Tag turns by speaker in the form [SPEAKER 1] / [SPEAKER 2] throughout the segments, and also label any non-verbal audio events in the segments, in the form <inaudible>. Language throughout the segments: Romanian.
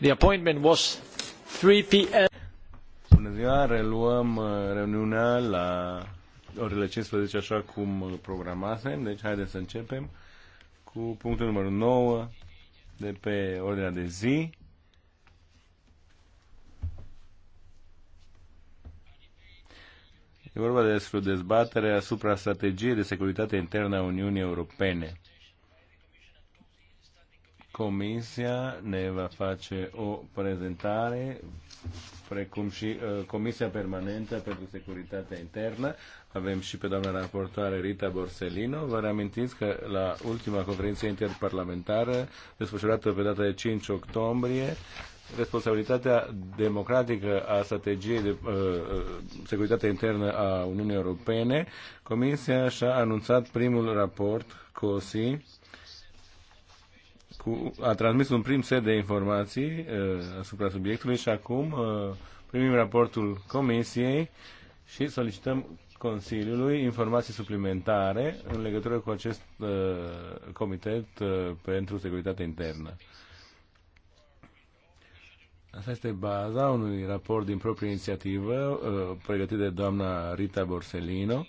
[SPEAKER 1] The appointment was 3 p.m.
[SPEAKER 2] Bună ziua, reluăm uh, reuniunea la orele 15, așa cum uh, programasem, deci haideți să începem cu punctul numărul 9 de pe ordinea de zi. E vorba despre dezbatere asupra strategiei de securitate internă a Uniunii Europene. Comisia ne va face o prezentare, precum și uh, Comisia Permanentă pentru Securitatea Internă. Avem și pe doamna raportoare Rita Borsellino. Vă reamintiți că la ultima conferință interparlamentară, desfășurată pe data de 5 octombrie, responsabilitatea democratică a strategiei de uh, uh, securitate internă a Uniunii Europene, Comisia și-a anunțat primul raport COSI, cu, a transmis un prim set de informații uh, asupra subiectului și acum uh, primim raportul Comisiei și solicităm Consiliului informații suplimentare în legătură cu acest uh, comitet uh, pentru securitate internă. Asta este baza unui raport din proprie inițiativă uh, pregătit de doamna Rita Borsellino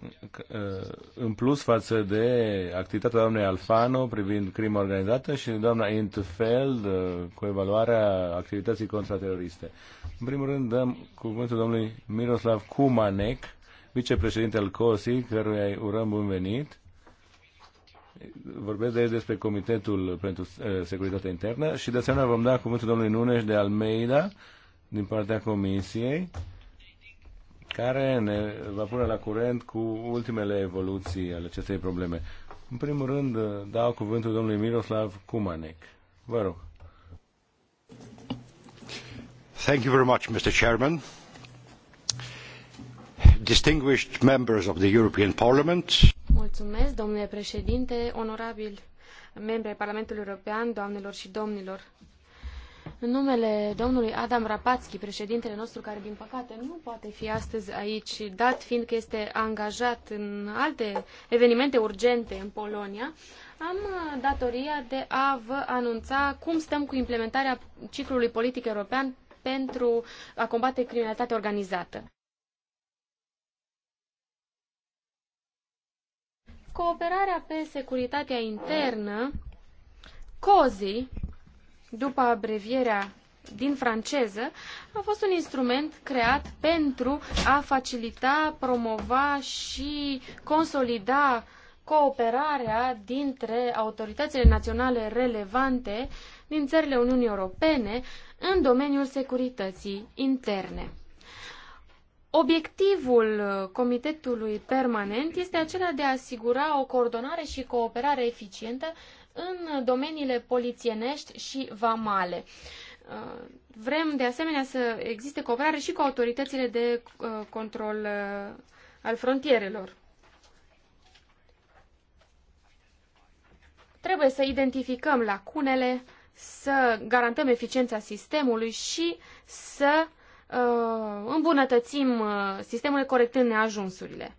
[SPEAKER 2] Uh, în plus față de activitatea doamnei Alfano privind crima organizată și doamna Intfeld uh, cu evaluarea activității contrateroriste. În primul rând dăm cuvântul domnului Miroslav Kumanek, vicepreședinte al COSI, căruia îi urăm bun venit. Vorbesc de aici despre Comitetul pentru uh, Securitatea Internă și de asemenea vom da cuvântul domnului Nunes de Almeida din partea Comisiei care ne va pune la curent cu ultimele evoluții ale acestei probleme. În primul rând, dau cuvântul domnului Miroslav Kumanek.
[SPEAKER 1] Vă rog. Thank you very much, Mr. Chairman. Distinguished members of the European Parliament.
[SPEAKER 3] Mulțumesc, domnule președinte, onorabil membri ai Parlamentului European, doamnelor și domnilor. În numele domnului Adam Rapatski, președintele nostru, care din păcate nu poate fi astăzi aici, dat fiind că este angajat în alte evenimente urgente în Polonia, am uh, datoria de a vă anunța cum stăm cu implementarea ciclului politic european pentru a combate criminalitatea organizată. Cooperarea pe securitatea internă, COZI, după abrevierea din franceză, a fost un instrument creat pentru a facilita, promova și consolida cooperarea dintre autoritățile naționale relevante din țările Uniunii Europene în domeniul securității interne. Obiectivul Comitetului Permanent este acela de a asigura o coordonare și cooperare eficientă în domeniile polițienești și vamale. Uh, vrem, de asemenea, să existe cooperare și cu autoritățile de uh, control uh, al frontierelor. Trebuie să identificăm lacunele, să garantăm eficiența sistemului și să uh, îmbunătățim sistemul corectând neajunsurile.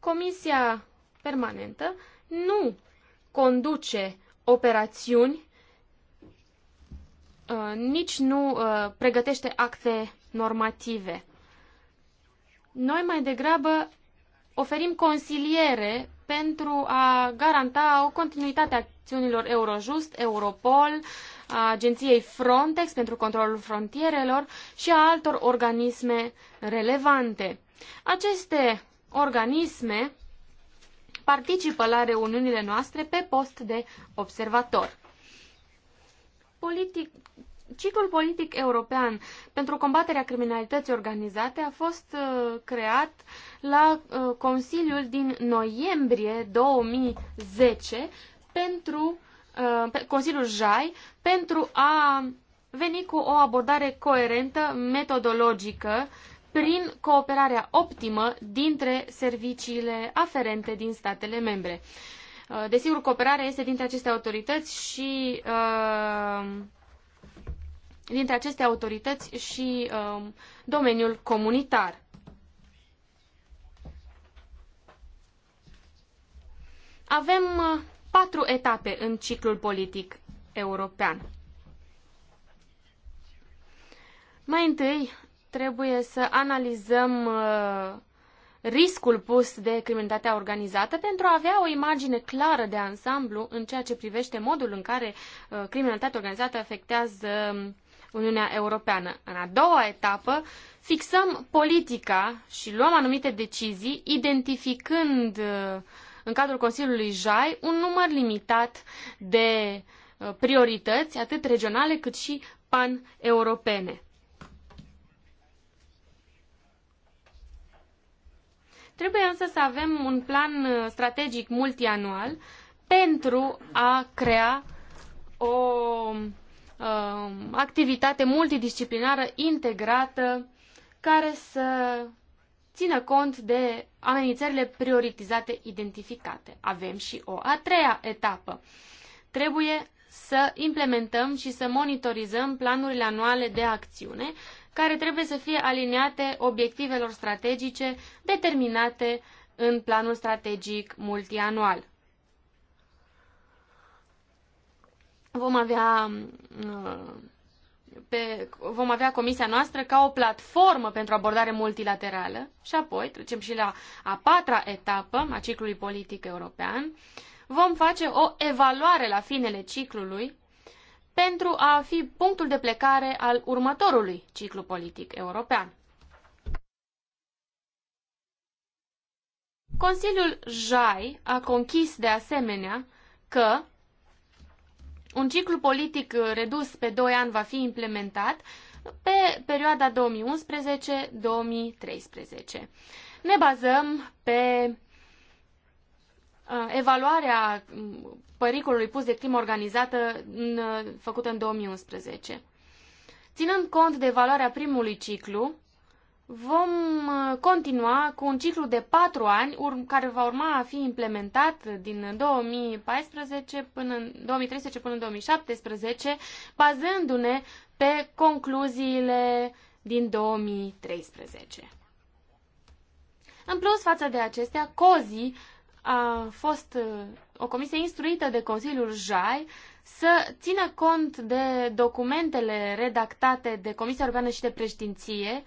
[SPEAKER 3] Comisia permanentă nu conduce operațiuni, uh, nici nu uh, pregătește acte normative. Noi mai degrabă oferim consiliere pentru a garanta o continuitate a acțiunilor Eurojust, Europol, a agenției Frontex pentru controlul frontierelor și a altor organisme relevante. Aceste organisme participă la reuniunile noastre pe post de observator. Politic, Ciclul politic european pentru combaterea criminalității organizate a fost uh, creat la uh, Consiliul din noiembrie 2010 pentru uh, Consiliul JAI pentru a veni cu o abordare coerentă, metodologică prin cooperarea optimă dintre serviciile aferente din statele membre. Uh, desigur, cooperarea este dintre aceste autorități și uh, dintre aceste autorități și uh, domeniul comunitar. Avem patru etape în ciclul politic european. Mai întâi, trebuie să analizăm uh, riscul pus de criminalitatea organizată pentru a avea o imagine clară de ansamblu în ceea ce privește modul în care uh, criminalitatea organizată afectează um, Uniunea Europeană. În a doua etapă, fixăm politica și luăm anumite decizii, identificând uh, în cadrul Consiliului JAI un număr limitat de priorități, atât regionale cât și pan-europene. Trebuie însă să avem un plan uh, strategic multianual pentru a crea o uh, activitate multidisciplinară integrată care să țină cont de amenințările prioritizate identificate. Avem și o a treia etapă. Trebuie să implementăm și să monitorizăm planurile anuale de acțiune care trebuie să fie aliniate obiectivelor strategice determinate în planul strategic multianual. Vom avea mm, pe, vom avea comisia noastră ca o platformă pentru abordare multilaterală și apoi trecem și la a patra etapă a ciclului politic european. Vom face o evaluare la finele ciclului pentru a fi punctul de plecare al următorului ciclu politic european. Consiliul JAI a conchis de asemenea că un ciclu politic redus pe 2 ani va fi implementat pe perioada 2011-2013. Ne bazăm pe uh, evaluarea pericolului pus de crimă organizată în, făcută în 2011. Ținând cont de valoarea primului ciclu, vom uh, continua cu un ciclu de patru ani care va urma a fi implementat din 2014 până în 2013 până în 2017, bazându-ne pe concluziile din 2013. În plus, față de acestea, COZI a fost uh, o comisie instruită de Consiliul JAI să țină cont de documentele redactate de Comisia Europeană și de preștinție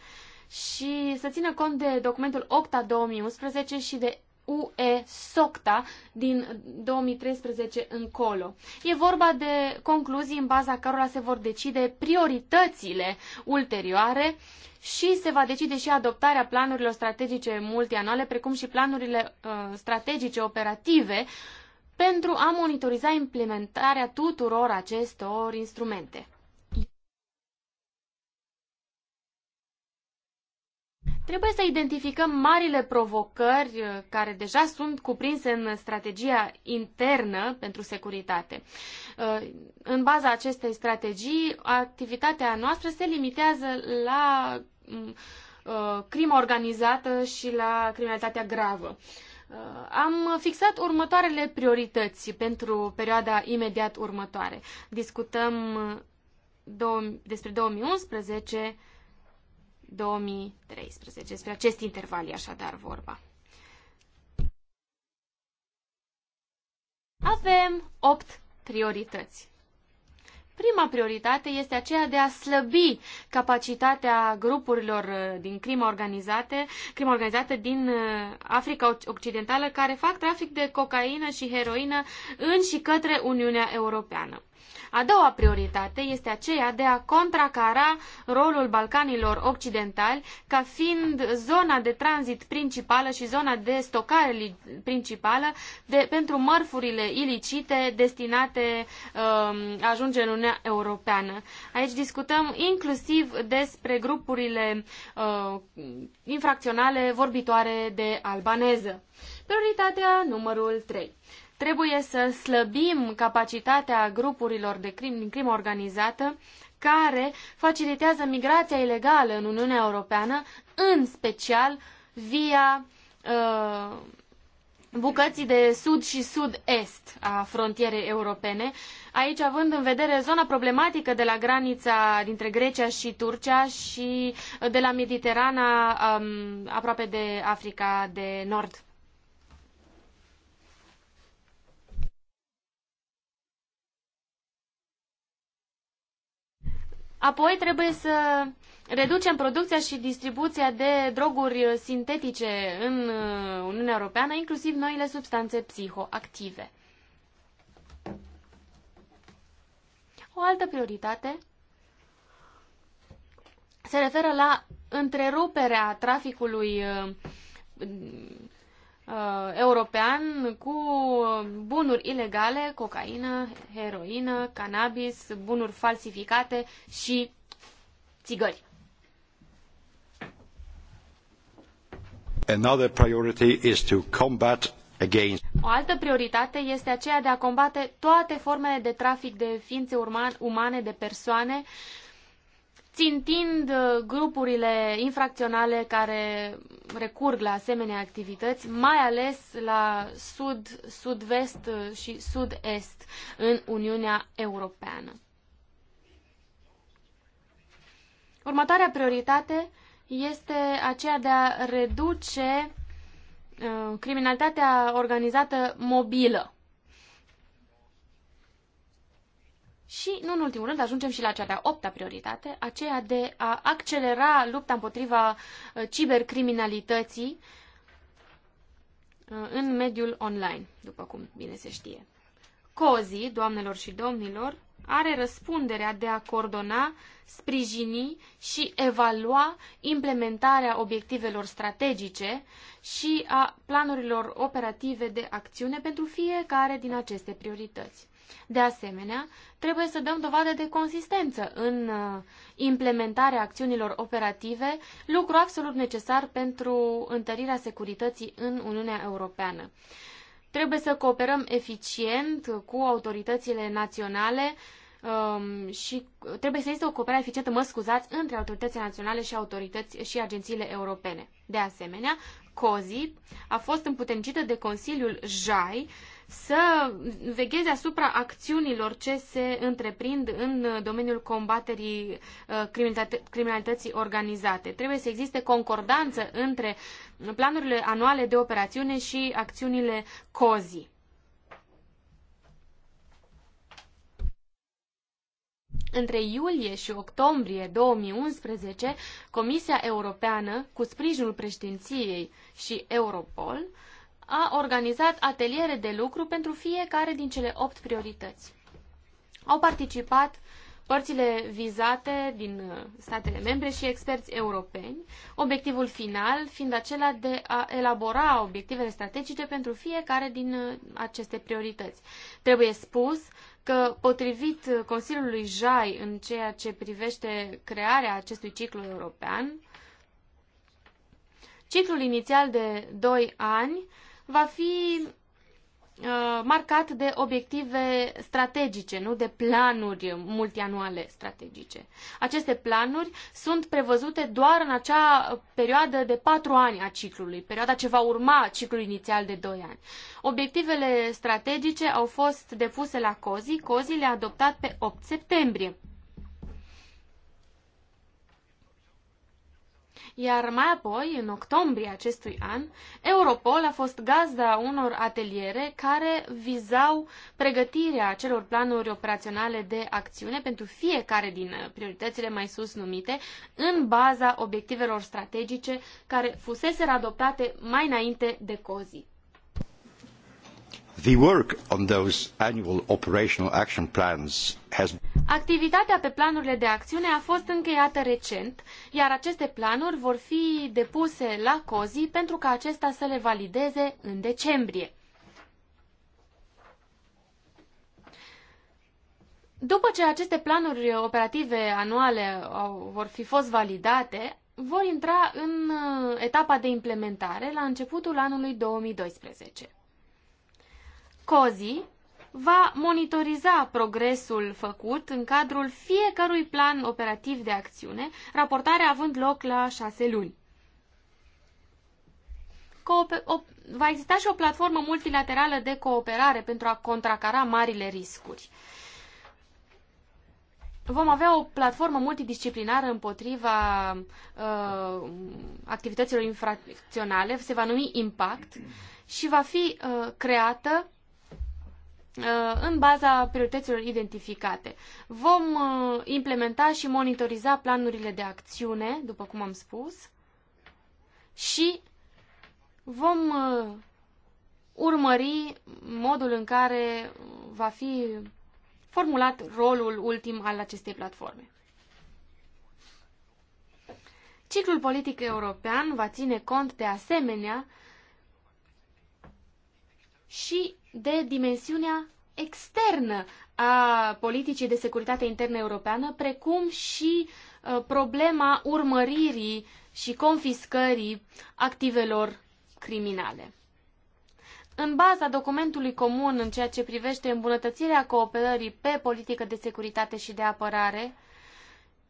[SPEAKER 3] și să țină cont de documentul OCTA 2011 și de UE SOCTA din 2013 încolo. E vorba de concluzii în baza cărora se vor decide prioritățile ulterioare și se va decide și adoptarea planurilor strategice multianuale, precum și planurile uh, strategice operative uh, pentru a monitoriza implementarea tuturor acestor instrumente. Trebuie să identificăm marile provocări uh, care deja sunt cuprinse în strategia internă pentru securitate. Uh, în baza acestei strategii, activitatea noastră se limitează la mm, uh, crimă organizată și la criminalitatea gravă. Uh, am fixat următoarele priorități pentru perioada imediat următoare. Discutăm uh, despre 2011 2013. Despre acest interval e așadar vorba. Avem 8 priorități. Prima prioritate este aceea de a slăbi capacitatea grupurilor uh, din crimă organizată, crimă organizată din uh, Africa Occidentală care fac trafic de cocaină și heroină în și către Uniunea Europeană. A doua prioritate este aceea de a contracara rolul Balcanilor Occidentali ca fiind zona de tranzit principală și zona de stocare principală de, pentru mărfurile ilicite destinate um, a ajunge în Uniunea Europeană. Aici discutăm inclusiv despre grupurile uh, infracționale vorbitoare de albaneză. Prioritatea numărul 3. Trebuie să slăbim capacitatea grupurilor de crim, din crimă organizată care facilitează migrația ilegală în Uniunea Europeană, în special via uh, bucății de sud și sud-est a frontierei europene, aici având în vedere zona problematică de la granița dintre Grecia și Turcia și de la Mediterana um, aproape de Africa de Nord. Apoi trebuie să reducem producția și distribuția de droguri sintetice în uh, Uniunea Europeană, inclusiv noile substanțe psihoactive. O altă prioritate se referă la întreruperea traficului uh, uh, european cu bunuri ilegale, cocaină, heroină, cannabis, bunuri falsificate și țigări.
[SPEAKER 1] Another priority is to combat against...
[SPEAKER 3] O altă prioritate este aceea de a combate toate formele de trafic de ființe umane, de persoane, uh, țintind uh, grupurile infracționale care recurg la asemenea activități, mai ales la sud, sud-vest uh, și sud-est în Uniunea Europeană. Următoarea prioritate este aceea de a reduce uh, criminalitatea organizată mobilă. Și, nu în ultimul rând, ajungem și la cea de-a opta prioritate, aceea de a accelera lupta împotriva uh, cibercriminalității uh, în mediul online, după cum bine se știe. COZI, doamnelor și domnilor, are răspunderea de a coordona, sprijini și evalua implementarea obiectivelor strategice și a planurilor operative de acțiune pentru fiecare din aceste priorități. De asemenea, trebuie să dăm dovadă de consistență în uh, implementarea acțiunilor operative, lucru absolut necesar pentru întărirea securității în Uniunea Europeană. Trebuie să cooperăm eficient cu autoritățile naționale um, și trebuie să existe o cooperare eficientă, mă scuzați, între autoritățile naționale și autorități și agențiile europene. De asemenea, COZI a fost împuternicită de Consiliul JAI să vegheze asupra acțiunilor ce se întreprind în domeniul combaterii uh, criminalității organizate. Trebuie să existe concordanță între planurile anuale de operațiune și acțiunile COZI. Între iulie și octombrie 2011, Comisia Europeană, cu sprijinul președinției și Europol, a organizat ateliere de lucru pentru fiecare din cele opt priorități. Au participat părțile vizate din uh, statele membre și experți europeni, obiectivul final fiind acela de a elabora obiectivele strategice pentru fiecare din uh, aceste priorități. Trebuie spus că, potrivit uh, Consiliului JAI în ceea ce privește crearea acestui ciclu european, ciclul inițial de 2 ani va fi uh, marcat de obiective strategice, nu de planuri multianuale strategice. Aceste planuri sunt prevăzute doar în acea perioadă de patru ani a ciclului, perioada ce va urma ciclul inițial de doi ani. Obiectivele strategice au fost depuse la COZI, COZI le-a adoptat pe 8 septembrie. iar mai apoi, în octombrie acestui an, Europol a fost gazda unor ateliere care vizau pregătirea celor planuri operaționale de acțiune pentru fiecare din prioritățile mai sus numite, în baza obiectivelor strategice care fusese adoptate mai înainte de COZI.
[SPEAKER 1] The work on those annual operational action plans has
[SPEAKER 3] Activitatea pe planurile de acțiune a fost încheiată recent, iar aceste planuri vor fi depuse la COZI pentru ca acesta să le valideze în decembrie. După ce aceste planuri operative anuale au, vor fi fost validate, vor intra în uh, etapa de implementare la începutul anului 2012. COZI va monitoriza progresul făcut în cadrul fiecărui plan operativ de acțiune, raportarea având loc la șase luni. va exista și o platformă multilaterală de cooperare pentru a contracara marile riscuri. Vom avea o platformă multidisciplinară împotriva uh, activităților infracționale, se va numi Impact și va fi uh, creată Uh, în baza priorităților identificate. Vom uh, implementa și monitoriza planurile de acțiune, după cum am spus, și vom uh, urmări modul în care va fi formulat rolul ultim al acestei platforme. Ciclul politic european va ține cont de asemenea și de dimensiunea externă a politicii de securitate internă europeană, precum și uh, problema urmăririi și confiscării activelor criminale. În baza documentului comun în ceea ce privește îmbunătățirea cooperării pe politică de securitate și de apărare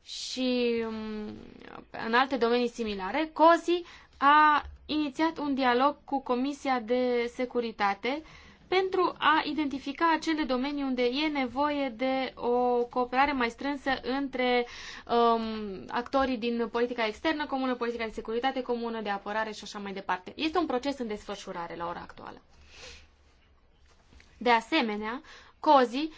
[SPEAKER 3] și um, în alte domenii similare, COSI a inițiat un dialog cu Comisia de Securitate uh, pentru a identifica acele domenii unde e nevoie de o cooperare mai strânsă între um, actorii din politica externă comună, politica de securitate comună, de apărare și așa mai departe. Este un proces în desfășurare la ora actuală. De asemenea, COZI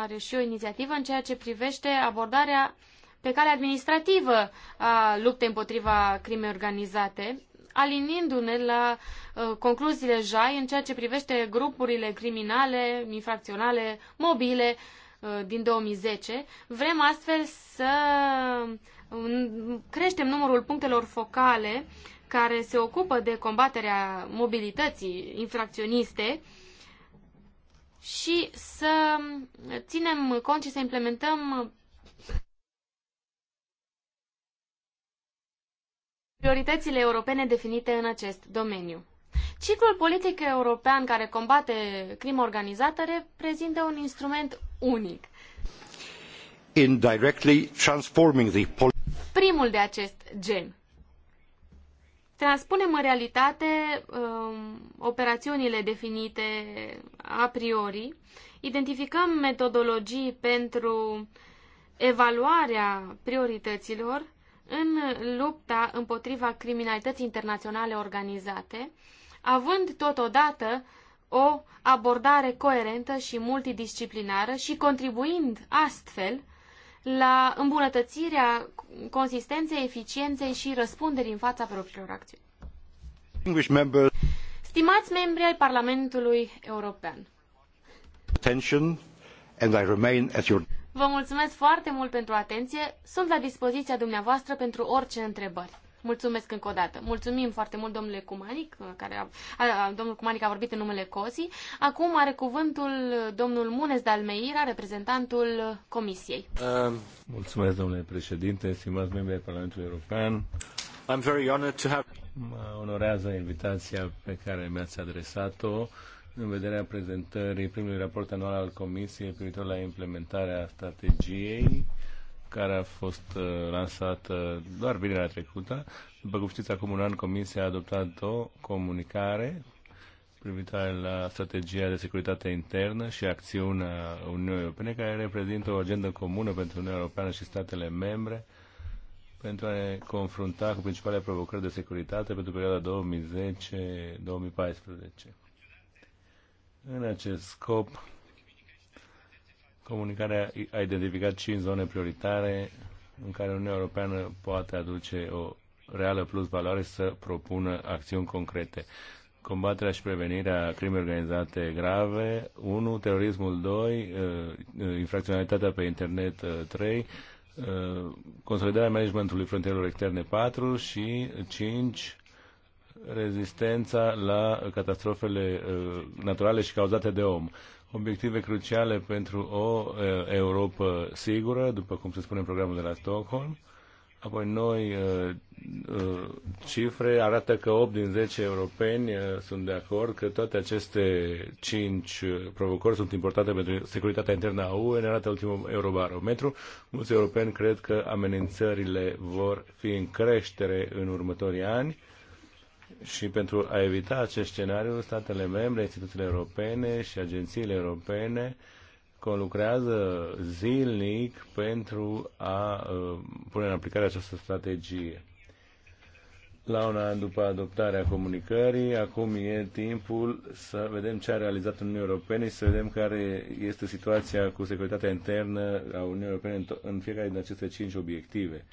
[SPEAKER 3] are și o inițiativă în ceea ce privește abordarea pe cale administrativă a luptei împotriva crimei organizate alinindu-ne la uh, concluziile JAI în ceea ce privește grupurile criminale, infracționale, mobile uh, din 2010. Vrem astfel să um, creștem numărul punctelor focale care se ocupă de combaterea mobilității infracționiste și să ținem cont și să implementăm prioritățile europene definite în acest domeniu. Ciclul politic european care combate crima organizată reprezintă un instrument unic.
[SPEAKER 1] transforming the
[SPEAKER 3] Primul de acest gen. Transpunem în realitate um, operațiunile definite a priori, identificăm metodologii pentru evaluarea priorităților în lupta împotriva criminalității internaționale organizate, având totodată o abordare coerentă și multidisciplinară și contribuind astfel la îmbunătățirea consistenței, eficienței și răspunderii în fața propriilor acțiuni. Stimați membri ai Parlamentului European,
[SPEAKER 1] and I remain at your...
[SPEAKER 3] Vă mulțumesc foarte mult pentru atenție. Sunt la dispoziția dumneavoastră pentru orice întrebări. Mulțumesc încă o dată. Mulțumim foarte mult domnule Cumanic, care a, a, domnul Cumanic a vorbit în numele COSI. Acum are cuvântul domnul Munes Dalmeira, reprezentantul Comisiei.
[SPEAKER 2] Uh, mulțumesc, domnule președinte, stimați membri ai Parlamentului European. I'm very honored to have... Mă onorează invitația pe care mi-ați adresat-o în vederea prezentării primului raport anual al Comisiei privitor la implementarea strategiei care a fost uh, lansată doar vinerea trecută. După cum știți, acum un an Comisia a adoptat o comunicare privitoare la strategia de securitate internă și acțiunea Uniunii Europene, care reprezintă o agendă comună pentru Uniunea Europeană și statele membre pentru a ne confrunta cu principalele provocări de securitate pentru perioada 2010-2014. În acest scop, comunicarea a identificat cinci zone prioritare în care Uniunea Europeană poate aduce o reală plus valoare să propună acțiuni concrete. Combaterea și prevenirea crimei organizate grave, 1, terorismul 2, uh, uh, infracționalitatea pe internet 3, uh, consolidarea managementului frontierelor externe 4 și 5, rezistența la catastrofele uh, naturale și cauzate de om. Obiective cruciale pentru o uh, Europa sigură, după cum se spune în programul de la Stockholm. Apoi noi uh, cifre arată că 8 din 10 europeni sunt de acord că toate aceste 5 provocări sunt importante pentru securitatea internă a UE, ne arată ultimul Eurobarometru. Mulți europeni cred că amenințările vor fi în creștere în următorii ani și pentru a evita acest scenariu, statele membre, instituțiile europene și agențiile europene conlucrează zilnic pentru a uh, pune în aplicare această strategie. La un an după adoptarea comunicării, acum e timpul să vedem ce a realizat Uniunea Europeană și să vedem care este situația cu securitatea internă a Uniunii Europene în, în fiecare din aceste cinci obiective.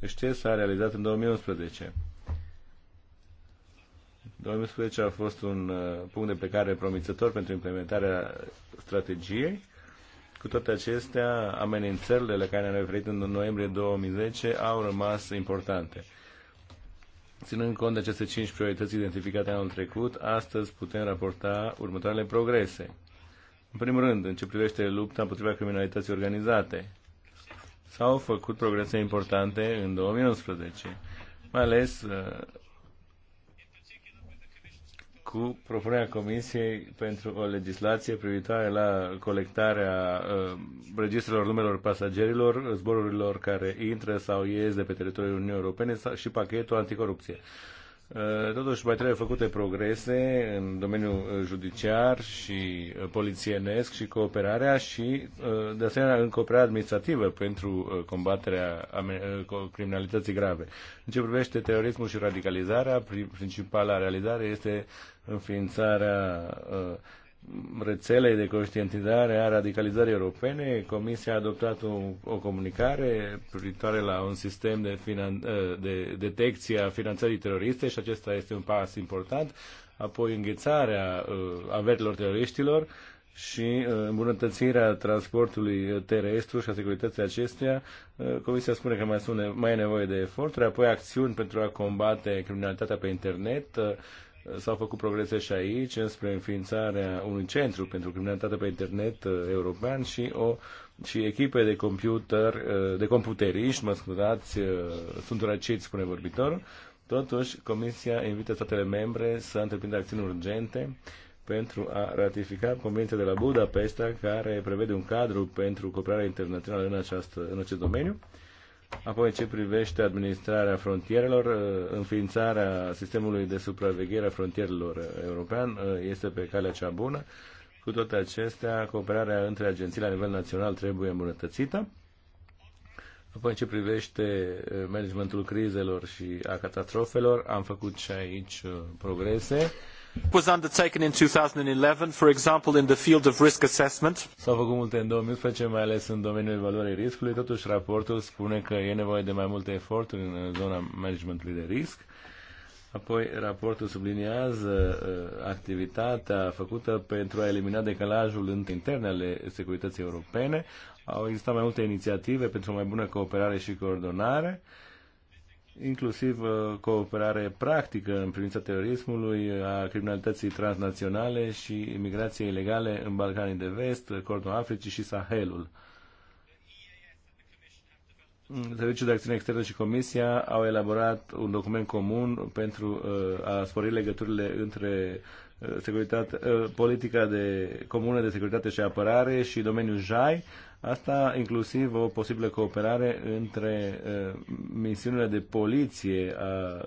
[SPEAKER 2] Deci ce s-a realizat în 2011? 2011 a fost un uh, punct de plecare promițător pentru implementarea strategiei. Cu toate acestea, amenințările la care ne-am referit în noiembrie 2010 au rămas importante. Ținând cont de aceste cinci priorități identificate anul trecut, astăzi putem raporta următoarele progrese. În primul rând, în ce privește lupta împotriva criminalității organizate, s-au făcut progrese importante în 2011, mai ales uh, cu propunerea Comisiei pentru o legislație privitoare la colectarea uh, registrelor numelor pasagerilor, zborurilor care intră sau ies de pe teritoriul Uniunii Europene și pachetul anticorupție. Uh, Uh, totuși mai trebuie făcute progrese în domeniul uh, judiciar și uh, polițienesc și cooperarea și, de asemenea, în cooperarea administrativă pentru combaterea criminalității grave. În ce privește terorismul și radicalizarea, principala realizare este înființarea rețelei de conștientizare a radicalizării europene, Comisia a adoptat o, o comunicare privitoare la un sistem de, finan- ă, de detecție a finanțării teroriste și acesta este un pas important, apoi înghețarea uh, averilor teroriștilor și uh, îmbunătățirea transportului terestru și a securității acesteia. Uh, Comisia spune că mai, sunt, mai e nevoie de eforturi, apoi acțiuni pentru a combate criminalitatea pe internet, uh, S-au făcut progrese și aici înspre înființarea unui centru pentru criminalitate pe internet uh, european și o și echipe de computer, uh, de computeriști, mă scuzați, uh, sunt răciți, spune vorbitorul. Totuși, Comisia invită statele membre să întreprindă acțiuni urgente pentru a ratifica Convenția de la Budapesta, care prevede un cadru pentru cooperarea internațională în, această, în acest domeniu. Apoi, ce privește administrarea frontierelor, uh, înființarea sistemului de supraveghere a frontierelor uh, european uh, este pe calea cea bună. Cu toate acestea, cooperarea între agenții la nivel național trebuie îmbunătățită. Apoi, ce privește managementul crizelor și a catastrofelor, am făcut și aici progrese was
[SPEAKER 1] undertaken in 2011, for example, in the field of risk
[SPEAKER 2] assessment. S-au făcut multe în 2011, mai ales în domeniul evaluării riscului. Totuși, raportul spune că e nevoie de mai multe eforturi în zona managementului de risc. Apoi, raportul subliniază uh, activitatea făcută pentru a elimina decalajul între interne ale securității europene. Au existat mai multe inițiative pentru o mai bună cooperare și coordonare. Uh, inclusiv uh, cooperare practică în privința terorismului, a criminalității transnaționale și imigrației ilegale în Balcanii de Vest, Cordon Africii și Sahelul. Mm, Serviciul de Acțiune Externă și Comisia au elaborat un document comun pentru uh, a spori legăturile între uh, securitate, uh, politica de comună de securitate și apărare și domeniul JAI, asta inclusiv o posibilă cooperare între misiunile de poliție a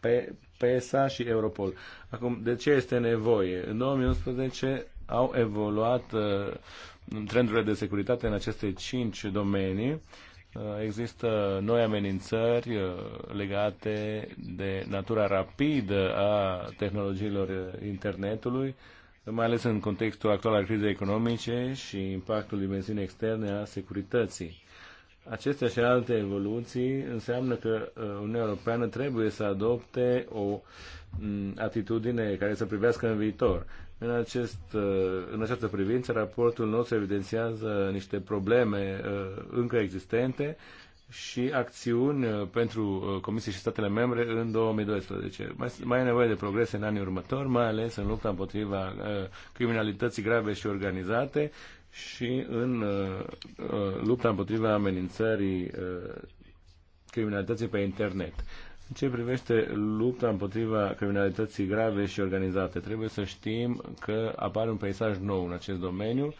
[SPEAKER 2] pe, PESA și Europol. Acum, de ce este nevoie? În 2011 au evoluat trendurile de securitate în aceste cinci domenii, uh, există noi amenințări uh, legate de natura rapidă a tehnologiilor uh, internetului, mai ales în contextul actual al crizei economice și impactul dimensiunii externe a securității. Acestea și alte evoluții înseamnă că Uniunea Europeană trebuie să adopte o atitudine care să privească în viitor. În, acest, uh, în această privință, raportul nostru evidențiază niște probleme uh, încă existente și acțiuni uh, pentru Comisie și statele membre în 2012. Mai, mai e nevoie de progrese în anii următori, mai ales în lupta împotriva criminalității grave și organizate și în lupta împotriva amenințării criminalității pe internet. În ce privește lupta împotriva criminalității grave și organizate, trebuie să știm că apare un peisaj nou în acest domeniu.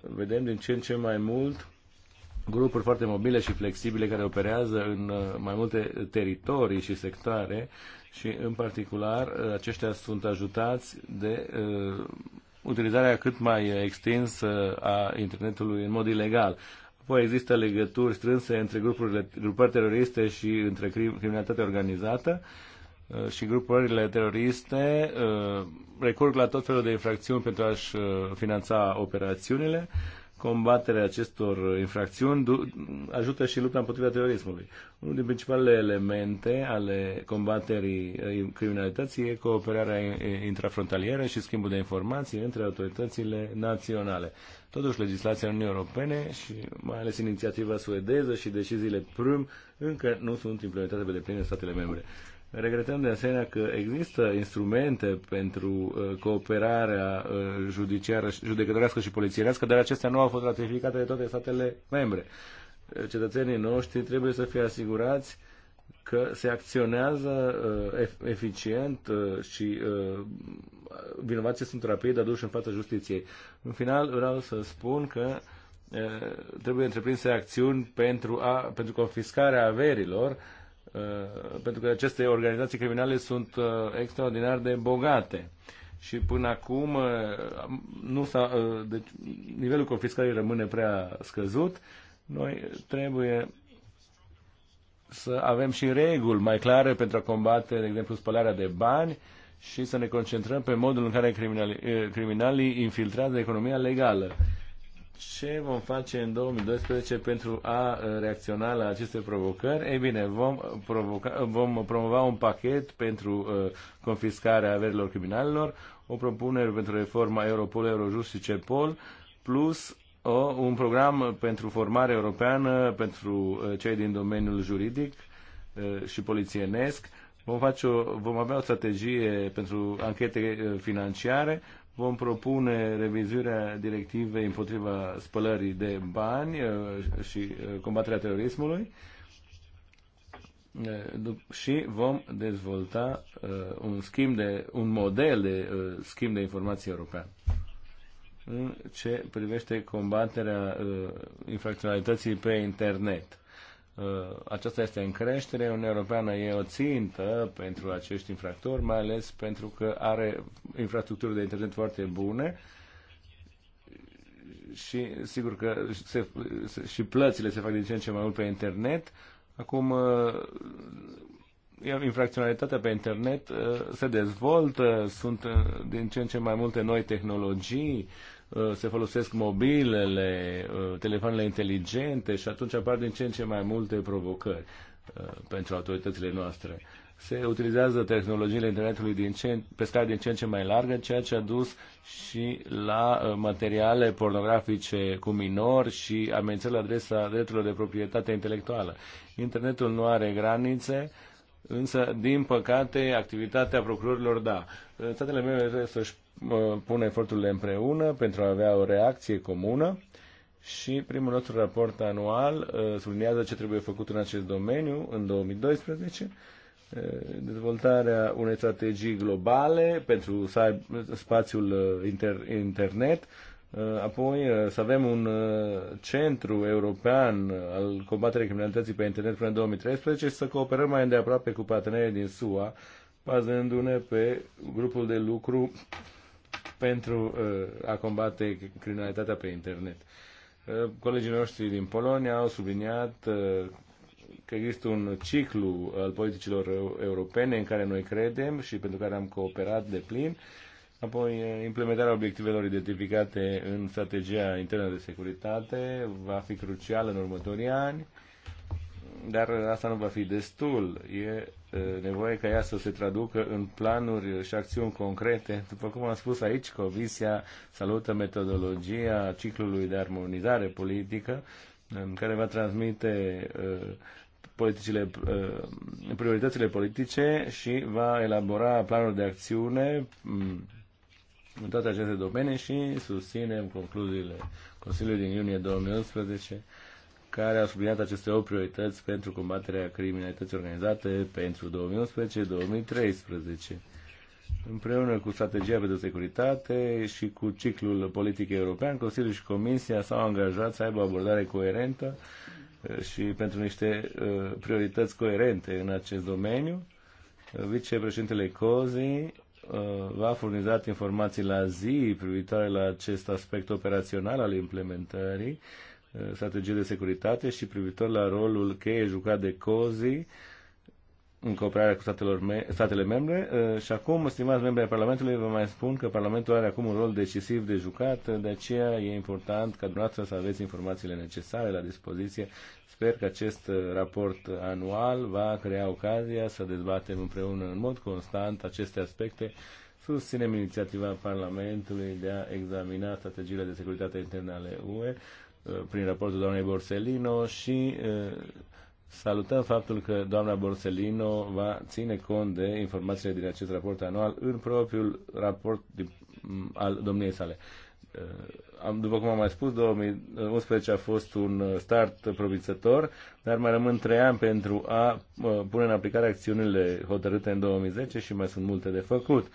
[SPEAKER 2] Vedem din ce în ce mai mult grupuri foarte mobile și flexibile care operează în uh, mai multe teritorii și sectoare și, în particular, uh, aceștia sunt ajutați de uh, utilizarea cât mai extinsă a internetului în mod ilegal. Apoi există legături strânse între grupurile, grupări teroriste și între crim, criminalitatea organizată uh, și grupările teroriste uh, recurg la tot felul de infracțiuni pentru a-și uh, finanța operațiunile combaterea acestor infracțiuni ajută și lupta împotriva terorismului. Unul din principalele elemente ale combaterii eh, criminalității e cooperarea eh, intrafrontalieră și schimbul de informații între autoritățile naționale. Totuși, legislația Uniunii Europene și mai ales inițiativa suedeză și deciziile PRUM încă nu sunt implementate pe deplin în statele membre. Regretăm de asemenea că există instrumente pentru uh, cooperarea uh, judiciară, judecătorească și polițierească, dar acestea nu au fost ratificate de toate statele membre. Uh, cetățenii noștri trebuie să fie asigurați că se acționează eficient și vinovații sunt rapid aduși în fața justiției. În final vreau să spun că trebuie întreprinse acțiuni pentru, a, pentru confiscarea averilor Uh, pentru că aceste organizații criminale sunt uh, extraordinar de bogate. Și până acum uh, nu s-a, deci, nivelul confiscării rămâne prea scăzut. Noi trebuie să avem și reguli mai clare pentru a combate, de exemplu, spălarea de bani și să ne concentrăm pe modul în care criminali criminalii infiltrează economia legală ce vom face în 2012 pentru a uh, reacționa la aceste provocări? Ei bine, vom, uh, provoca, uh, vom promova un pachet pentru uh, confiscarea averilor criminalilor, o propunere pentru reforma Europol, Eurojust și CEPOL, plus o, un program pentru formare europeană pentru uh, cei din domeniul juridic uh, și polițienesc. Vom, face o, vom avea o strategie pentru anchete financiare, vom propune revizuirea directivei împotriva spălării de bani uh, și uh, combaterea terorismului uh, și vom dezvolta un schimb de un model de schimb de informații european în ce privește combaterea infracționalității pe internet. Uh, aceasta este în creștere, Uniunea Europeană e o țintă pentru acești infractori, mai ales pentru că are infrastructuri de internet foarte bune și sigur că se, și plățile se fac din ce în ce mai mult pe internet. Acum, uh, infracționalitatea pe internet uh, se dezvoltă, sunt din ce în ce mai multe noi tehnologii, Uh, se folosesc mobilele, uh, telefoanele inteligente și atunci apar din ce în ce mai multe provocări uh, pentru autoritățile noastre. Se utilizează tehnologiile internetului din ce, pe scară din ce în ce mai largă, ceea ce a dus și la materiale pornografice cu minori și amenințări la adresa drepturilor de proprietate intelectuală. Internetul nu are granițe, Însă, din păcate, activitatea procurorilor, da. Statele membre trebuie să-și pune eforturile împreună pentru a avea o reacție comună și primul nostru raport anual uh, subliniază ce trebuie făcut în acest domeniu în 2012 uh, dezvoltarea unei strategii globale pentru uh, spațiul inter, internet, apoi să avem un centru european al combaterei criminalității pe internet până în 2013 și să cooperăm mai îndeaproape cu partenerii din SUA, bazându-ne pe grupul de lucru pentru uh, a combate criminalitatea pe internet. Uh, colegii noștri din Polonia au subliniat uh, că există un ciclu al politicilor europene în care noi credem și pentru care am cooperat de plin, apoi implementarea obiectivelor identificate în strategia internă de securitate va fi crucială în următorii ani, dar asta nu va fi destul. E nevoie ca ea să se traducă în planuri și acțiuni concrete. După cum am spus aici, Comisia salută metodologia ciclului de armonizare politică în care va transmite politicile, prioritățile politice și va elabora planuri de acțiune în toate aceste domenii și susținem concluziile Consiliului din iunie 2011 care a subliniat aceste 8 priorități pentru combaterea criminalității organizate pentru 2011-2013. Împreună cu strategia pentru securitate și cu ciclul politic european, Consiliul și Comisia s-au angajat să aibă o abordare coerentă uh, și pentru niște uh, priorități coerente în acest domeniu. Uh, vicepreședintele COZI va furnizat informații la zi privitoare la acest aspect operațional al implementării Uh, strategie de securitate și privitor la rolul cheie jucat de COZI în cooperarea cu statelor me- statele membre uh, și acum, stimați membri ai Parlamentului, vă mai spun că Parlamentul are acum un rol decisiv de jucat, de aceea e important ca dumneavoastră să aveți informațiile necesare la dispoziție. Sper că acest uh, raport anual va crea ocazia să dezbatem împreună în mod constant aceste aspecte. Susținem inițiativa Parlamentului de a examina strategiile de securitate interne ale UE Uh, prin raportul doamnei Borsellino și uh, salutăm faptul că doamna Borsellino va ține cont de informațiile din acest raport anual în propriul raport al domniei sale. Uh, după cum am mai spus, 2011 a fost un start provințător, dar mai rămân trei ani pentru a pune în aplicare acțiunile hotărâte în 2010 și mai sunt multe de făcut.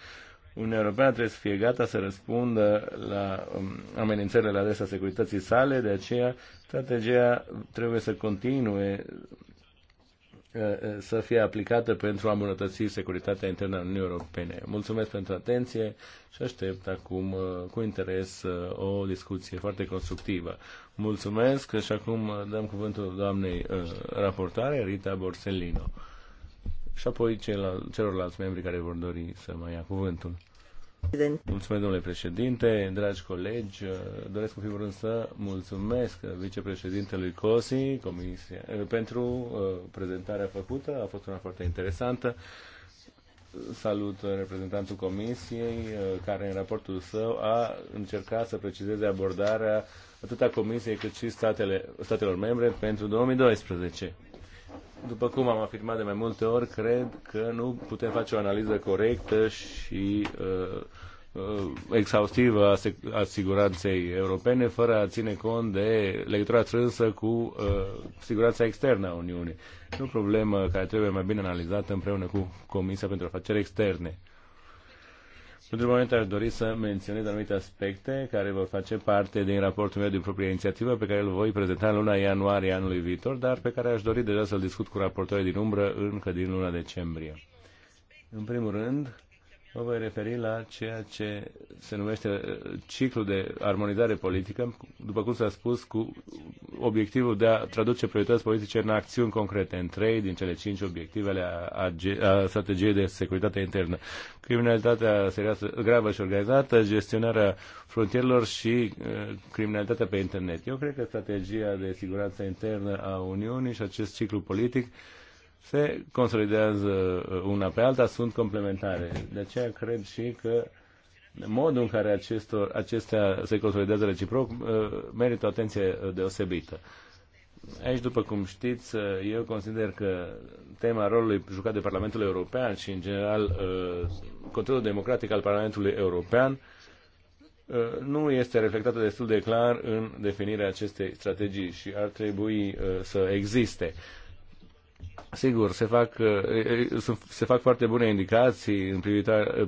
[SPEAKER 2] Uniunea Europeană trebuie să fie gata să răspundă la um, amenințările la adresa securității sale, de aceea strategia trebuie să continue uh, uh, să fie aplicată pentru a îmbunătăți securitatea internă a Uniunii Europene. Mulțumesc pentru atenție și aștept acum uh, cu interes o discuție foarte constructivă. Mulțumesc și acum dăm cuvântul doamnei raportoare Rita Borsellino și apoi celorlalți membri care vor dori să mai ia cuvântul. Mulțumesc, domnule președinte, dragi colegi. Doresc, în primul rând, să mulțumesc vicepreședintelui COSI comisia, pentru uh, prezentarea făcută. A fost una foarte interesantă. Salut reprezentantul comisiei, uh, care în raportul său a încercat să precizeze abordarea atât a comisiei cât și statele, statelor membre pentru 2012. După cum am afirmat de mai multe ori, cred că nu putem face o analiză corectă și uh, uh exhaustivă a, a siguranței europene, fără a ține cont de legătura strânsă cu uh, siguranța externă a Uniunii. E o problemă care trebuie mai bine analizată împreună cu Comisia pentru Afaceri Externe. Pentru moment aș dori să menționez anumite aspecte care vor face parte din raportul meu din propria inițiativă pe care îl voi prezenta în luna ianuarie anului viitor, dar pe care aș dori deja să-l discut cu raportorii din umbră încă din luna decembrie. În primul rând, mă voi referi la ceea ce se numește uh, ciclu de armonizare politică, după cum s-a spus, cu obiectivul de a traduce priorități politice în acțiuni concrete, în trei din cele cinci obiective ale strategiei de securitate internă. Criminalitatea serioasă, gravă și organizată, gestionarea frontierelor și uh, criminalitatea pe internet. Eu cred că strategia de siguranță internă a Uniunii și acest ciclu politic se consolidează uh, una pe alta, sunt complementare. De aceea cred și că modul în care acestor, acestea se consolidează reciproc uh, merită o atenție deosebită. Aici, după cum știți, uh, eu consider că tema rolului jucat de Parlamentul European și, în general, uh, controlul democratic al Parlamentului European nu este reflectată destul de clar în definirea acestei strategii și ar trebui să existe. Sigur, se fac, uh, se fac foarte bune indicații în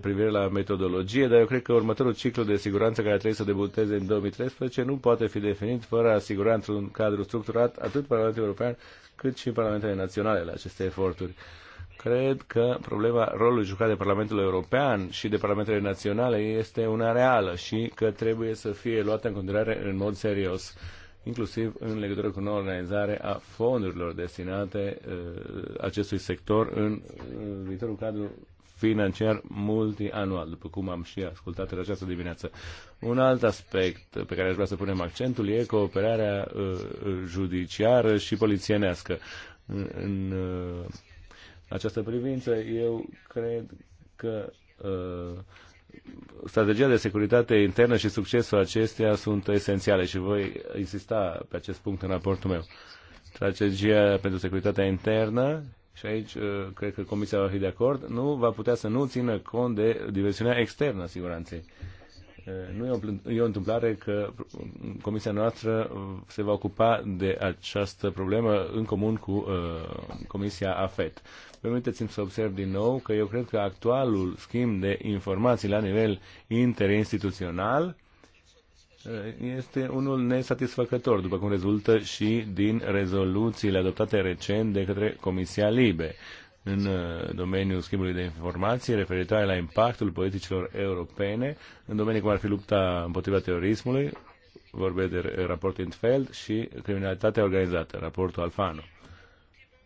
[SPEAKER 2] privire la metodologie, dar eu cred că următorul ciclu de siguranță care trebuie să debuteze în 2013 nu poate fi definit fără a asigura într-un cadru structurat atât Parlamentul European cât și Parlamentele Naționale la aceste eforturi. Cred că problema rolului jucat de Parlamentul European și de Parlamentele Naționale este una reală și că trebuie să fie luată în considerare în mod serios inclusiv în legătură cu noua organizare a fondurilor destinate uh, acestui sector în viitorul cadru financiar multianual, după cum am și ascultat în această dimineață. Un alt aspect pe care aș vrea să punem accentul e cooperarea uh, judiciară și polițienească. În uh, această privință, eu cred că strategia de securitate internă și succesul acesteia sunt esențiale și voi insista pe acest punct în raportul meu. Strategia pentru securitatea internă, și aici uh, cred că Comisia va fi de acord, nu va putea să nu țină cont de dimensiunea externă a siguranței. Uh, nu e o, e o întâmplare că uh, Comisia noastră se va ocupa de această problemă în comun cu uh, Comisia AFET permiteți-mi să observ din nou că eu cred că actualul schimb de informații la nivel interinstituțional eh, este unul nesatisfăcător, după cum rezultă și din rezoluțiile adoptate recent de către Comisia Libe în eh, domeniul schimbului de informații referitoare la impactul politicilor europene în domenii cum ar fi lupta împotriva terorismului, vorbesc de raportul Intfeld și criminalitatea organizată, raportul Alfano.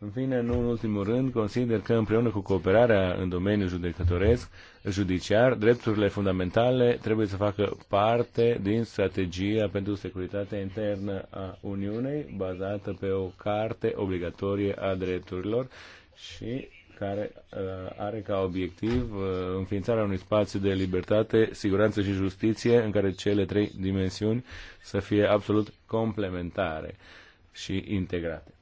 [SPEAKER 2] În fine, nu în ultimul rând, consider că împreună cu cooperarea în domeniul judecătoresc, judiciar, drepturile fundamentale trebuie să facă parte din strategia pentru securitatea internă a Uniunei, bazată pe o carte obligatorie a drepturilor și care uh, are ca obiectiv uh, înființarea unui spațiu de libertate, siguranță și justiție în care cele trei dimensiuni să fie absolut complementare și integrate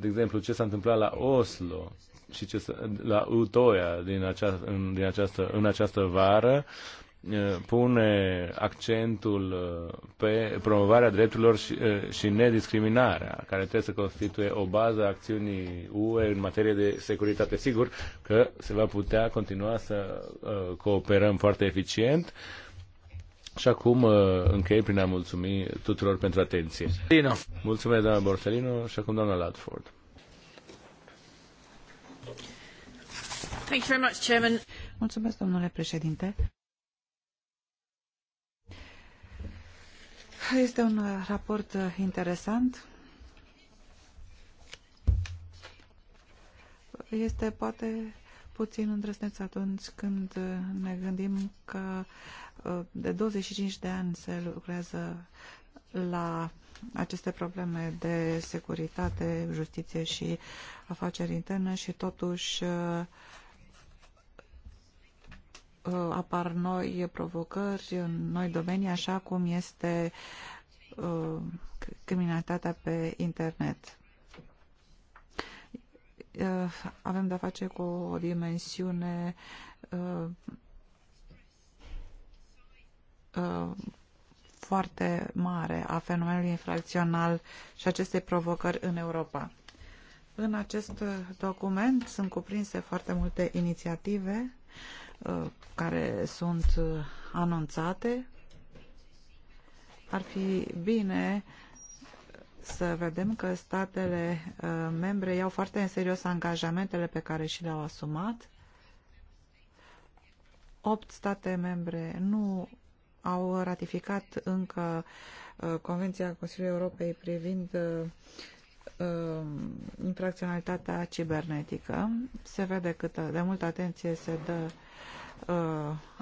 [SPEAKER 2] de exemplu, ce s-a întâmplat la Oslo și ce la Utoia din această, în, din această, în această vară, eh, pune accentul eh, pe promovarea drepturilor și, eh, și nediscriminarea, care trebuie să constituie o bază a acțiunii UE în materie de securitate. Sigur că se va putea continua să cooperăm foarte eficient și acum uh, închei prin a mulțumi tuturor pentru atenție. Lino. Mulțumesc, doamna Borsellino, și acum doamna Ladford.
[SPEAKER 1] Thank you very much, Chairman.
[SPEAKER 4] Mulțumesc, domnule președinte. Este un raport uh, interesant. Este poate puțin îndrăsneț atunci când uh, ne gândim că de 25 de ani se lucrează la aceste probleme de securitate, justiție și afaceri interne și totuși uh, uh, apar noi provocări în noi domenii, așa cum este uh, criminalitatea pe internet. Avem de-a face cu o dimensiune Uh, foarte mare a fenomenului infracțional și acestei provocări în Europa. În acest document sunt cuprinse foarte multe inițiative uh, care sunt uh, anunțate. Ar fi bine să vedem că statele membre iau foarte în serios angajamentele pe care și le-au asumat. Opt state membre nu au ratificat încă uh, Convenția Consiliului Europei privind uh, uh, infracționalitatea cibernetică. Se vede cât de multă atenție se dă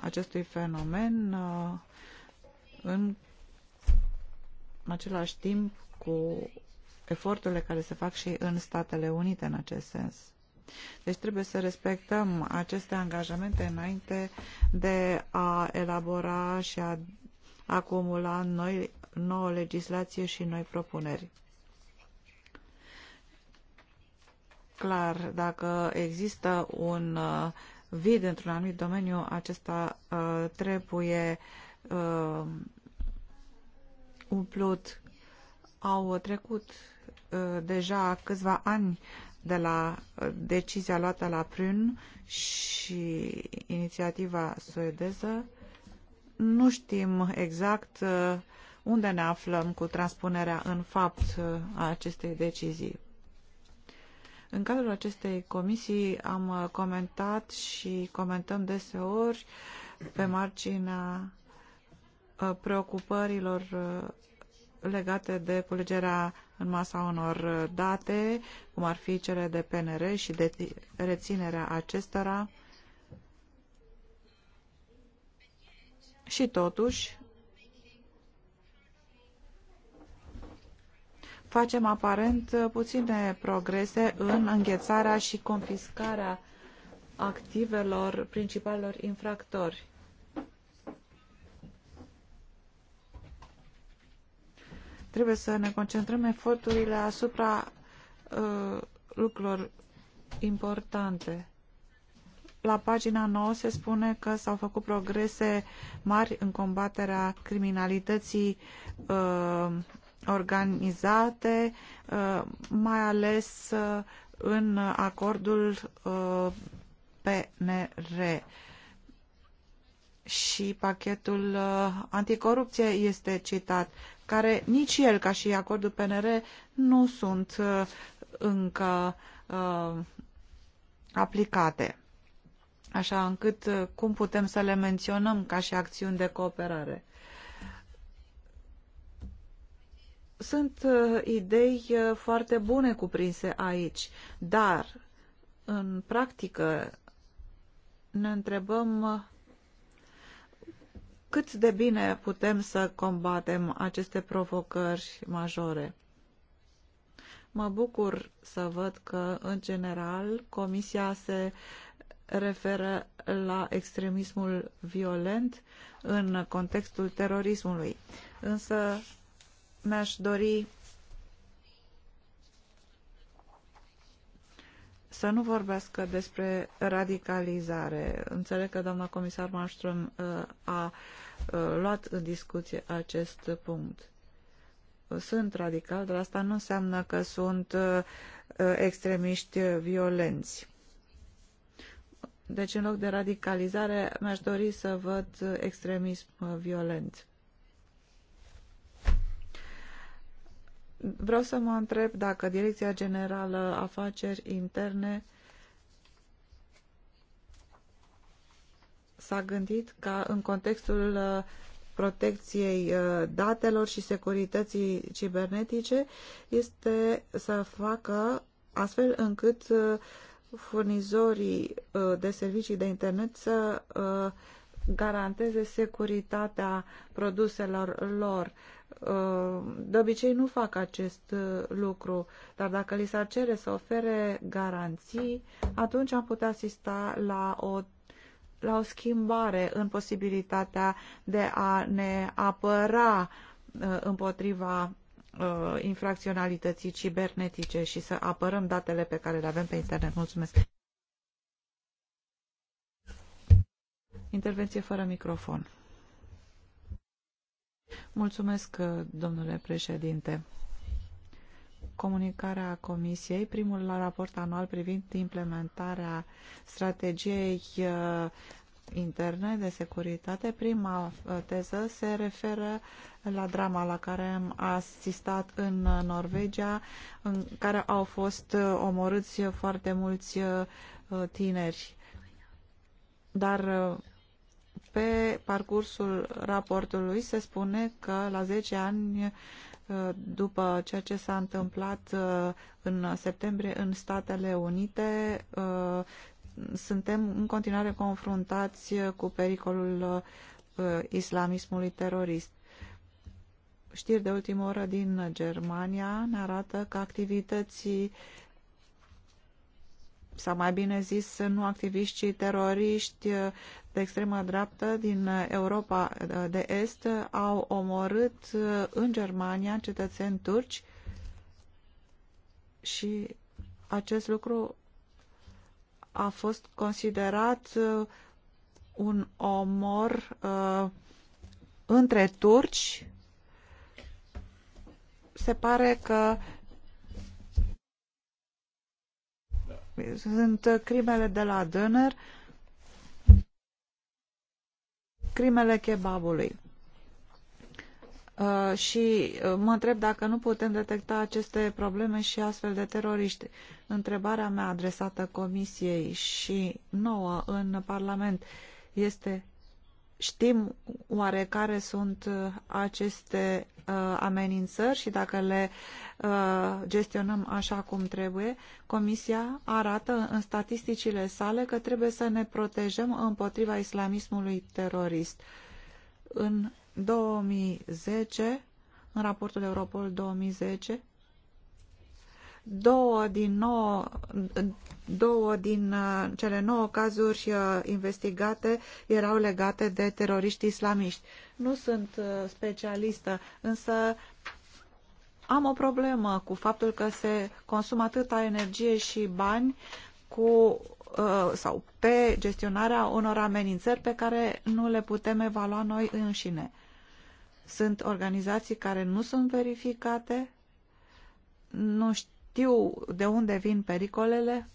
[SPEAKER 4] acestui fenomen în același timp cu eforturile care se fac și în Statele Unite în acest sens. Deci trebuie să respectăm aceste angajamente înainte de a elabora și a acumula noi, nouă legislație și noi propuneri. Clar, dacă există un uh, vid într-un anumit domeniu, acesta uh, trebuie uh, umplut. Au trecut deja câțiva ani de la uh, decizia luată la Prun și inițiativa suedeză, nu știm exact uh, unde ne aflăm cu transpunerea în fapt uh, a acestei decizii. În cadrul acestei comisii am comentat și comentăm deseori pe marginea preocupărilor legate de culegerea în masa unor date, cum ar fi cele de PNR și de reținerea acestora. Și totuși, facem aparent puține progrese în înghețarea și confiscarea activelor principalilor infractori. Trebuie să ne concentrăm eforturile asupra uh, lucrurilor importante. La pagina 9 se spune că s-au făcut progrese mari în combaterea criminalității uh, organizate, uh, mai ales uh, în acordul uh, PNR și pachetul uh, anticorupție este citat care nici el, ca și acordul PNR, nu sunt uh, încă uh, aplicate, așa încât uh, cum putem să le menționăm ca și acțiuni de cooperare. Sunt idei foarte bune cuprinse aici, dar în practică ne întrebăm cât de bine putem să combatem aceste provocări majore. Mă bucur să văd că, în general, Comisia se referă la extremismul violent în contextul terorismului. Însă mi-aș dori să nu vorbească despre radicalizare. Înțeleg că doamna comisar Marström uh, a uh, luat în discuție acest punct. Sunt radical, dar asta nu înseamnă că sunt uh, extremiști violenți. Deci, în loc de radicalizare, mi-aș dori să văd extremism violent. Vreau să mă întreb dacă Direcția Generală Afaceri Interne s-a gândit ca în contextul uh, protecției uh, datelor și securității cibernetice este să facă astfel încât uh, furnizorii de servicii de internet să garanteze securitatea produselor lor de obicei nu fac acest uh, lucru, dar dacă li s-ar cere să ofere garanții, atunci am putea asista la o, la o schimbare în posibilitatea de a ne apăra uh, împotriva uh, infracționalității cibernetice și să apărăm datele pe care le avem pe internet. Mulțumesc! Intervenție fără microfon. Mulțumesc, uh, domnule președinte. Comunicarea Comisiei, primul la raport anual privind implementarea strategiei uh, interne de securitate, prima uh, teză se referă la drama la care am asistat în Norvegia, în care au fost omorâți foarte mulți tineri. Dar pe parcursul raportului se spune că la 10 ani uh, după ceea ce s-a întâmplat uh, în septembrie în Statele Unite, uh, suntem în continuare confruntați cu pericolul islamismului terorist. Știri de ultimă oră din Germania ne arată că activității sau mai bine zis, nu activiști, ci teroriști de extremă dreaptă din Europa de Est au omorât în Germania cetățeni turci și acest lucru a fost considerat un omor uh, între turci. Se pare că Sunt uh, crimele de la Döner, crimele kebabului. Uh, și uh, mă întreb dacă nu putem detecta aceste probleme și astfel de teroriști. Întrebarea mea adresată Comisiei și nouă în Parlament este Știm oare care sunt uh, aceste uh, amenințări și dacă le uh, gestionăm așa cum trebuie, Comisia arată în statisticile sale că trebuie să ne protejăm împotriva islamismului terorist. În 2010, în raportul Europol 2010, Două din, nouă, două din uh, cele nouă cazuri uh, investigate erau legate de teroriști islamiști. Nu sunt uh, specialistă, însă am o problemă cu faptul că se consumă atâta energie și bani cu sau pe gestionarea unor amenințări pe care nu le putem evalua noi înșine. Sunt organizații care nu sunt verificate, nu știu știu de unde vin pericolele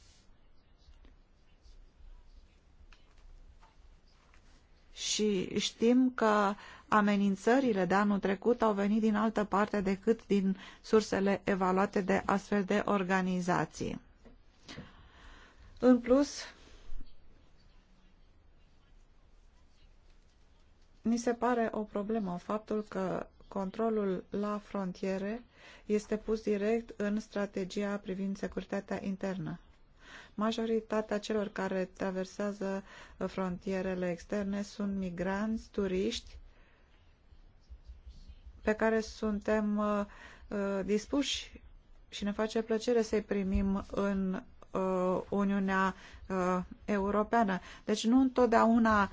[SPEAKER 4] și știm că amenințările de anul trecut au venit din altă parte decât din sursele evaluate de astfel de organizații. În plus, mi se pare o problemă faptul că controlul la frontiere este pus direct în strategia privind securitatea internă. Majoritatea celor care traversează frontierele externe sunt migranți, turiști, pe care suntem uh, uh dispuși și ne face plăcere să-i primim în uh, Uniunea uh, Europeană. Deci nu întotdeauna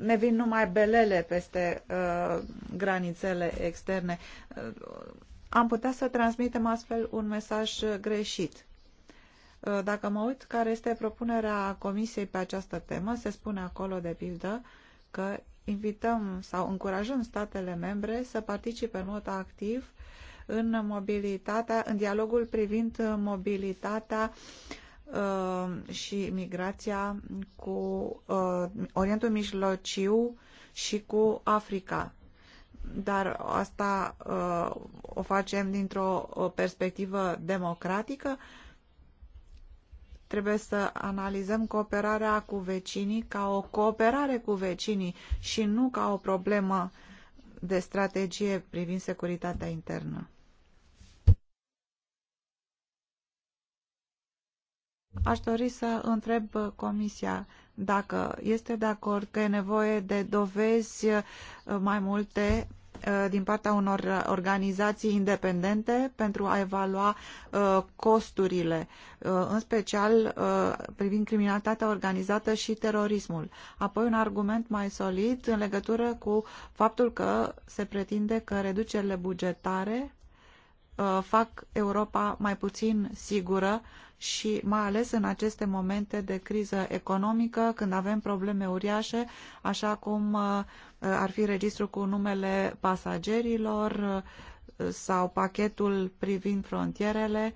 [SPEAKER 4] ne vin numai belele peste uh, granițele externe. Uh, am putea să transmitem astfel un mesaj greșit. Uh, dacă mă uit care este propunerea Comisiei pe această temă, se spune acolo, de pildă, că invităm sau încurajăm statele membre să participe în mod activ în mobilitatea, în dialogul privind mobilitatea uh, Uh, și migrația cu uh, Orientul Mijlociu și cu Africa. Dar asta uh, o facem dintr-o perspectivă democratică. Trebuie să analizăm cooperarea cu vecinii ca o cooperare cu vecinii și nu ca o problemă de strategie privind securitatea internă. Aș dori să întreb uh, Comisia dacă este de acord că e nevoie de dovezi uh, mai multe uh, din partea unor organizații independente pentru a evalua costurile, în special privind criminalitatea organizată și terorismul. Apoi un argument mai solid în legătură cu faptul că se pretinde că reducerile bugetare fac Europa mai puțin sigură și mai ales în aceste momente de criză economică, când avem probleme uriașe, așa cum uh, ar fi registrul cu numele pasagerilor uh, sau pachetul privind frontierele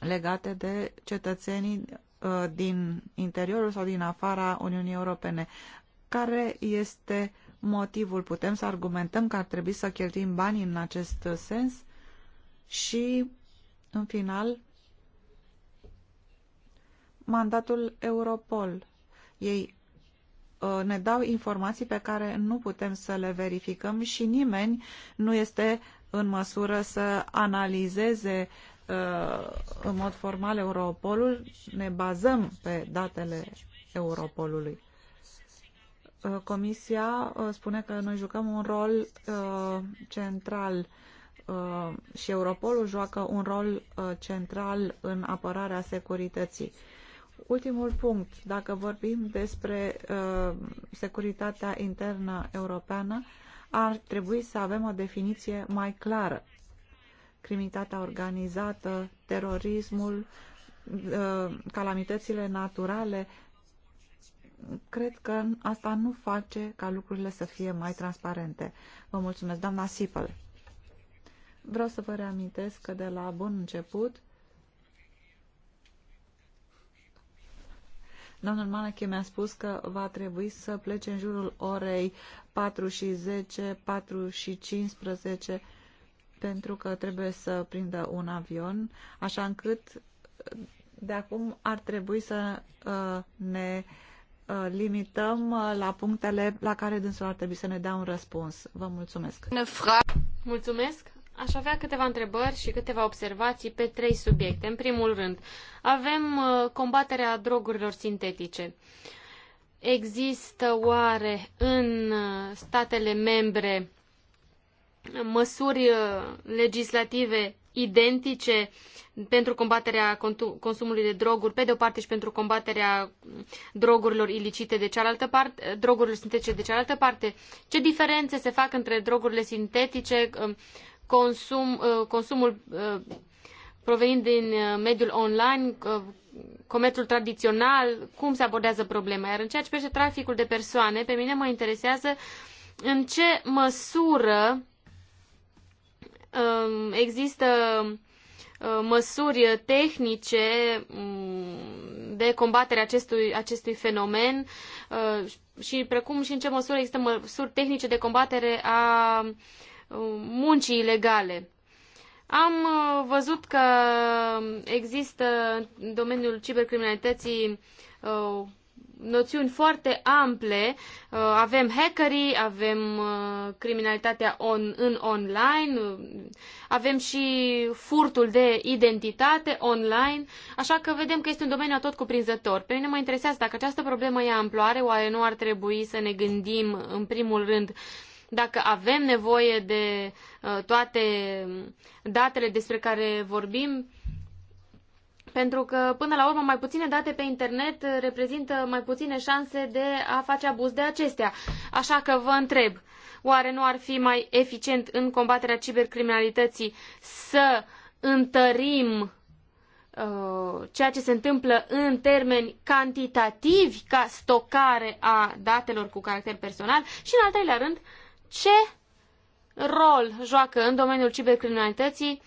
[SPEAKER 4] legate de cetățenii uh, din interiorul sau din afara Uniunii Europene. Care este motivul? Putem să argumentăm că ar trebui să cheltuim bani în acest sens? Și, în final, mandatul Europol. Ei uh, ne dau informații pe care nu putem să le verificăm și nimeni nu este în măsură să analizeze uh, în mod formal Europolul. Ne bazăm pe datele Europolului. Uh, Comisia spune că noi jucăm un rol central și Europolul joacă un rol central în apărarea securității. Ultimul punct, dacă vorbim despre uh, securitatea internă europeană, ar trebui să avem o definiție mai clară. Criminalitatea organizată, terorismul, uh, calamitățile naturale, cred că asta nu face ca lucrurile să fie mai transparente. Vă mulțumesc, doamna Sipăl. Vreau să vă reamintesc că de la bun început Domnul Maneche mi-a spus că va trebui să plece în jurul orei 4 și 10, 4 și 15, pentru că trebuie să prindă un avion, așa încât de acum ar trebui să uh, ne uh, limităm uh, la punctele la care dânsul ar trebui să ne dea un răspuns. Vă mulțumesc.
[SPEAKER 3] Mulțumesc. Aș avea câteva întrebări și câteva observații pe trei subiecte. În primul rând, avem uh, combaterea drogurilor sintetice. Există oare în uh, statele membre măsuri uh, legislative identice pentru combaterea consumului de droguri, pe de o parte și pentru combaterea drogurilor ilicite de cealaltă parte, drogurilor sintetice de cealaltă parte. Ce diferențe se fac între drogurile sintetice, um, consum, uh, consumul uh, provenind din uh, mediul online, comerțul tradițional, cum se abordează problema. Iar în ceea ce privește traficul de persoane, pe mine mă interesează în ce măsură um, există măsuri tehnice mm, de combatere acestui, acestui fenomen și precum și în ce măsură există măsuri tehnice de combatere a uh, muncii ilegale. Am uh, văzut că există în domeniul cibercriminalității uh, noțiuni foarte ample. Uh, avem hackerii, avem criminalitatea on, în online, avem și furtul de identitate online, așa că vedem că este un domeniu tot cuprinzător. Pe mine mă interesează dacă această problemă ia amploare, oare nu ar trebui să ne gândim în primul rând dacă avem nevoie de uh, toate datele despre care vorbim, pentru că, până la urmă, mai puține date pe internet uh, reprezintă mai puține șanse de a face abuz de acestea. Așa că vă întreb, oare nu ar fi mai eficient în combaterea cibercriminalității să întărim uh, ceea ce se întâmplă în termeni cantitativi ca stocare a datelor cu caracter personal și, în al treilea rând, ce rol joacă în domeniul cibercriminalității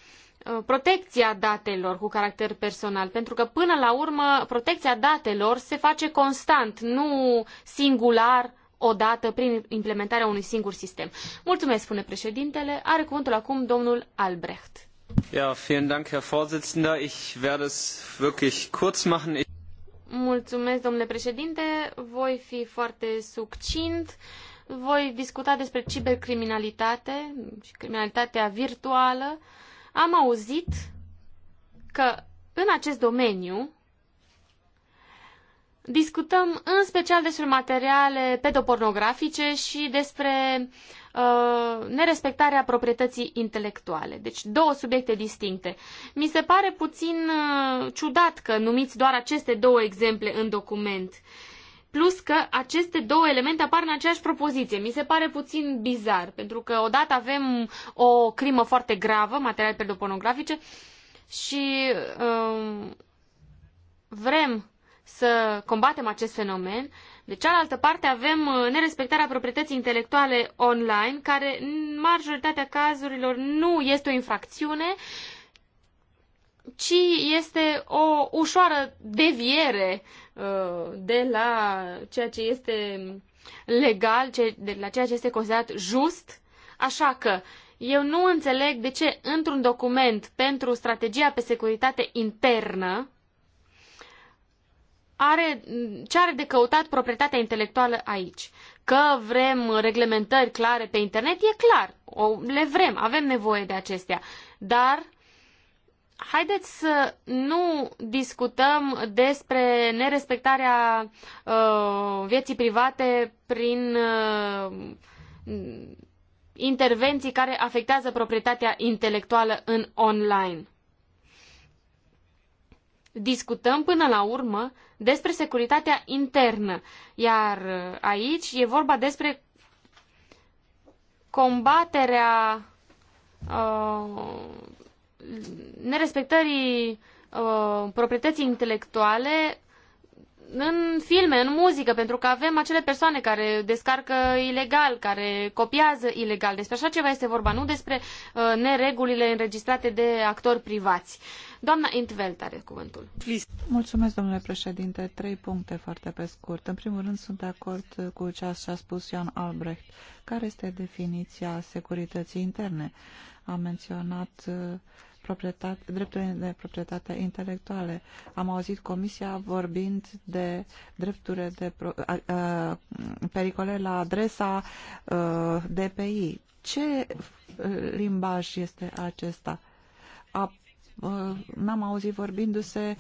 [SPEAKER 3] uh, protecția datelor cu caracter personal, pentru că până la urmă protecția datelor se face constant, nu singular odată prin implementarea unui singur sistem. Mulțumesc, spune președintele. Are cuvântul acum domnul Albrecht.
[SPEAKER 1] Ja, vielen Dank, Herr Vorsitzender.
[SPEAKER 3] Ich werde es wirklich kurz machen. Mulțumesc, domnule președinte. Voi fi foarte succint. Uh, voi discuta despre cibercriminalitate și criminalitatea virtuală. Am auzit că în acest domeniu discutăm în special despre materiale pedopornografice și despre uh, nerespectarea proprietății intelectuale. Deci două subiecte distincte. Mi se pare puțin uh, ciudat că numiți doar aceste două exemple în document. Uh, plus că aceste două elemente apar în aceeași propoziție. Mi se pare puțin bizar, pentru că odată avem o crimă foarte gravă, materiale pedopornografice, și um, vrem să combatem acest fenomen. De cealaltă parte avem uh, nerespectarea proprietății intelectuale online, care în majoritatea cazurilor nu este o infracțiune, ci este o ușoară deviere uh, Uh, de la ceea ce este legal, de la ceea ce este considerat just. Așa că eu nu înțeleg de ce într-un document pentru strategia pe securitate internă are, ce are de căutat proprietatea intelectuală aici? Că vrem reglementări clare pe internet, e clar, o, le vrem, avem nevoie de acestea. Dar haideți să nu discutăm despre nerespectarea uh, vieții private prin uh, intervenții care afectează proprietatea intelectuală în online. Discutăm până la urmă despre securitatea internă, iar aici e vorba despre combaterea uh, nerespectării uh, proprietății intelectuale în filme, în muzică, pentru că avem acele persoane care descarcă ilegal, care copiază ilegal. Despre așa ceva este vorba, nu despre uh, neregulile înregistrate de actori privați. Doamna Intvelt are cuvântul.
[SPEAKER 4] Mulțumesc, domnule președinte. Trei puncte foarte pe scurt. În primul rând, sunt de acord cu ce a spus Ioan Albrecht. Care este definiția securității interne? A menționat uh, drepturile de proprietate intelectuale. Am auzit Comisia vorbind de drepturile de pro, a, pericole la adresa a, DPI. Ce limbaj este acesta? A Uh, n-am auzit vorbindu-se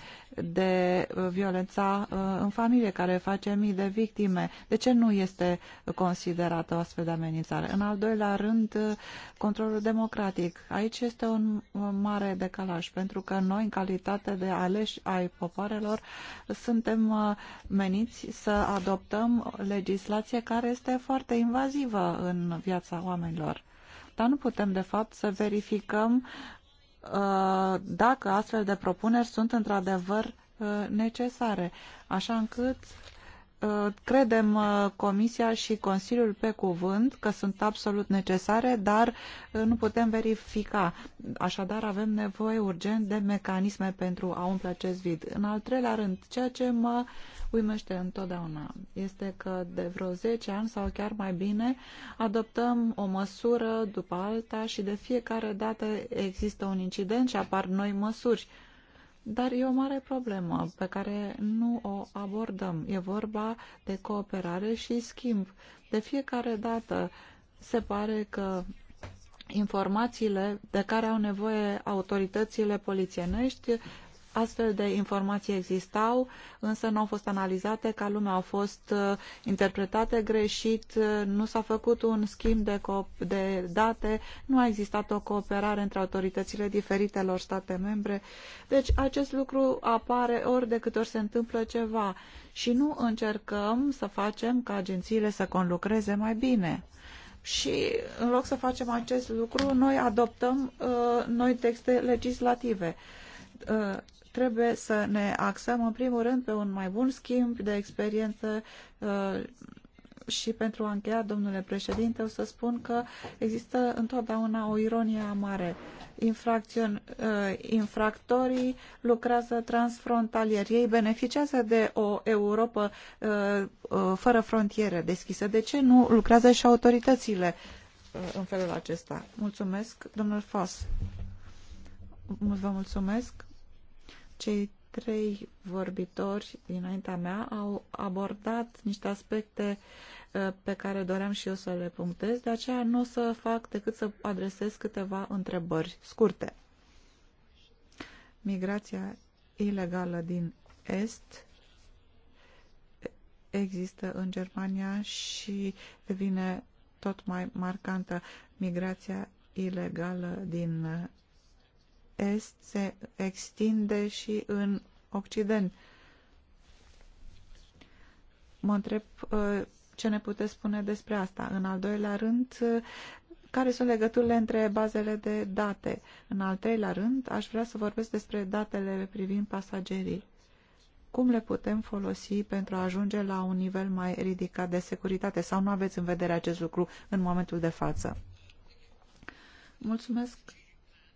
[SPEAKER 4] de uh, violența uh, în familie care face mii de victime. De ce nu este considerată o astfel de amenințare? În al doilea rând, controlul democratic. Aici este un mare decalaj, pentru că noi, în calitate de aleși ai popoarelor, suntem meniți să adoptăm legislație care este foarte invazivă în viața oamenilor dar nu putem, de fapt, să verificăm Uh, dacă astfel de propuneri sunt într-adevăr uh, necesare, așa încât Uh, credem uh, Comisia și Consiliul pe cuvânt că sunt absolut necesare, dar uh, nu putem verifica. Așadar, avem nevoie urgent de mecanisme pentru a umple acest vid. În al treilea rând, ceea ce mă uimește întotdeauna este că de vreo 10 ani sau chiar mai bine adoptăm o măsură după alta și de fiecare dată există un incident și apar noi măsuri dar e o mare problemă pe care nu o abordăm. E vorba de cooperare și schimb. De fiecare dată se pare că informațiile de care au nevoie autoritățile polițienești Astfel de informații existau, însă nu au fost analizate, ca lumea au fost uh, interpretate greșit, uh, nu s-a făcut un schimb de, de date, nu a existat o cooperare între autoritățile diferitelor state membre. Deci acest lucru apare ori de câte ori se întâmplă ceva și nu încercăm să facem ca agențiile să conlucreze mai bine. Și în loc să facem acest lucru, noi adoptăm uh, noi texte legislative. Uh, Uh, trebuie să ne axăm în primul rând pe un mai bun schimb de experiență uh, și pentru a încheia, domnule președinte, o să spun că există întotdeauna o ironie amare. Infracțion, uh, infractorii lucrează transfrontalier. Ei beneficiază de o Europa fără frontiere deschisă. De ce nu lucrează și autoritățile în felul acesta? Mulțumesc, domnul Fos. Vă mulțumesc. Cei trei vorbitori dinaintea mea au abordat niște aspecte uh, pe care doream și eu să le punctez, de aceea nu o să fac decât să adresez câteva întrebări scurte. Migrația ilegală din Est există în Germania și devine tot mai marcantă migrația ilegală din Est se extinde și în Occident. Mă întreb uh, ce ne puteți spune despre asta. În al doilea rând, uh, care sunt legăturile între bazele de date. În al treilea rând, aș vrea să vorbesc despre datele privind pasagerii. Cum le putem folosi pentru a ajunge la un nivel mai ridicat de securitate sau nu aveți în vedere acest lucru în momentul de față? Mulțumesc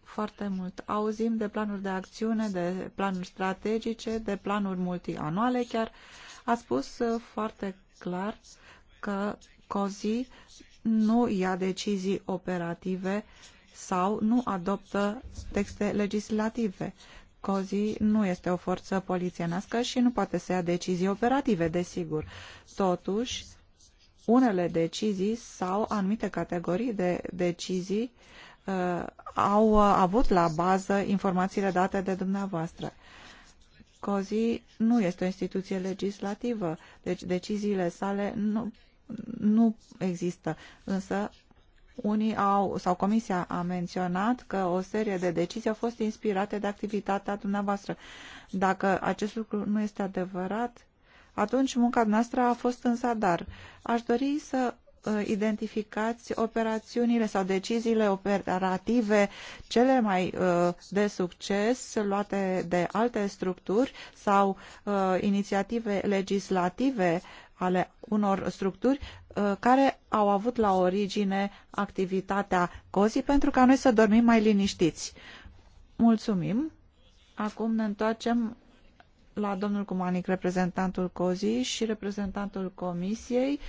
[SPEAKER 4] foarte mult. Auzim de planuri de acțiune, de planuri strategice, de planuri multianuale chiar. A spus uh, foarte clar că COZI nu ia decizii operative sau nu adoptă texte legislative. COZI nu este o forță polițienească și nu poate să ia decizii operative, desigur. Totuși, unele decizii sau anumite categorii de decizii Uh, au uh, avut la bază informațiile date de dumneavoastră. COZI nu este o instituție legislativă, deci deciziile sale nu, nu există, însă unii au, sau comisia a menționat că o serie de decizii au fost inspirate de activitatea dumneavoastră. Dacă acest lucru nu este adevărat, atunci munca noastră a fost în zadar. Aș dori să Uh, identificați operațiunile sau deciziile operative cele mai uh, de succes luate de alte structuri sau uh, inițiative legislative ale unor structuri care au avut la origine activitatea COSI pentru ca noi să dormim mai liniștiți. Mulțumim! Acum ne întoarcem la domnul Cumanic, reprezentantul COZI și reprezentantul Comisiei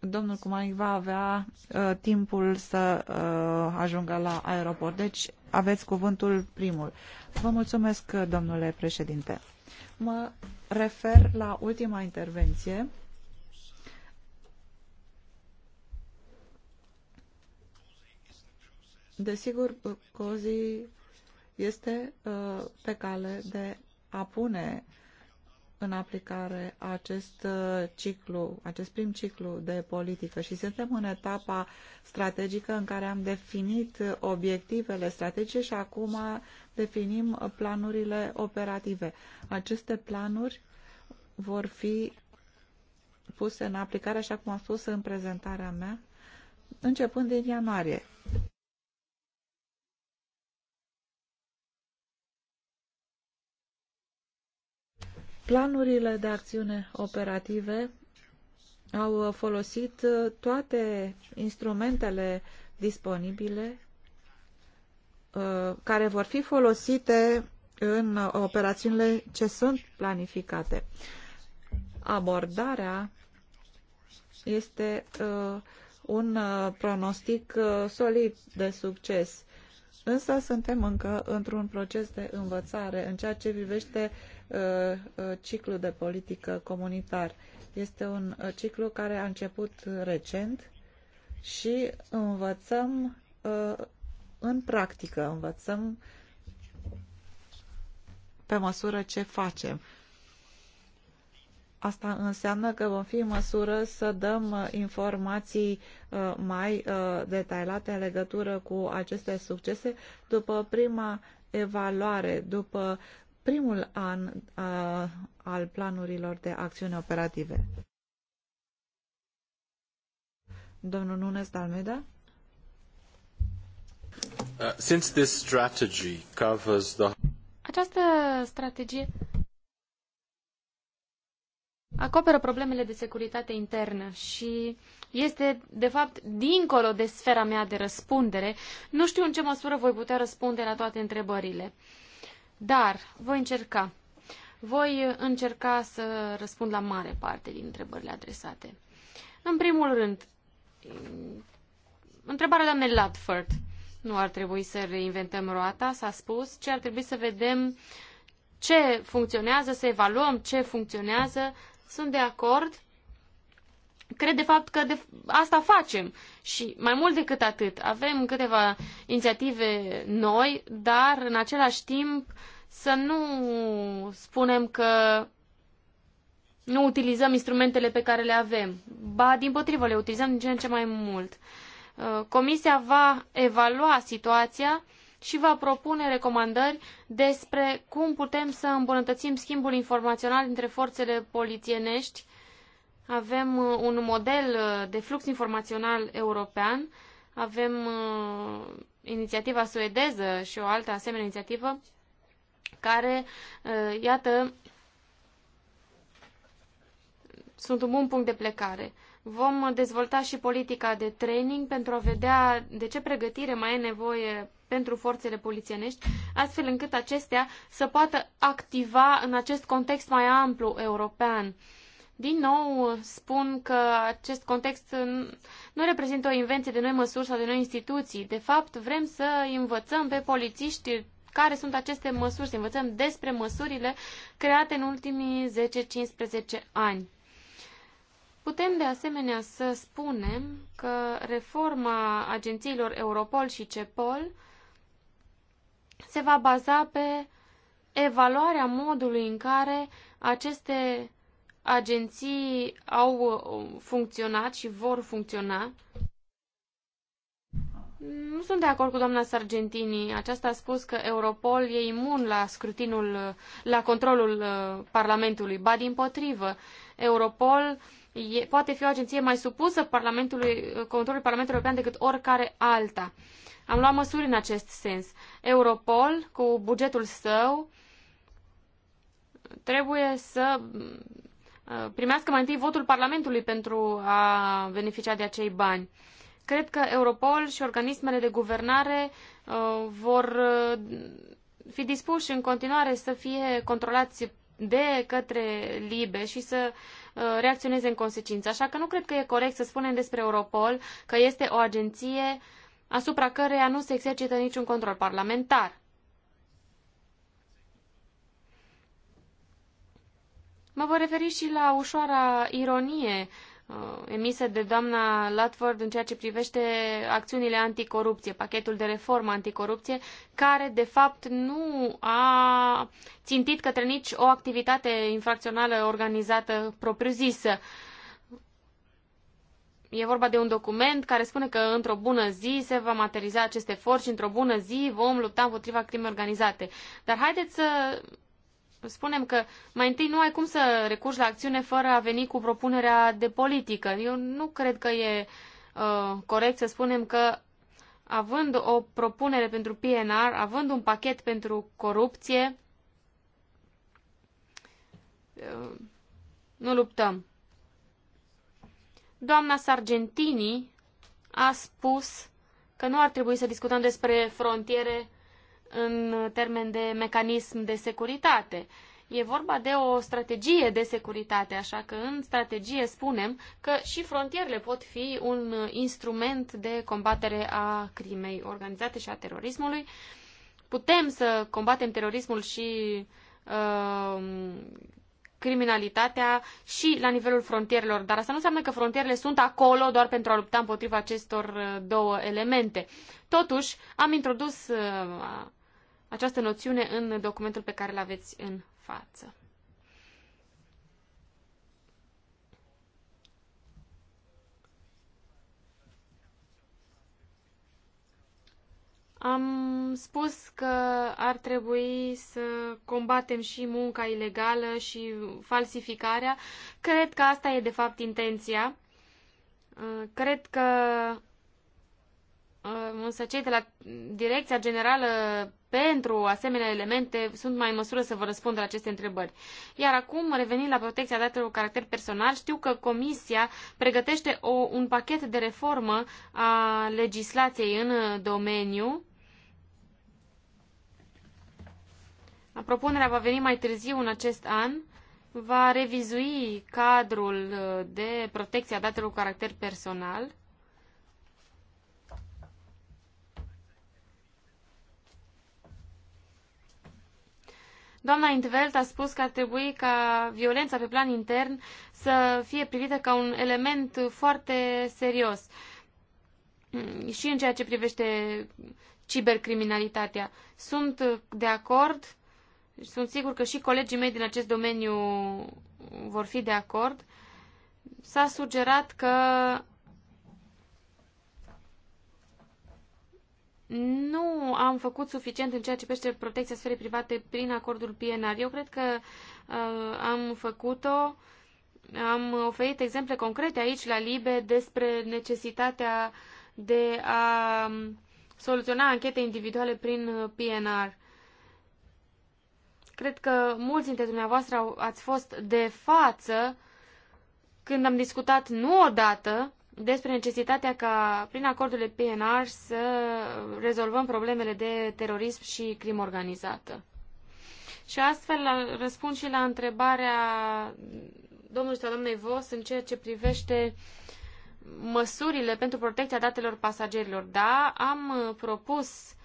[SPEAKER 4] domnul Cumanic va avea uh, timpul să uh, ajungă la aeroport. Deci aveți cuvântul primul. Vă mulțumesc, domnule președinte. Mă refer la ultima intervenție. Desigur, COZI este uh, pe cale de a pune uh, în aplicare acest uh, ciclu, acest prim ciclu de politică și suntem în etapa strategică în care am definit obiectivele strategice și acum definim planurile operative. Aceste planuri vor fi puse în aplicare, așa cum am spus în prezentarea mea, începând din ianuarie. Planurile de acțiune operative au folosit uh, toate instrumentele disponibile uh, care vor fi folosite în operațiunile ce sunt planificate. Abordarea este uh, un pronostic solid de succes, însă suntem încă într-un proces de învățare în ceea ce privește uh, Uh, uh, ciclu de politică comunitar. Este un uh, ciclu care a început recent și învățăm în practică, învățăm pe măsură ce facem. Asta înseamnă că vom fi în măsură să dăm informații mai detaliate în legătură cu aceste succese după prima evaluare, după primul an a, al planurilor de acțiune operative. Domnul Nunes Dalmeda?
[SPEAKER 2] Uh, since this strategy covers
[SPEAKER 4] the...
[SPEAKER 3] Această strategie acoperă problemele de securitate internă și este, de fapt, dincolo de sfera mea de răspundere. Nu știu în ce măsură voi putea răspunde la toate întrebările. Uh, dar voi încerca. Voi încerca să răspund la mare parte din întrebările adresate. În primul rând, întrebarea doamnei Ludford. Nu ar trebui să reinventăm roata, s-a spus, ci ar trebui să vedem ce funcționează, să evaluăm ce funcționează. Sunt de acord, Cred de fapt că de, asta facem și mai mult decât atât. Avem câteva inițiative noi, dar în același timp să nu spunem că nu utilizăm instrumentele pe care le avem. Ba, din potrivă, le utilizăm din ce în ce mai mult. Uh, Comisia va evalua situația și va propune recomandări despre cum putem să îmbunătățim schimbul informațional între forțele polițienești avem uh, un model uh, de flux informațional european, avem uh, inițiativa suedeză și o altă asemenea inițiativă care, iată, sunt un bun punct de plecare. Vom dezvolta și politica de training pentru a vedea de ce pregătire mai e nevoie pentru forțele polițienești, astfel încât acestea să poată activa în acest context mai amplu european. Din nou spun că acest context nu reprezintă o invenție de noi măsuri sau de noi instituții. De fapt, vrem să învățăm pe polițiști care sunt aceste măsuri, să învățăm despre măsurile create în ultimii 10-15 ani. Putem de asemenea să spunem că reforma agențiilor Europol și CEPOL se va baza pe evaluarea modului în care aceste agenții au funcționat și vor funcționa. Nu sunt de acord cu doamna Sargentini. Aceasta a spus că Europol e imun la scrutinul, la controlul uh, Parlamentului. Ba din potrivă, Europol e, poate fi o agenție mai supusă Parlamentului, uh, controlului Parlamentului European decât oricare alta. Am luat măsuri în acest sens. Europol, cu bugetul său, trebuie să Uh, primească mai întâi votul Parlamentului pentru a beneficia de acei bani. Cred că Europol și organismele de guvernare uh, vor uh, fi dispuși în continuare să fie controlați de către Libe și să reacționeze în consecință. Așa că nu cred că e corect să spunem despre Europol că este o agenție asupra căreia nu se exercită niciun control parlamentar. Mă voi referi și la ușoara ironie uh, emisă de doamna Latford în ceea ce privește acțiunile anticorupție, pachetul de reformă anticorupție, care de fapt nu a țintit către nici o activitate infracțională organizată propriu-zisă. E vorba de un document care spune că într-o bună zi se va materializa acest efort și într-o bună zi vom lupta împotriva crimei organizate. Dar haideți să spunem că mai întâi nu ai cum să recurgi la acțiune fără a veni cu propunerea de politică. Eu nu cred că e uh, corect să spunem că având o propunere pentru PNR, având un pachet pentru corupție, uh, nu luptăm. Doamna Sargentini a spus că nu ar trebui să discutăm despre frontiere în termen de mecanism de securitate. E vorba de o strategie de securitate, așa că în strategie spunem că și frontierele pot fi un instrument de combatere a crimei organizate și a terorismului. Putem să combatem terorismul și uh, criminalitatea și la nivelul frontierelor. Dar asta nu înseamnă că frontierele sunt acolo doar pentru a lupta împotriva acestor uh, două elemente. Totuși, am introdus uh, această noțiune în documentul pe care îl aveți în față. Am spus că ar trebui să combatem și munca ilegală și falsificarea. Cred că asta e de fapt intenția. Uh, cred că uh, însă cei de la Direcția Generală pentru asemenea elemente sunt mai în măsură să vă răspund la aceste întrebări. Iar acum, revenind la protecția datelor cu caracter personal, știu că Comisia pregătește o, un pachet de reformă a legislației în domeniu Propunerea va veni mai târziu în acest an, va revizui cadrul uh, de protecție a datelor cu caracter personal. Doamna Intvelt a spus că ar trebui ca violența pe plan intern să fie privită ca un element foarte serios mm, și în ceea ce privește cibercriminalitatea. Sunt de acord sunt sigur că și colegii mei din acest domeniu vor fi de acord. S-a sugerat că nu am făcut suficient în ceea ce privește protecția sferei private prin acordul PNR. Eu cred că uh, am făcut-o. Am oferit exemple concrete aici la Libe despre necesitatea de a soluționa anchete individuale prin PNR. Cred că mulți dintre dumneavoastră ați fost de față când am discutat nu odată despre necesitatea ca prin acordurile PNR să rezolvăm problemele de terorism și crimă organizată. Și astfel răspund și la întrebarea domnului sau doamnei Vos în ceea ce privește măsurile pentru protecția datelor pasagerilor. Da, am propus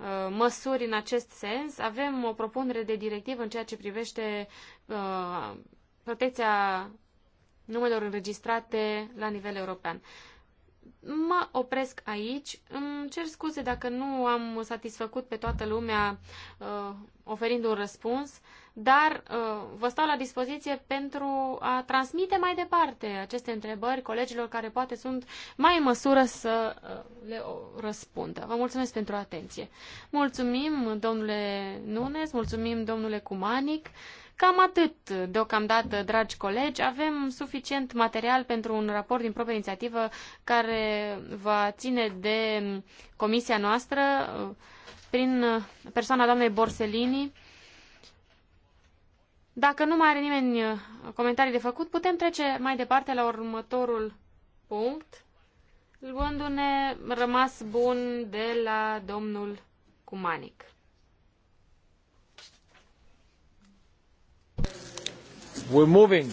[SPEAKER 3] Uh, măsuri în acest sens. Avem o propunere de directivă în ceea ce privește uh, protecția numelor înregistrate la nivel european. Mă opresc aici. Îmi cer scuze dacă nu am satisfăcut pe toată lumea uh, oferind un răspuns dar uh, vă stau la dispoziție pentru a transmite mai departe aceste întrebări colegilor care poate sunt mai în măsură să uh, le răspundă. Vă mulțumesc pentru atenție. Mulțumim, domnule Nunes, mulțumim, domnule Cumanic. Cam atât deocamdată, dragi colegi. Avem suficient material pentru un raport din proprie inițiativă care va ține de comisia noastră uh, prin persoana doamnei Borsellini dacă nu mai are nimeni uh, comentarii de făcut, putem trece mai departe la următorul punct, luându-ne rămas bun de la domnul Cumanic.
[SPEAKER 1] We're moving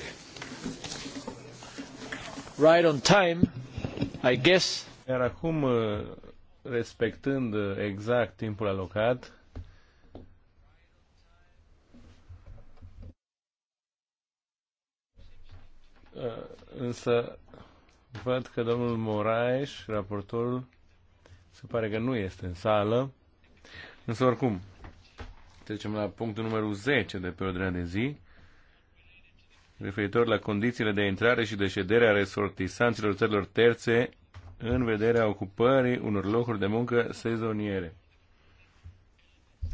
[SPEAKER 1] right on time, I guess. Iar acum,
[SPEAKER 2] uh, respectând uh, exact timpul alocat, Uh, însă văd că domnul Moraes, raportorul, se pare că nu este în sală. Însă oricum, trecem la punctul numărul 10 de pe ordinea de zi, referitor la condițiile de intrare și de ședere a resortisanților țărilor terțe în vederea ocupării unor locuri de muncă sezoniere.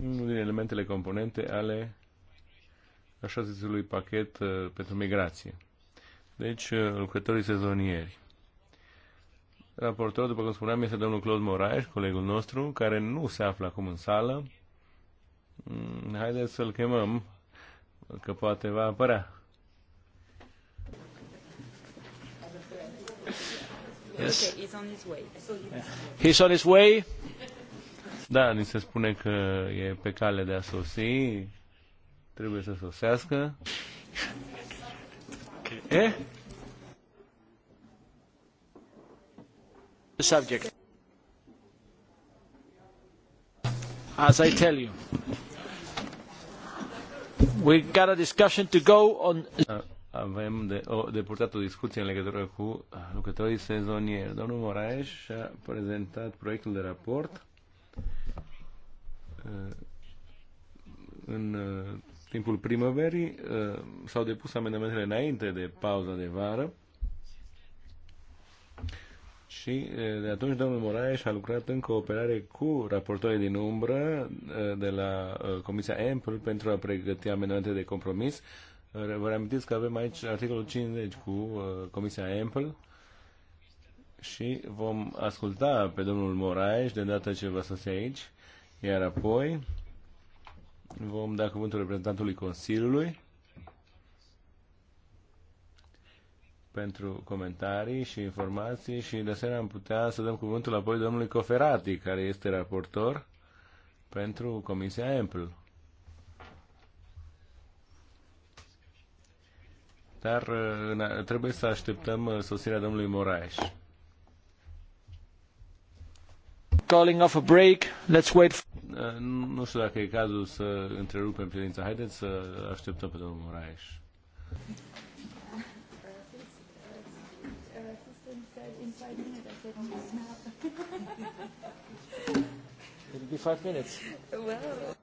[SPEAKER 2] Unul din elementele componente ale așa zisului pachet uh, pentru migrație. Deci, uh, lucrătorii sezonieri. Raportorul, după cum spuneam, este domnul Claude Moraes, colegul nostru, care nu se află acum în sală. Mm, haideți să-l chemăm, că poate va apărea. Yes.
[SPEAKER 4] Okay, he's on his way.
[SPEAKER 2] He's on his way. Da, ni se spune că e pe cale de a sosi. Trebuie să sosească.
[SPEAKER 1] Eh? The subject. As I tell you,
[SPEAKER 2] we got a discussion to go on. Avem de, o, de purtat o discuție în legătură cu lucrătorii sezonieri. Domnul Moraes a prezentat proiectul de raport uh, în uh, timpul primăverii, uh, s-au depus amendamentele înainte de pauza de vară și uh, de atunci domnul Moraes a lucrat în cooperare cu raportorii din umbră uh, de la Comisia EMPL pentru a pregăti amendamente de compromis. Vă reamintiți că avem aici articolul 50 cu Comisia EMPL și vom asculta pe domnul Moraes de data ce va se aici, iar apoi Vom da cuvântul reprezentantului Consiliului pentru comentarii și informații și de asemenea am putea să dăm cuvântul apoi domnului Coferati, care este raportor pentru Comisia Empl. Dar trebuie să așteptăm uh, sosirea domnului Moraes calling off a break. Let's wait. For... Eh, nu știu dacă e cazul să întrerupem ședința. Haideți să așteptăm pe domnul Moraes.
[SPEAKER 1] It'll be five minutes.
[SPEAKER 4] Well.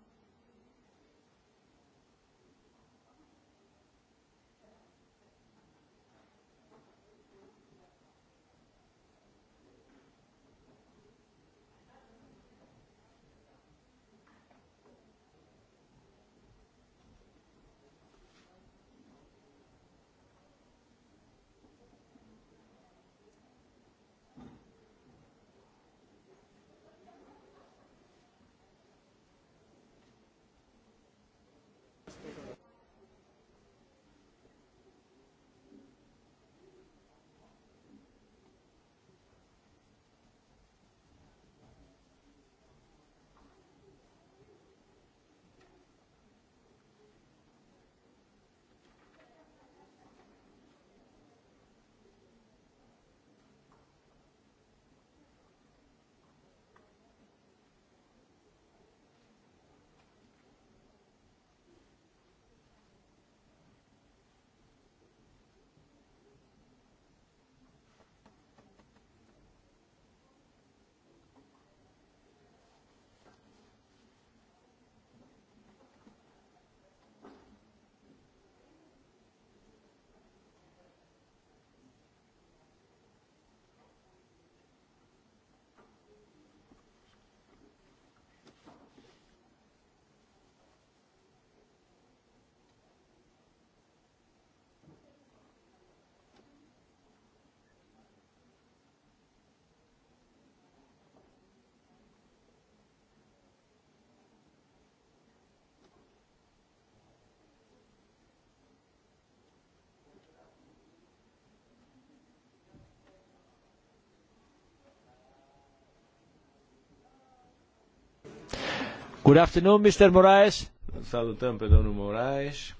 [SPEAKER 1] Good afternoon, Mr. Moraes.
[SPEAKER 2] Salutăm pe domnul Moraes.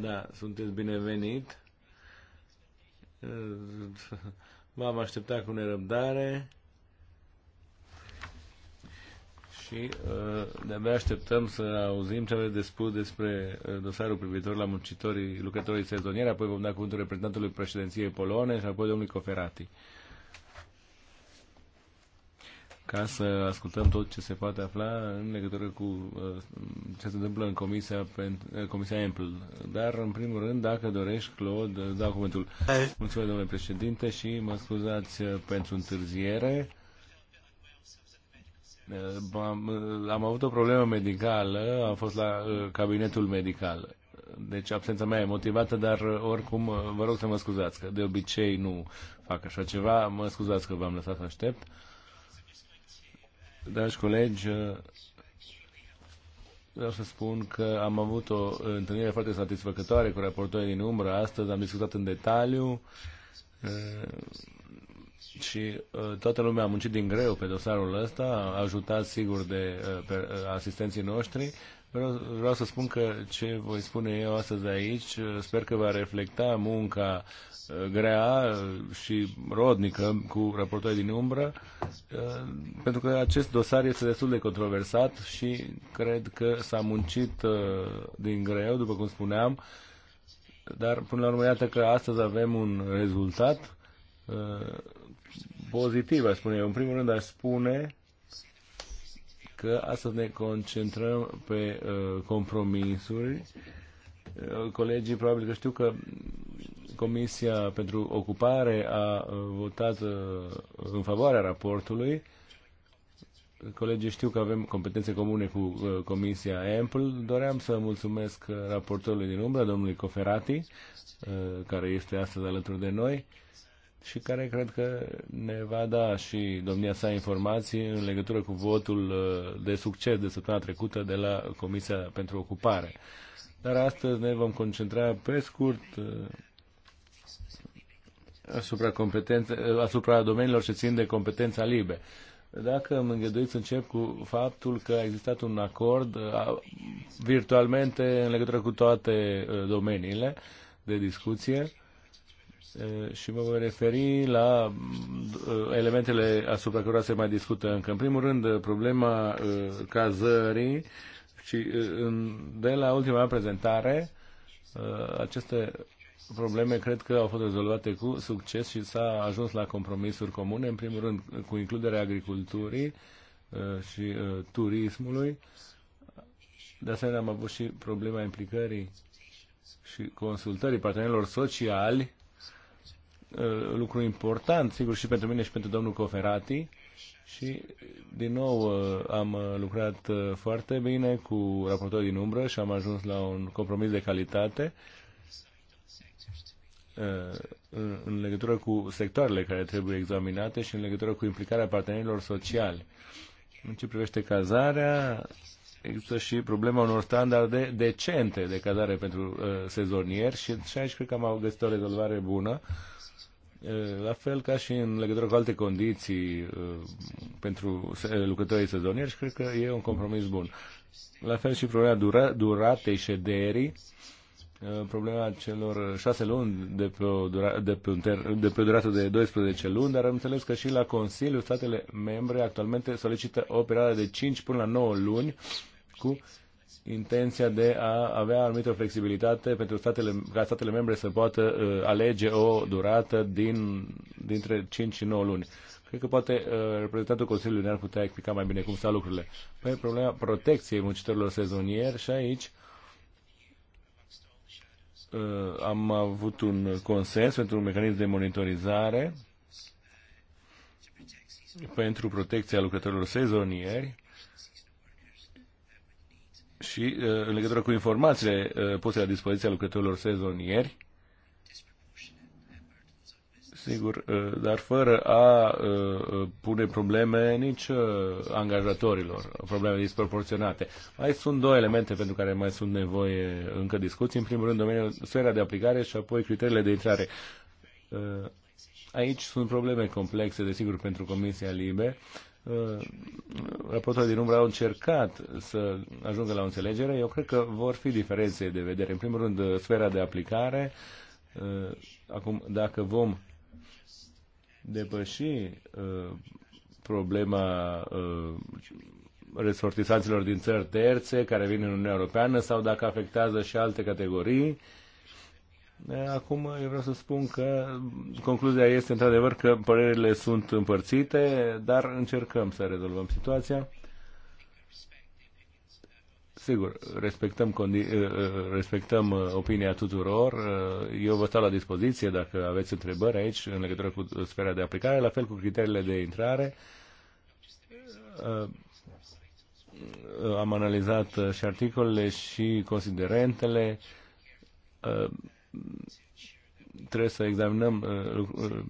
[SPEAKER 2] Da, sunteți binevenit. V-am așteptat cu nerăbdare și uh, de-abia așteptăm să auzim ce aveți de spus despre uh, dosarul privitor la muncitorii, lucrătorii sezonieri, apoi vom da cuvântul reprezentantului președinției polone și apoi domnului Coferati ca să ascultăm tot ce se poate afla în legătură cu uh, ce se întâmplă în Comisia, uh, comisia Ample. Dar, în primul rând, dacă dorești, Claude, dau cuvântul. Mulțumesc, domnule președinte, și mă scuzați uh, pentru întârziere. Am, am avut o problemă medicală, am fost la cabinetul medical. Deci absența mea e motivată, dar oricum vă rog să mă scuzați, că de obicei nu fac așa ceva. Mă scuzați că v-am lăsat să aștept. Uh, Dragi colegi, uh, vreau să spun că am avut o întâlnire foarte satisfăcătoare cu raportorii din umbră. Astăzi am discutat în detaliu uh, și uh, toată lumea a muncit din greu pe dosarul ăsta, a ajutat sigur de asistenții noștri. Vreau, vreau să spun că ce voi spune eu astăzi aici, uh, sper că va reflecta munca uh, grea uh, și rodnică cu raportul din umbră, pentru că acest dosar este destul de controversat și cred că s-a muncit din greu, după cum spuneam, dar până la urmă iată că astăzi avem un rezultat pozitiv, aș spune eu. În primul rând aș spune că să ne concentrăm pe uh, compromisuri. Uh, colegii probabil că știu că Comisia pentru Ocupare a uh, votat uh, în favoarea raportului. Colegii știu că avem competențe comune cu Comisia Ample. Doream să mulțumesc raportorului din umbră, domnului Coferati, care este astăzi alături de noi și care cred că ne va da și domnia sa informații în legătură cu votul uh, de succes de săptămâna trecută de la Comisia pentru Ocupare. Dar astăzi ne vom concentra pe scurt uh, asupra, uh, asupra domeniilor ce țin de competența libe. Dacă îmi îngăduiți, încep cu faptul că a existat un acord virtualmente în legătură cu toate domeniile de discuție și mă voi referi la elementele asupra cărora se mai discută încă. În primul rând, problema cazării și de la ultima prezentare aceste probleme cred că au fost rezolvate cu succes și s-a ajuns la compromisuri comune, în primul rând cu includerea agriculturii și turismului. De asemenea, am avut și problema implicării și consultării partenerilor sociali Uh, lucru important, sigur, și pentru mine și pentru domnul Coferati. Și, din nou, uh, am uh, lucrat foarte bine cu raportorii din umbră și am ajuns la un compromis de calitate în legătură cu sectoarele care trebuie examinate și în legătură cu implicarea partenerilor sociali. În ce privește cazarea, există și problema unor standarde decente de cazare pentru uh, sezonieri și, și aici cred că am găsit o rezolvare bună. Uh, la fel ca și în legătură cu alte condiții pentru lucrătorii sezonieri și cred că e un compromis bun. La fel și problema dura, duratei șederii, problema celor șase luni de pe, o dura, de, pe un ter, de pe o durată de 12 luni, dar am înțeles că și la Consiliu statele membre actualmente solicită o perioadă de 5 până la 9 luni cu intenția de a avea anumită flexibilitate pentru statele, ca statele membre să poată uh, alege o durată din, dintre 5 și 9 luni. Cred că poate uh, reprezentantul Consiliului ne-ar putea explica mai bine cum stau lucrurile. Păi problema protecției muncitorilor sezonieri și aici uh, am avut un consens pentru un mecanism de monitorizare pentru protecția lucrătorilor sezonieri și uh, în legătură cu informațiile uh, puse la dispoziția lucrătorilor sezonieri, sigur, uh, dar fără a pune probleme nici angajatorilor, probleme disproporționate. Mai sunt două elemente pentru care mai sunt nevoie încă discuții. În primul rând, domeniul, sfera de aplicare și apoi criteriile de intrare. Aici sunt probleme complexe, desigur, pentru Comisia Libe Uh, raportorii din umbră au încercat să ajungă la o înțelegere. Eu cred că vor fi diferențe de vedere. În primul rând, uh, sfera de aplicare. Uh, acum, dacă vom depăși problema resortisanților din țări terțe care vin în Uniunea Europeană sau dacă afectează și alte categorii, Acum eu vreau să spun că concluzia este într-adevăr că părerile sunt împărțite, dar încercăm să rezolvăm situația. Sigur, respectăm, respectăm opinia tuturor. Eu vă stau la dispoziție dacă aveți întrebări aici în legătură cu sfera de aplicare, la fel cu criteriile de intrare. Am analizat și articolele și considerentele trebuie să examinăm uh, uh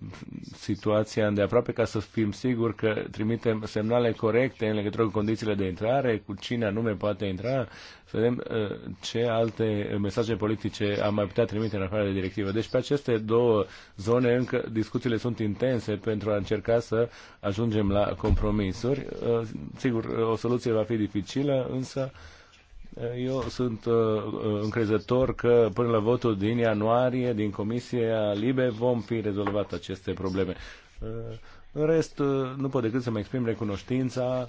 [SPEAKER 2] situația aproape ca să fim siguri că trimitem semnale corecte în legătură cu condițiile de intrare, cu cine anume poate intra, să vedem uh, ce alte mesaje politice am mai putea trimite în afară de directivă. Deci pe aceste două zone încă discuțiile sunt intense pentru a încerca să ajungem la compromisuri. Uh, sigur, o soluție va fi dificilă, însă uh, eu sunt uh, uh, încrezător că până la votul din ianuarie, din Comisia Libe, vom fi rezolvat aceste probleme. Uh, în rest, nu pot decât să-mi exprim recunoștința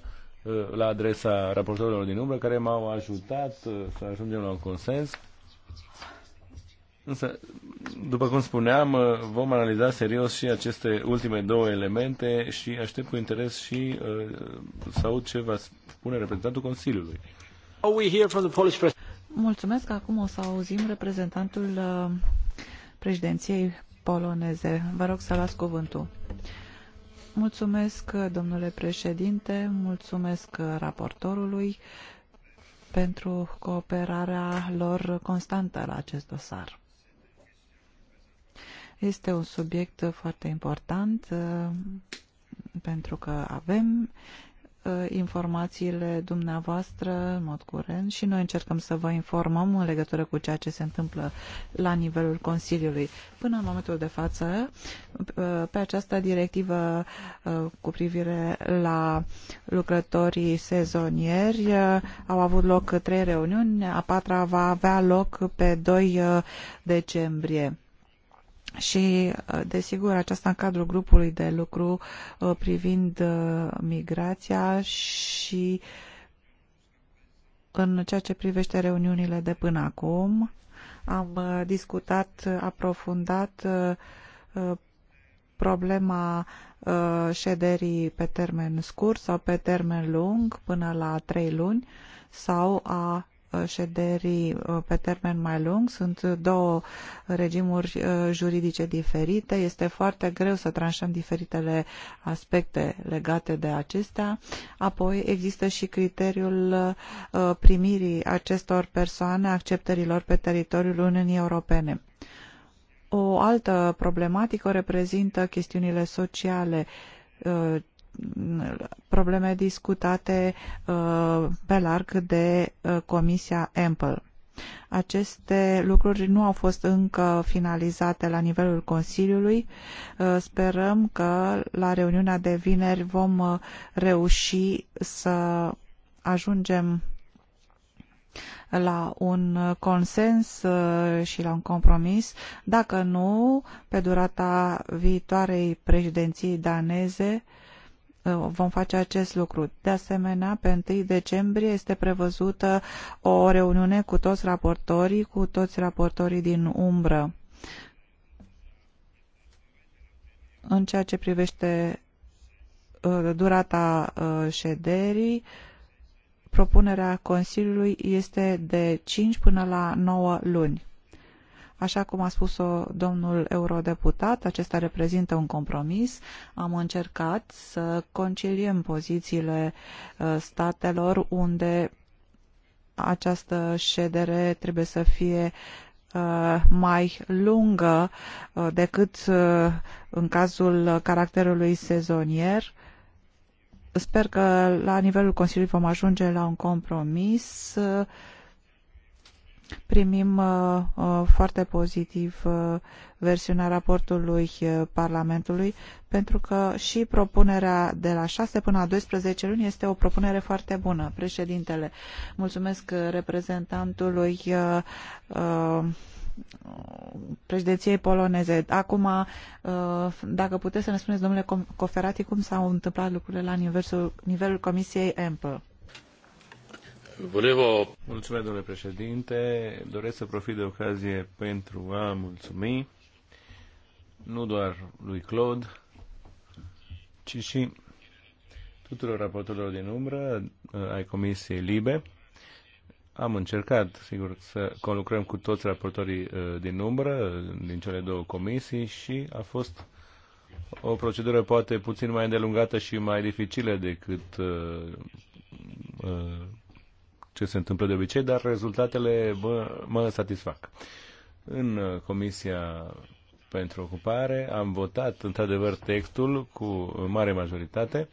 [SPEAKER 2] la adresa raportorilor din umbră care m-au ajutat să ajungem la un consens. Însă, după cum spuneam, vom analiza serios și aceste ultime două elemente și aștept cu interes și uh, să aud ce va spune reprezentantul Consiliului.
[SPEAKER 1] Oh,
[SPEAKER 4] mulțumesc. Acum o să auzim reprezentantul uh, președinției poloneze. Vă rog să luați cuvântul. Mulțumesc, domnule președinte, mulțumesc raportorului pentru cooperarea lor constantă la acest dosar. Este un subiect foarte important uh, pentru că avem Uh, informațiile dumneavoastră în mod curent și noi încercăm să vă informăm în legătură cu ceea ce se întâmplă la nivelul Consiliului. Până în momentul de față, uh, pe această directivă uh, cu privire la lucrătorii sezonieri au avut loc trei reuniuni, a patra va avea loc pe 2 decembrie și, uh, desigur, aceasta în cadrul grupului de lucru uh, privind uh, migrația și în ceea ce privește reuniunile de până acum, am discutat aprofundat problema șederii pe termen scurt sau pe termen lung, până la trei luni, sau a Uh, șederii uh, pe termen mai lung. Sunt două regimuri uh, juridice diferite. Este foarte greu să tranșăm diferitele aspecte legate de acestea. Apoi există și criteriul primirii acestor persoane, acceptărilor pe teritoriul Uniunii Europene. O altă problematică reprezintă chestiunile sociale probleme discutate uh, pe larg de uh, Comisia Ample. Aceste lucruri nu au fost încă finalizate la nivelul Consiliului. Uh, sperăm că la reuniunea de vineri vom reuși să ajungem la un consens și la un compromis. Dacă nu, pe durata viitoarei președinții daneze, Uh, vom face acest lucru. De asemenea, pe 1 decembrie este prevăzută o reuniune cu toți raportorii, cu toți raportorii din umbră. În ceea ce privește uh, durata uh, șederii, propunerea Consiliului este de 5 până la 9 luni. Așa cum a spus-o domnul eurodeputat, acesta reprezintă un compromis. Am încercat să conciliem pozițiile uh, statelor unde această ședere trebuie să fie uh, mai lungă uh, decât în cazul caracterului sezonier. Sper că la nivelul Consiliului vom ajunge la un compromis Primim uh, uh, foarte pozitiv uh, versiunea raportului Parlamentului pentru că și propunerea de la 6 până la 12 luni este o propunere foarte bună. Președintele, mulțumesc reprezentantului președinției poloneze. Acum, dacă puteți să ne spuneți, domnule Coferati, cum s-au întâmplat lucrurile la nivelul, nivelul Comisiei EMPL?
[SPEAKER 2] Mulțumesc, domnule președinte. Doresc să profit de ocazie pentru a mulțumi nu doar lui Claude, ci și tuturor raportorilor din umbră eh, ai Comisiei Libe. Am încercat, sigur, să conlucrăm cu toți raportorii eh, din umbră, din cele două comisii și a fost o procedură poate puțin mai îndelungată și mai dificilă decât eh, ce se întâmplă de obicei, dar rezultatele mă, mă satisfac. În uh, Comisia pentru Ocupare am votat într-adevăr textul cu mare majoritate,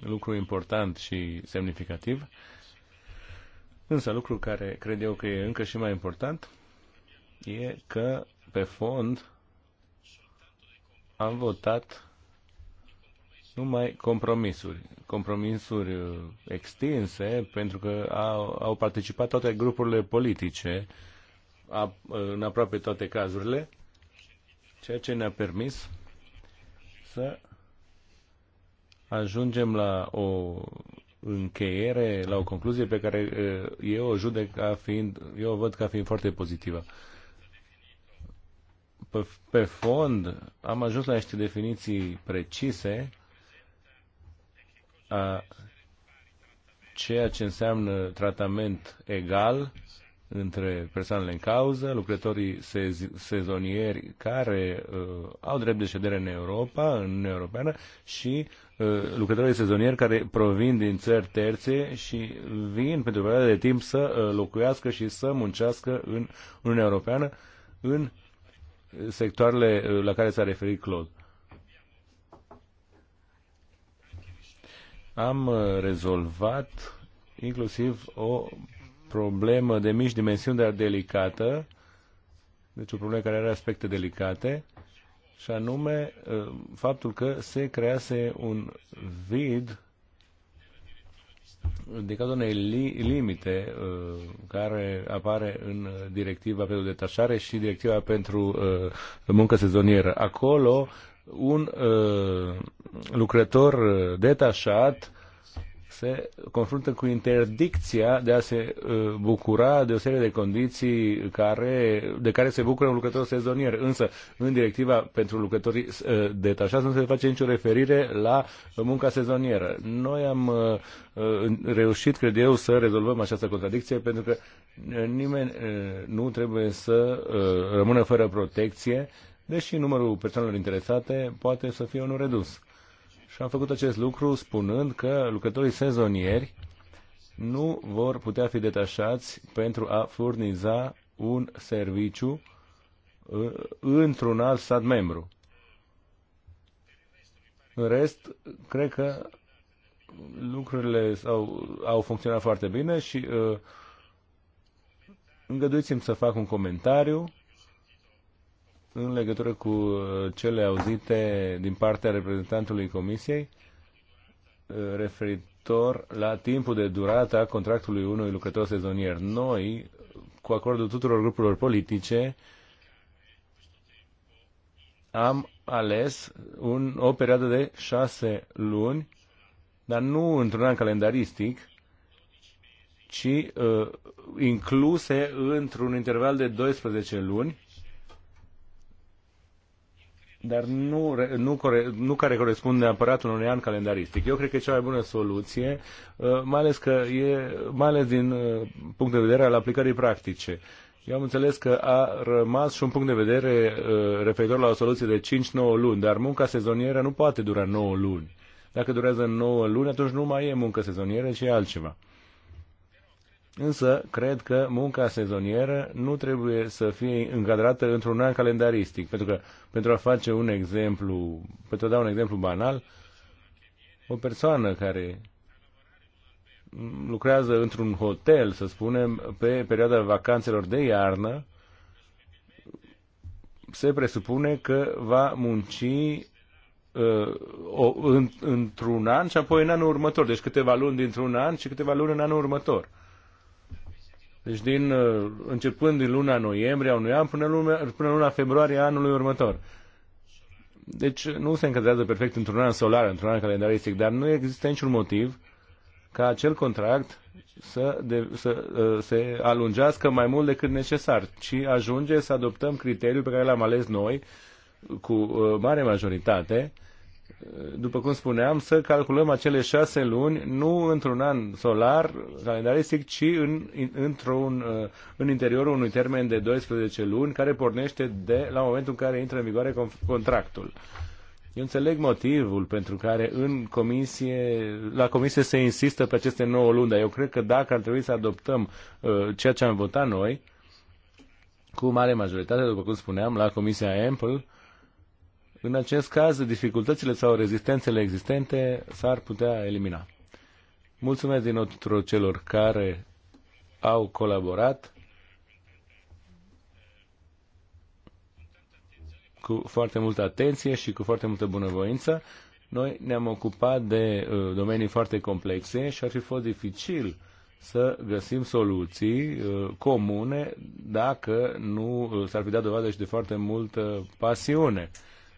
[SPEAKER 2] lucru important și semnificativ, însă lucru care cred eu că e încă și mai important e că pe fond am votat numai compromisuri, compromisuri uh, extinse, pentru că au, au participat toate grupurile politice a, în aproape toate cazurile, ceea ce ne-a permis să ajungem la o încheiere, la o concluzie pe care uh, eu o judec ca fiind, eu o văd ca fiind foarte pozitivă. Pe, pe fond, am ajuns la niște definiții precise a ceea ce înseamnă tratament egal între persoanele în cauză, lucrătorii sez- sezonieri care uh, au drept de ședere în Europa, în Uniunea Europeană, și uh, lucrătorii sezonieri care provin din țări terțe și vin pentru perioada de timp să uh, locuiască și să muncească în Uniunea Europeană în sectoarele uh, la care s-a referit Claude. am uh, rezolvat inclusiv o problemă de mici dimensiuni, dar delicată, deci o problemă care are aspecte delicate, și anume uh, faptul că se crease un vid din cauza unei li- limite uh, care apare în directiva pentru detașare și directiva pentru uh, muncă sezonieră. Acolo un uh, lucrător uh, detașat se confruntă cu interdicția de a se uh, bucura de o serie de condiții care, de care se bucură un lucrător sezonier. Însă, în directiva pentru lucrătorii uh, detașați nu se face nicio referire la munca sezonieră. Noi am uh, uh reușit, cred eu, să rezolvăm această contradicție pentru că uh, nimeni nu trebuie să rămână fără protecție deși numărul persoanelor interesate poate să fie unul redus. Și am făcut acest lucru spunând că lucrătorii sezonieri nu vor putea fi detașați pentru a furniza un serviciu uh, într-un alt stat membru. În rest, cred că lucrurile au, au funcționat foarte bine și uh, îngăduiți-mi să fac un comentariu în legătură cu uh, cele auzite din partea reprezentantului Comisiei uh, referitor la timpul de durată a contractului unui lucrător sezonier. Noi, cu acordul tuturor grupurilor politice, am ales un, o perioadă de șase luni, dar nu într-un an calendaristic, ci uh, incluse într-un interval de 12 luni, dar nu, nu, nu care corespunde neapărat unui an calendaristic. Eu cred că e cea mai bună soluție, uh, mai ales, că e, mai ales din uh, punct de vedere al aplicării practice. Eu am înțeles că a rămas și un punct de vedere uh, referitor la o soluție de 5-9 luni, dar munca sezonieră nu poate dura 9 luni. Dacă durează 9 luni, atunci nu mai e muncă sezonieră, ci e altceva. Însă, cred că munca sezonieră nu trebuie să fie încadrată într-un an calendaristic, pentru că, pentru a face un exemplu, pentru a da un exemplu banal, o persoană care lucrează într-un hotel, să spunem, pe perioada vacanțelor de iarnă, se presupune că va munci uh, într-un an și apoi în anul următor. Deci câteva luni dintr-un an și câteva luni în anul următor. Deci din, uh, începând din luna noiembrie a unui an până luna, până luna februarie anului următor. Deci nu se încadrează perfect într-un an solar, într-un an calendaristic, dar nu există niciun motiv ca acel contract să, de, să uh, se alungească mai mult decât necesar, ci ajunge să adoptăm criteriul pe care l-am ales noi cu uh, mare majoritate, după cum spuneam, să calculăm acele șase luni nu într-un an solar calendaristic, ci în, într-un, uh, în interiorul unui termen de 12 luni care pornește de la momentul în care intră în vigoare contractul. Eu înțeleg motivul pentru care în comisie, la comisie se insistă pe aceste 9 luni, dar eu cred că dacă ar trebui să adoptăm uh, ceea ce am votat noi, cu mare majoritate, după cum spuneam, la Comisia Ample, în acest caz, dificultățile sau rezistențele existente s-ar putea elimina. Mulțumesc din nou tuturor celor care au colaborat cu foarte multă atenție și cu foarte multă bunăvoință. Noi ne-am ocupat de uh, domenii foarte complexe și ar fi fost dificil să găsim soluții uh, comune dacă nu uh, s-ar fi dat dovadă și de foarte multă pasiune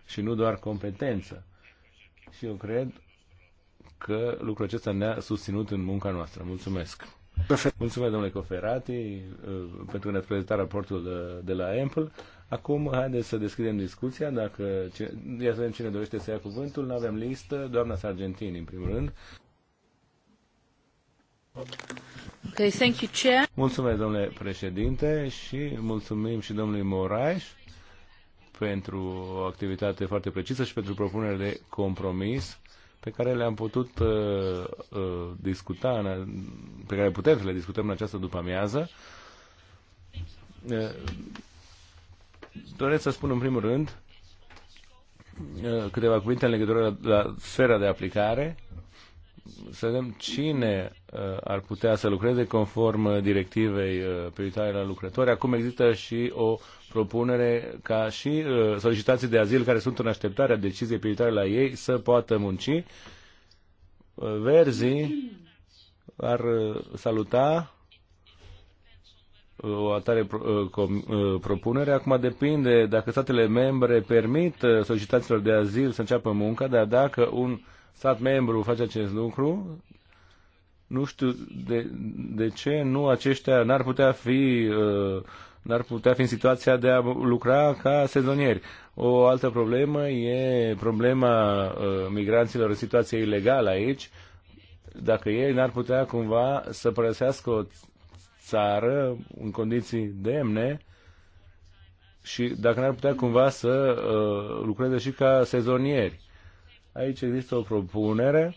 [SPEAKER 2] și nu doar competență. Și eu cred că lucrul acesta ne-a susținut în munca noastră. Mulțumesc! Mulțumesc, domnule Coferati, uh, pentru că ne-ați prezentat raportul de, de la Ample. Acum, haideți să deschidem discuția. Dacă, ia să vedem cine dorește să ia cuvântul. Nu avem listă. Doamna Sargentini, în primul rând.
[SPEAKER 3] Okay, thank you, Chair. Mulțumesc,
[SPEAKER 2] domnule președinte, și mulțumim și domnului Moraes pentru o activitate foarte precisă și pentru propunere de compromis pe care le-am putut uh, uh, discuta, în, pe care putem să le discutăm în această după-amiază. Uh, doresc să spun în primul rând uh, câteva cuvinte în legătură la, la sfera de aplicare, să vedem cine uh, ar putea să lucreze conform uh, directivei uh, privitoare la lucrători. Acum există și o propunere ca și uh, solicitații de azil care sunt în așteptarea deciziei privitoare la ei să poată munci. Uh, Verzii ar uh, saluta o atare propunere. Acum depinde dacă statele membre permit solicitațiilor de azil să înceapă munca, dar dacă un stat membru face acest lucru, nu știu de, de ce nu aceștia n-ar putea fi uh, dar putea fi în situația de a lucra ca sezonieri. O altă problemă e problema uh, migranților în situație ilegală aici, dacă ei n-ar putea cumva să părăsească o țară în condiții demne și dacă n-ar putea cumva să uh, lucreze și ca sezonieri. Aici există o propunere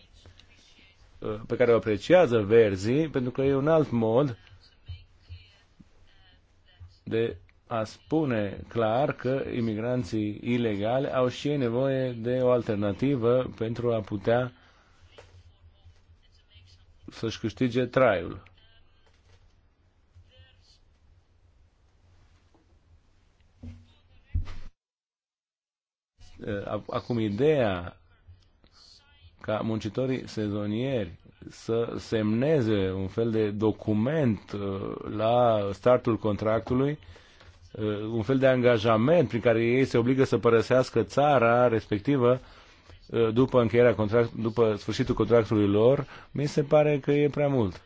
[SPEAKER 2] uh, pe care o apreciază verzii, pentru că e un alt mod de a spune clar că imigranții ilegali au și ei nevoie de o alternativă pentru a putea să-și câștige traiul. Eh, acum, ideea ca muncitorii sezonieri să semneze un fel de document uh, la startul contractului, uh, un fel de angajament prin care ei se obligă să părăsească țara respectivă uh, după încheierea contract, după sfârșitul contractului lor, mi se pare că e prea mult.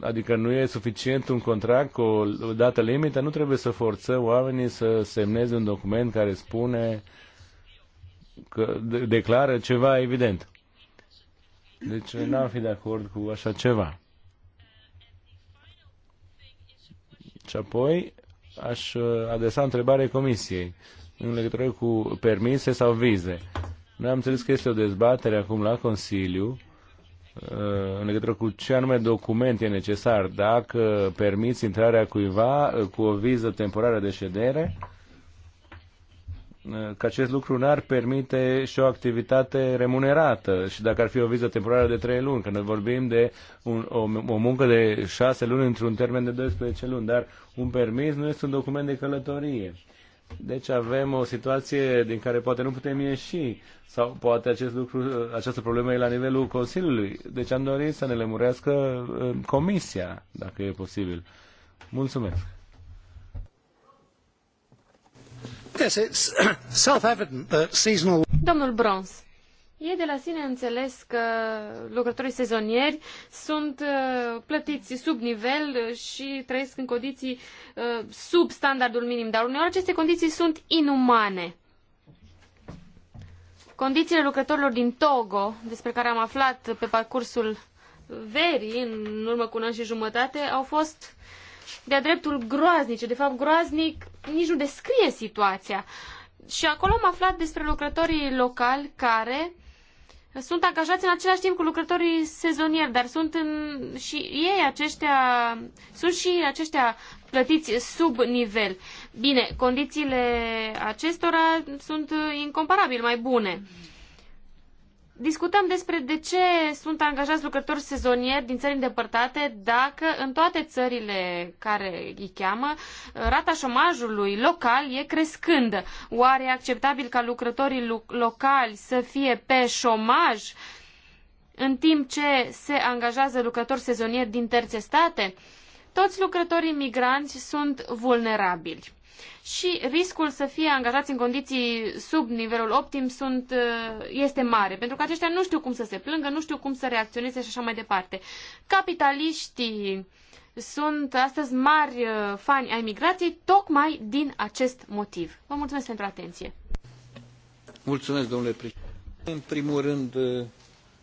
[SPEAKER 2] Adică nu e suficient un contract cu o dată limită, nu trebuie să forțăm oamenii să semneze un document care spune uh, că declară ceva evident. Deci n-am fi de acord cu așa ceva. Și apoi aș uh, adresa întrebare comisiei în legătură cu permise sau vize. Noi am înțeles că este o dezbatere acum la Consiliu uh, în legătură cu ce anume document e necesar, dacă permiți intrarea cuiva uh, cu o viză temporară de ședere că acest lucru n-ar permite și o activitate remunerată și dacă ar fi o viză temporară de 3 luni, că noi vorbim de un, o, o muncă de 6 luni într-un termen de 12 luni, dar un permis nu este un document de călătorie. Deci avem o situație din care poate nu putem ieși sau poate acest lucru, această problemă e la nivelul Consiliului. Deci am dorit să ne lămurească uh, Comisia, dacă e posibil. Mulțumesc!
[SPEAKER 1] Yes, <clears throat> uh,
[SPEAKER 3] Domnul Brons, e de la sine înțeles că lucrătorii sezonieri sunt uh, plătiți sub nivel și trăiesc în condiții uh, sub standardul minim, dar uneori aceste condiții sunt inumane. Condițiile lucrătorilor din Togo, despre care am aflat pe parcursul verii, în urmă cu un an și jumătate, au fost uh, de-a dreptul groaznice. De fapt, groaznic nici nu descrie situația. Și acolo am aflat despre lucrătorii locali care sunt angajați în același timp cu lucrătorii sezonieri, dar sunt în, și ei aceștia, sunt și aceștia plătiți sub nivel. Bine, condițiile acestora sunt incomparabil mai bune. Mm discutăm despre de ce sunt angajați lucrători sezonieri din țări îndepărtate dacă în toate țările care îi cheamă rata șomajului local e crescândă. Oare e acceptabil ca lucrătorii locali să fie pe șomaj în timp ce se angajează lucrători sezonieri din terțe state? Toți lucrătorii migranți sunt vulnerabili și riscul să fie angajați în condiții sub nivelul optim sunt, uh, este mare, pentru că aceștia nu știu cum să se plângă, nu știu cum să reacționeze și așa mai departe. Capitaliștii sunt astăzi mari uh, fani ai migrației tocmai din acest motiv. Vă mulțumesc pentru atenție.
[SPEAKER 1] Mulțumesc, domnule președinte. În primul rând, uh,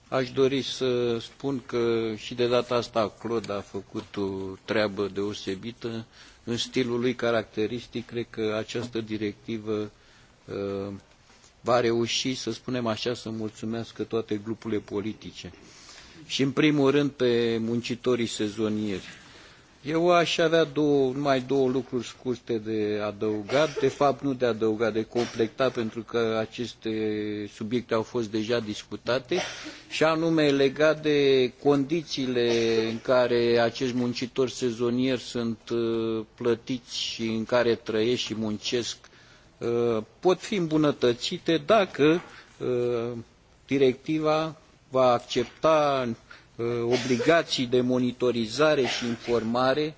[SPEAKER 1] Aș dori să spun că și de data asta Claude a făcut o treabă deosebită în stilul lui caracteristic, cred că această directivă uh, va reuși, să spunem așa, să mulțumească toate grupurile politice. Și în primul rând pe muncitorii sezonieri eu aș avea două, numai două lucruri scurte de adăugat, de fapt nu de adăugat, de completat, pentru că aceste subiecte au fost deja discutate, și anume legat de condițiile în care acești muncitori sezonieri sunt uh, plătiți și în care trăiesc și muncesc, uh, pot fi îmbunătățite dacă uh, directiva va accepta Uh, obligații de monitorizare și informare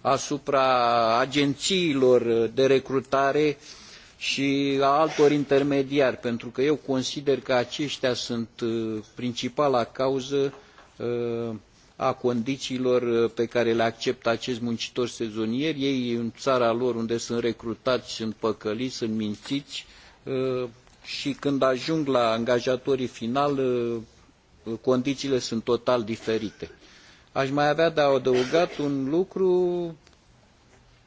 [SPEAKER 1] asupra agențiilor uh, de recrutare și a altor intermediari, pentru că eu consider că aceștia sunt uh, principala cauză a condițiilor pe care le acceptă acești muncitori sezonieri. Ei în țara lor unde sunt recrutați sunt păcăliți, sunt mințiți și când ajung la angajatorii final condițiile sunt total diferite. Aș mai avea de adăugat un lucru,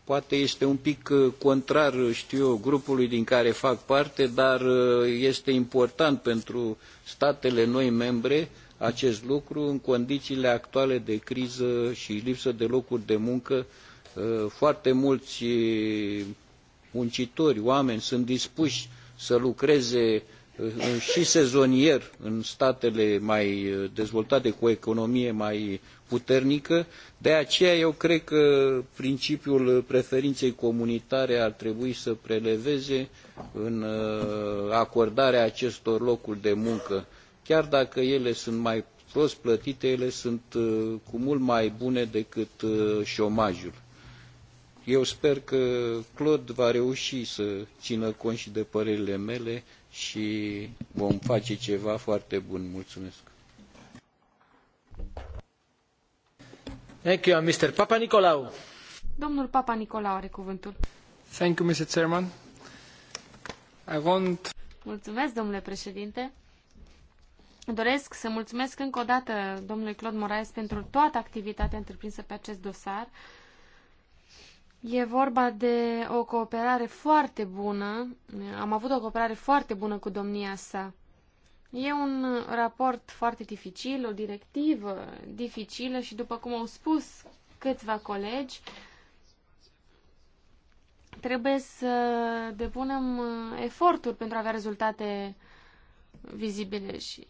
[SPEAKER 1] poate este un pic uh, contrar, uh, știu eu, grupului din care fac parte, dar uh, este important pentru statele noi membre acest lucru în condițiile actuale de criză și lipsă de locuri de muncă. Foarte mulți muncitori, oameni sunt dispuși să lucreze și sezonier în statele mai uh, dezvoltate cu o economie mai puternică. De aceea eu cred că principiul uh, preferinței comunitare ar trebui să preleveze în uh, acordarea acestor locuri de muncă. Chiar dacă ele sunt mai prost plătite, ele sunt cu mult mai bune decât șomajul. Eu sper că Claude va reuși să țină cont și de părerile mele și vom face ceva foarte bun. Mulțumesc. Thank you, Mr. Papa Nicolau.
[SPEAKER 3] Domnul Papa Nicolau are cuvântul.
[SPEAKER 1] Thank you, Mr. Chairman. I want...
[SPEAKER 3] Mulțumesc, domnule președinte. Doresc să mulțumesc încă o dată domnului Claude Moraes pentru toată activitatea întreprinsă pe acest dosar. E vorba de o cooperare foarte bună. Am avut o cooperare foarte bună cu domnia sa. E un raport foarte dificil, o directivă dificilă și, după cum au spus câțiva colegi, trebuie să depunem eforturi pentru a avea rezultate vizibile și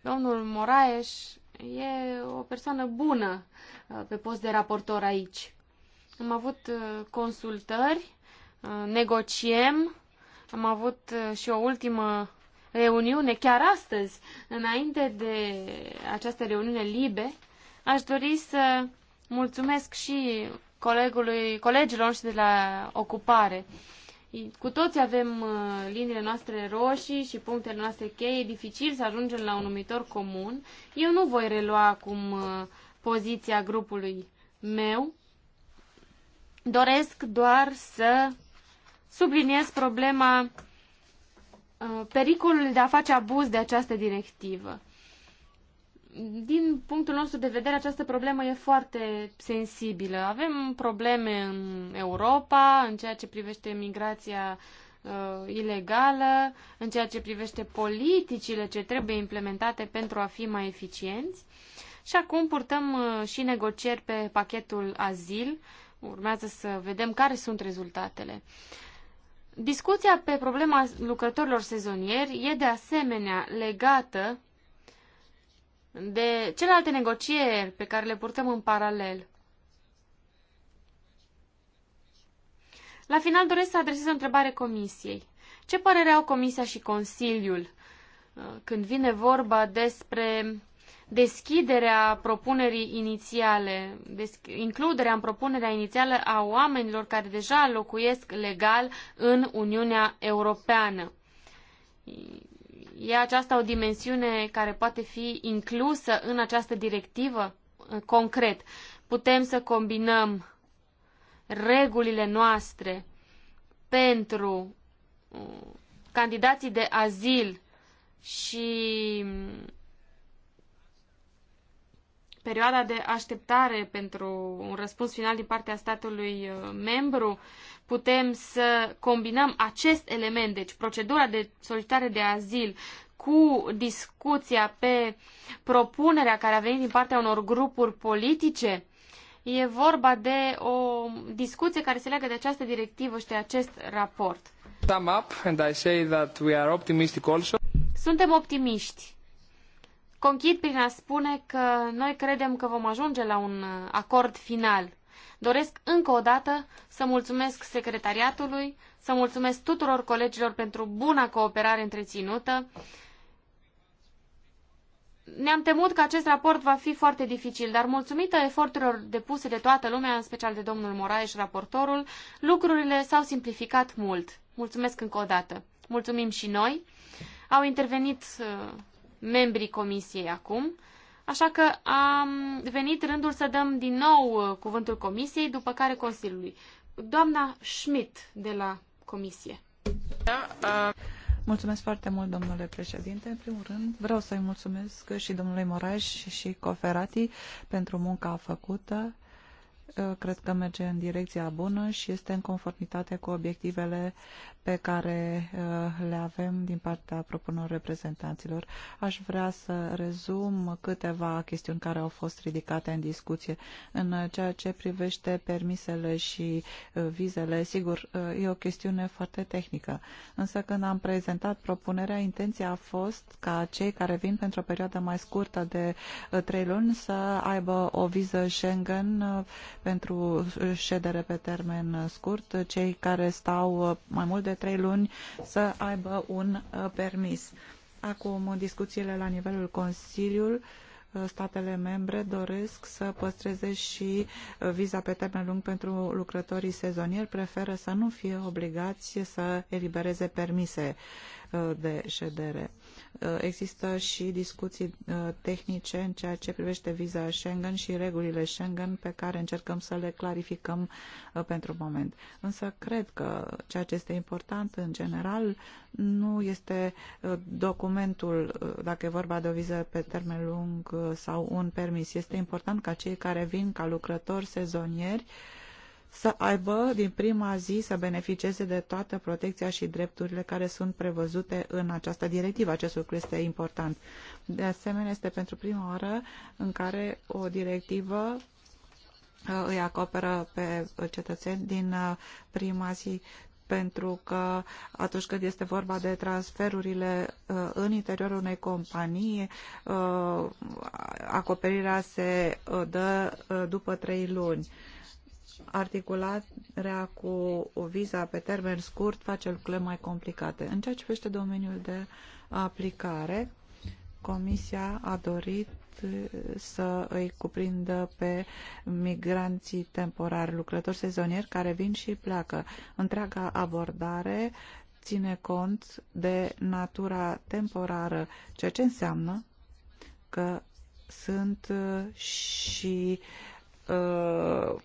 [SPEAKER 3] domnul Moraes e o persoană bună uh, pe post de raportor aici. Am avut uh, consultări, uh, negociem, am avut uh, și o ultimă reuniune chiar astăzi, înainte de această reuniune libe. Aș dori să mulțumesc și colegului, colegilor și de la ocupare. Cu toți avem liniile noastre roșii și punctele noastre cheie, e dificil să ajungem la un numitor comun. Eu nu voi relua acum poziția grupului meu, doresc doar să subliniez problema uh, pericolul de a face abuz de această directivă. Din punctul nostru de vedere, această problemă e foarte sensibilă. Avem probleme în Europa, în ceea ce privește migrația uh, ilegală, în ceea ce privește politicile ce trebuie implementate pentru a fi mai eficienți. Și acum purtăm uh, și negocieri pe pachetul azil, uh, Urmează să vedem care sunt rezultatele. Discuția pe problema lucrătorilor sezonieri e de asemenea legată de celelalte negocieri pe care le purtăm în paralel. La final doresc să adresez o întrebare comisiei. Ce părere au comisia și Consiliul uh, când vine vorba despre deschiderea propunerii inițiale, includerea în propunerea inițială a oamenilor care deja locuiesc legal în Uniunea Europeană. E aceasta o dimensiune care poate fi inclusă în această directivă? Concret, putem să combinăm regulile noastre pentru uh, candidații de azil și perioada de așteptare pentru un răspuns final din partea statului uh, membru, putem să combinăm acest element, deci procedura de solicitare de azil, cu discuția pe propunerea care a venit din partea unor grupuri politice. E vorba de o discuție care se leagă de această directivă și de acest raport.
[SPEAKER 1] Sum up and I say that we are optimistic also.
[SPEAKER 3] Suntem optimiști Conchid prin a spune că noi credem că vom ajunge la un uh, acord final. Doresc încă o dată să mulțumesc secretariatului, să mulțumesc tuturor colegilor pentru buna cooperare întreținută. Ne-am temut că acest raport va fi foarte dificil, dar mulțumită eforturilor depuse de toată lumea, în special de domnul Moraes, raportorul, lucrurile s-au simplificat mult. Mulțumesc încă o dată. Mulțumim și noi. Au intervenit uh, membrii comisiei acum, așa că a venit rândul să dăm din nou uh, cuvântul comisiei, după care Consiliului. Doamna Schmidt de la comisie. Da,
[SPEAKER 4] uh... Mulțumesc foarte mult, domnule președinte. În primul rând, vreau să-i mulțumesc și domnului Moraș și Coferati pentru munca făcută Eh, cred că merge în direcția bună și este în conformitate cu obiectivele pe care eh, le avem din partea propunerilor reprezentanților. Aș vrea să rezum câteva chestiuni care au fost ridicate în discuție. În eh, ceea ce privește permisele și vizele, sigur, e o chestiune foarte tehnică. Însă când am prezentat propunerea, intenția a fost ca cei care vin pentru o perioadă mai scurtă de trei luni să aibă o viză Schengen pentru ședere pe termen scurt, cei care stau mai mult de trei luni să aibă un uh, permis. Acum, discuțiile la nivelul Consiliului uh, statele membre doresc să păstreze și uh, viza pe termen lung pentru lucrătorii sezonieri, preferă să nu fie obligați să elibereze permise de ședere. Uh, există și discuții uh, tehnice în ceea ce privește viza Schengen și regulile Schengen pe care încercăm să le clarificăm uh, pentru moment. Însă cred că ceea ce este important în general nu este documentul, dacă e vorba de o viză pe termen lung sau un permis. Este important ca cei care vin ca lucrători sezonieri uh, să aibă din prima zi să beneficieze de toată protecția și drepturile care sunt prevăzute în această directivă. Acest lucru este important. De asemenea, este pentru prima oară în care o directivă uh, îi acoperă pe cetățeni din uh, prima zi pentru că atunci când este vorba de transferurile uh, în interiorul unei companii, acoperirea se dă după trei luni articularea cu o viza pe termen scurt face lucrurile mai complicate. În ceea ce privește domeniul de aplicare, Comisia a dorit uh, să îi cuprindă pe migranții temporari, lucrători sezonieri care vin și pleacă. Întreaga abordare ține cont de natura temporară, ceea ce înseamnă că sunt uh, și uh, uh,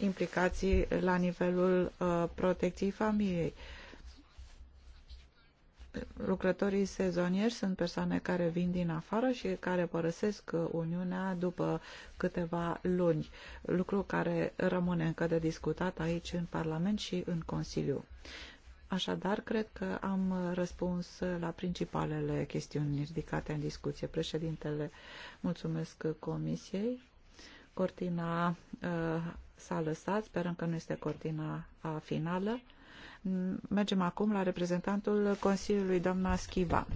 [SPEAKER 4] implicații la nivelul uh, protecției familiei. Lucrătorii sezonieri sunt persoane care vin din afară și care părăsesc uh, Uniunea după câteva luni, lucru care rămâne încă de discutat aici în Parlament și în Consiliu. Așadar, cred că am răspuns la principalele chestiuni ridicate în discuție. Președintele, mulțumesc Comisiei. Cortina uh, s-a lăsat, sperăm că nu este cortina uh, finală. Mm, mergem acum la reprezentantul Consiliului, doamna Schiva.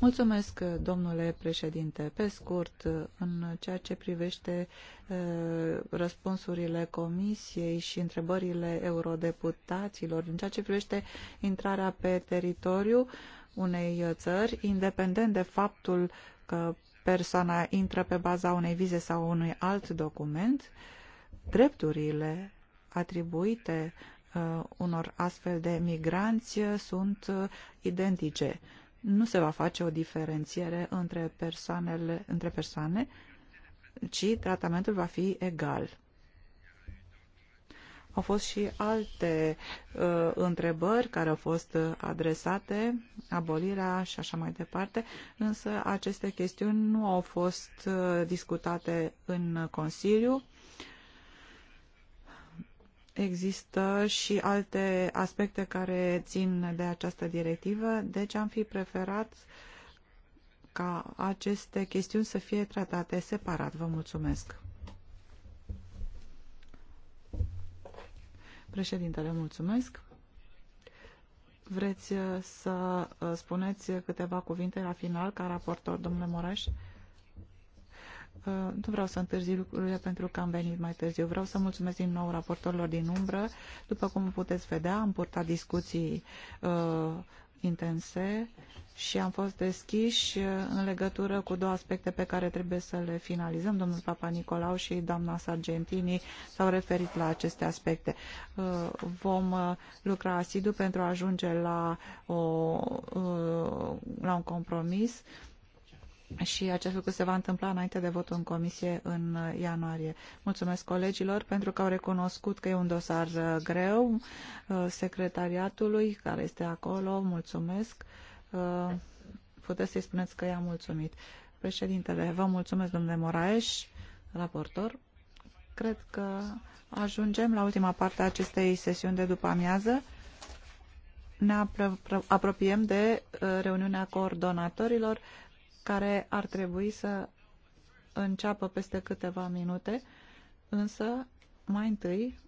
[SPEAKER 4] Mulțumesc, domnule președinte. Pe scurt, în ceea ce privește uh, răspunsurile comisiei și întrebările eurodeputaților, în ceea ce privește intrarea pe teritoriu unei țări, independent de faptul că persoana intră pe baza unei vize sau unui alt document, drepturile atribuite uh, unor astfel de migranți uh, sunt uh, identice. Nu se va face o diferențiere între, persoanele, între persoane, ci tratamentul va fi egal. Au fost și alte uh, întrebări care au fost adresate, abolirea și așa mai departe, însă aceste chestiuni nu au fost uh, discutate în Consiliu. Există și alte aspecte care țin de această directivă, deci am fi preferat ca aceste chestiuni să fie tratate separat. Vă mulțumesc! Președintele, mulțumesc. Vreți uh, să uh, spuneți câteva cuvinte la final ca raportor, domnule Moraș? Uh, nu vreau să întârzi lucrurile pentru că am venit mai târziu. Vreau să mulțumesc din nou raportorilor din umbră. După cum puteți vedea, am purtat discuții intense și am fost deschiși uh, în legătură cu două aspecte pe care trebuie să le finalizăm. Domnul Papa Nicolau și doamna Sargentini s-au referit la aceste aspecte. Uh, vom uh, lucra asidu pentru a ajunge la, o, la un compromis și acest lucru se va întâmpla înainte de votul în comisie în ianuarie. Mulțumesc colegilor pentru că au recunoscut că e un dosar uh, greu. Uh, secretariatului care este acolo, mulțumesc. Uh, puteți să-i spuneți că i-am mulțumit. Președintele, vă mulțumesc, domnule Moraes, raportor. Cred că ajungem la ultima parte a acestei sesiuni de după amiază ne apropiem de reuniunea coordonatorilor care ar trebui să înceapă peste câteva minute, însă mai întâi,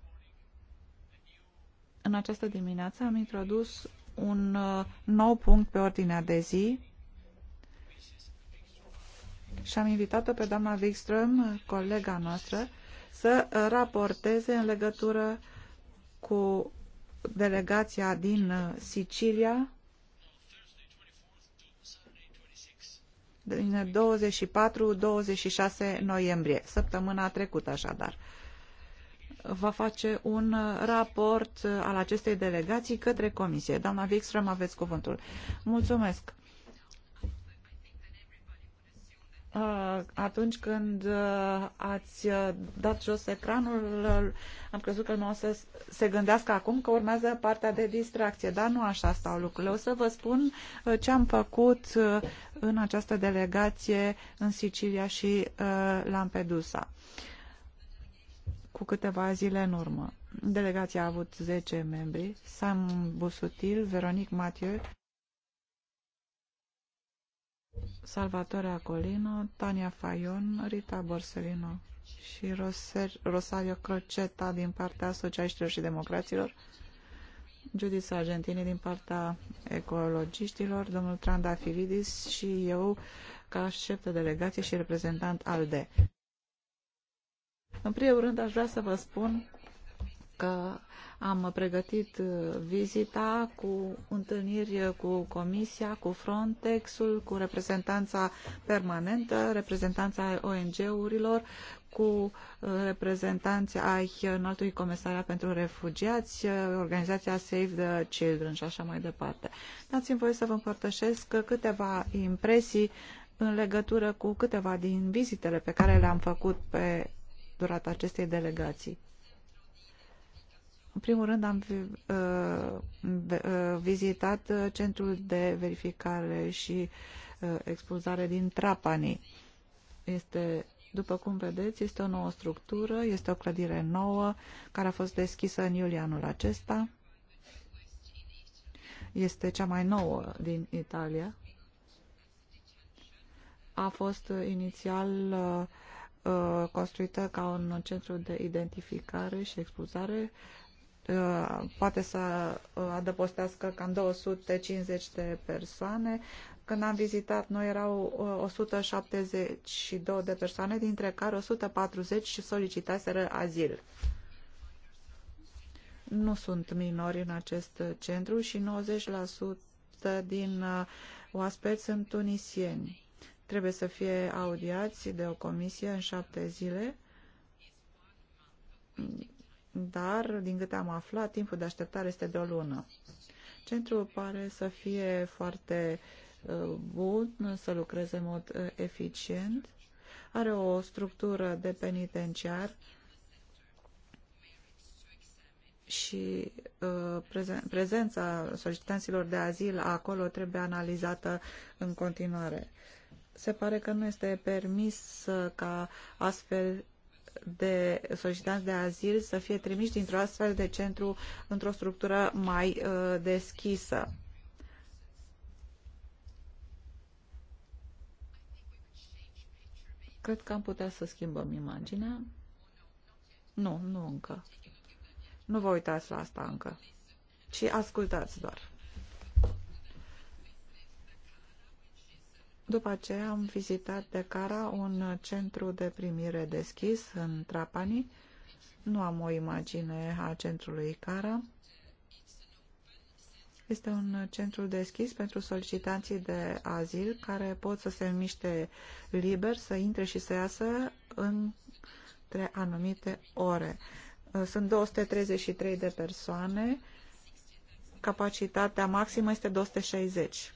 [SPEAKER 4] în această dimineață, am introdus un uh, nou punct pe ordinea de zi și am invitat-o pe doamna Wikström, colega noastră, să raporteze în legătură cu delegația din uh, Sicilia din 24-26 noiembrie, săptămâna trecută așadar. Va face un raport al acestei delegații către Comisie. Doamna Wikström, aveți cuvântul. Mulțumesc. Uh, atunci când uh, ați uh, dat jos ecranul, am crezut că nu o să se gândească acum că urmează partea de distracție, dar nu așa stau lucrurile. O să vă spun ce am făcut în această delegație în Sicilia și Lampedusa cu câteva zile în urmă. Delegația a avut 10 membri, Sam Busutil, Veronic Mathieu, Salvatore Acolino, Tania Fayon, Rita Borsellino și Roser, Rosario Croceta din partea Socialiștilor și Democraților, Judith Argentini din partea ecologiștilor, domnul Filidis și eu ca șef de delegație și reprezentant al D. În primul rând aș vrea să vă spun că am pregătit vizita cu întâlniri cu Comisia, cu Frontexul, cu reprezentanța permanentă, reprezentanța ONG-urilor, cu uh, reprezentanți ai înaltului comisariat pentru refugiați, uh, organizația Save the Children și așa mai departe. Dați-mi voie să vă împărtășesc câteva impresii în legătură cu câteva din vizitele pe care le-am făcut pe durata acestei delegații. În primul rând am uh, uh, vizitat uh, centrul de verificare și expulzare din Trapani. Este, după cum vedeți, este o nouă structură, este o clădire nouă care a fost deschisă în iulie anul acesta. Este cea mai nouă din Italia. A fost inițial construită ca un centru de identificare și expulzare Uh, poate să uh, adăpostească cam 250 de persoane. Când am vizitat, noi erau 172 uh, de persoane, dintre care 140 solicitaseră azil. Nu sunt minori în acest centru și 90% din oaspeți sunt tunisieni. Trebuie să fie audiați de o comisie în șapte zile dar, din câte am aflat, timpul de așteptare este de o lună. Centrul pare să fie foarte uh, bun, să lucreze în mod uh, eficient, are o structură de penitenciar și uh, prezența solicitanților de azil acolo trebuie analizată în continuare. Se pare că nu este permis ca astfel de solicitanți de azil să fie trimiși dintr-o astfel de centru într-o structură mai uh, deschisă. Cred că am putea să schimbăm imaginea. Nu, nu încă. Nu vă uitați la asta încă, ci ascultați doar. După aceea am vizitat de cara un centru de primire deschis în Trapani. Nu am o imagine a centrului Cara. Este un centru deschis pentru solicitanții de azil care pot să se miște liber, să intre și să iasă între anumite ore. Sunt 233 de persoane, capacitatea maximă este 260.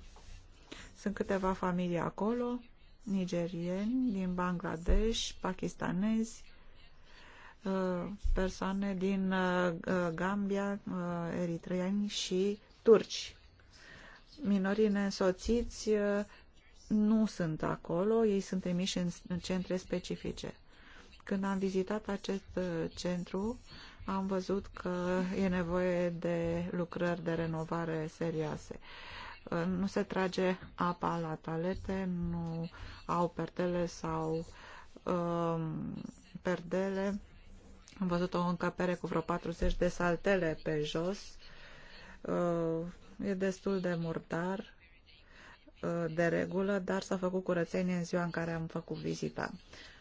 [SPEAKER 4] Sunt câteva familii acolo, nigerieni, din Bangladesh, pakistanezi, uh, persoane din uh, uh, Gambia, eritreani și turci. Minorii neînsoțiți nu sunt acolo, ei sunt trimiși în centre specifice. Când am vizitat acest centru, am văzut că e nevoie de lucrări de renovare serioase. Uh, nu se trage apa la talete, nu au perdele sau um, perdele. Am văzut o încăpere cu vreo 40 de saltele pe jos. Uh, e destul de murdar uh, de regulă, dar s-a făcut curățenie în ziua în care am făcut vizita.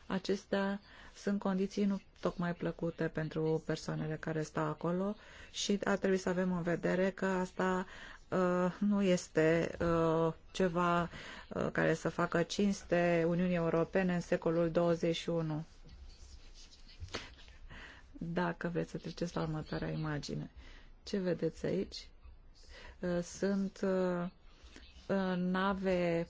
[SPEAKER 4] Acestea sunt condiții nu tocmai plăcute pentru persoanele care stau acolo și ar trebui să avem în vedere că asta Uh, nu este uh, ceva uh, care să facă cinste Uniunii Europene în secolul 21. Dacă vreți să treceți la următoarea imagine. Ce vedeți aici? Sunt nave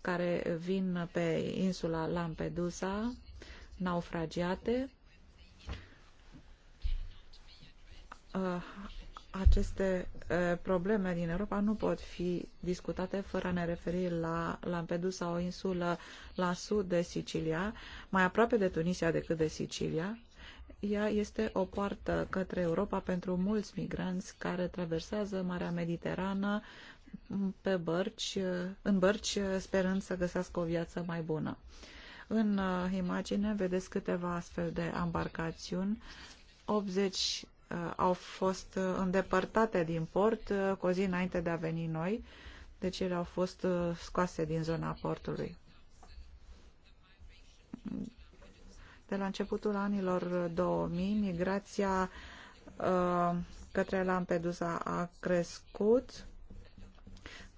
[SPEAKER 4] care vin pe insula Lampedusa, naufragiate, aceste probleme din Europa nu pot fi discutate fără a ne referi la Lampedusa, o insulă la sud de Sicilia, mai aproape de Tunisia decât de Sicilia. Ea este o poartă către Europa pentru mulți migranți care traversează Marea Mediterană pe bărci, în bărci sperând să găsească o viață mai bună. În imagine vedeți câteva astfel de embarcațiuni 80 Uh, au fost uh, îndepărtate din port uh, cu o zi înainte de a veni noi, deci ele au fost scoase din zona portului. De la începutul anilor 2000, migrația către Lampedusa a crescut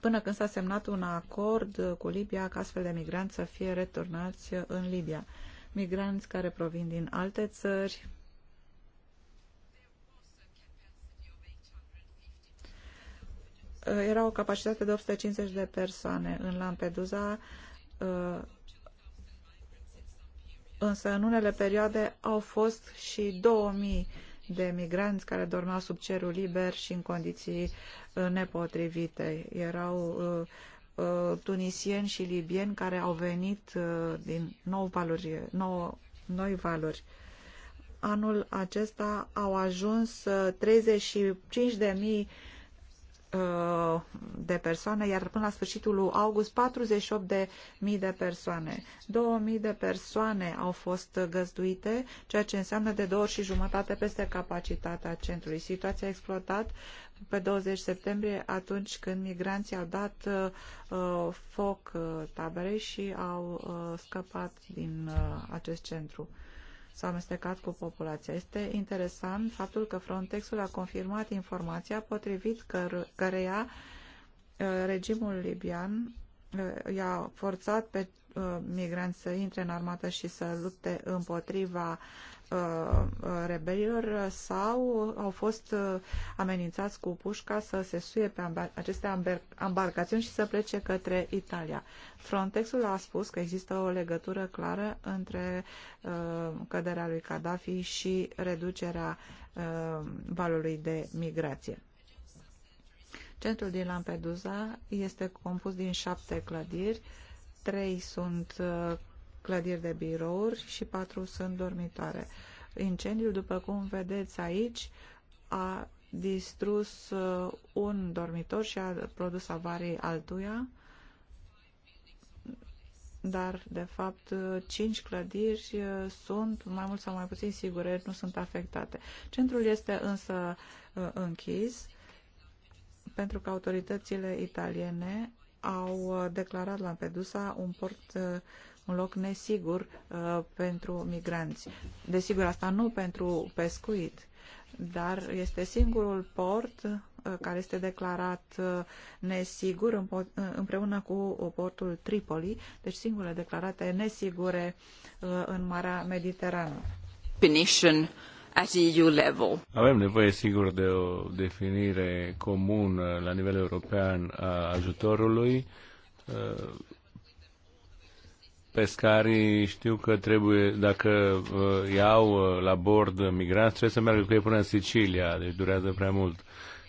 [SPEAKER 4] până când s-a semnat un acord cu Libia ca astfel de migranți să fie returnați în Libia. Migranți care provin din alte țări, Uh, era o capacitate de 850 de persoane în Lampedusa, uh, însă în unele perioade au fost și 2000 de migranți care dormeau sub cerul liber și în condiții uh, nepotrivite. Erau tunisieni și libieni care au venit din nou valuri, nou, noi valuri. Anul acesta au ajuns 35.000 de Uh, de persoane, iar până la sfârșitul lui august 48.000 de persoane. 2.000 de persoane au fost găzduite, ceea ce înseamnă de două ori și jumătate peste capacitatea centrului. Situația a explodat pe 20 septembrie, atunci când migranții au dat uh, foc uh, taberei și au uh, scăpat din uh, acest centru s a amestecat cu populația. Este interesant faptul că Frontexul a confirmat informația potrivit căr căreia uh, regimul libian uh, i-a forțat pe uh, migranți să intre în armată și să lupte împotriva Uh, uh, rebelilor sau au fost uh, amenințați cu pușca să se suie pe aceste embarcațiuni și să plece către Italia. Frontexul a spus că există o legătură clară între căderea lui Gaddafi și reducerea valului de migrație. Centrul din Lampedusa este compus din șapte clădiri, trei sunt clădiri de birouri și patru sunt dormitoare. Incendiul, după cum vedeți aici, a distrus uh, un dormitor și a produs avarii altuia, dar, de fapt, uh, cinci clădiri uh, sunt mai mult sau mai puțin sigure, nu sunt afectate. Centrul este însă închis pentru că autoritățile italiene au declarat la Pedusa un port un loc nesigur uh, pentru migranți. Desigur, asta nu pentru pescuit, dar este singurul port uh, care este declarat uh, nesigur uh, împreună cu portul Tripoli, deci singurele declarate nesigure uh, în Marea Mediterană.
[SPEAKER 2] Penition at
[SPEAKER 3] EU level.
[SPEAKER 2] Avem nevoie, sigur, de o definire comună la nivel european a ajutorului uh, pescarii știu că trebuie, dacă uh, iau uh, la bord migranți, trebuie să meargă cu ei până în Sicilia, deci durează prea mult.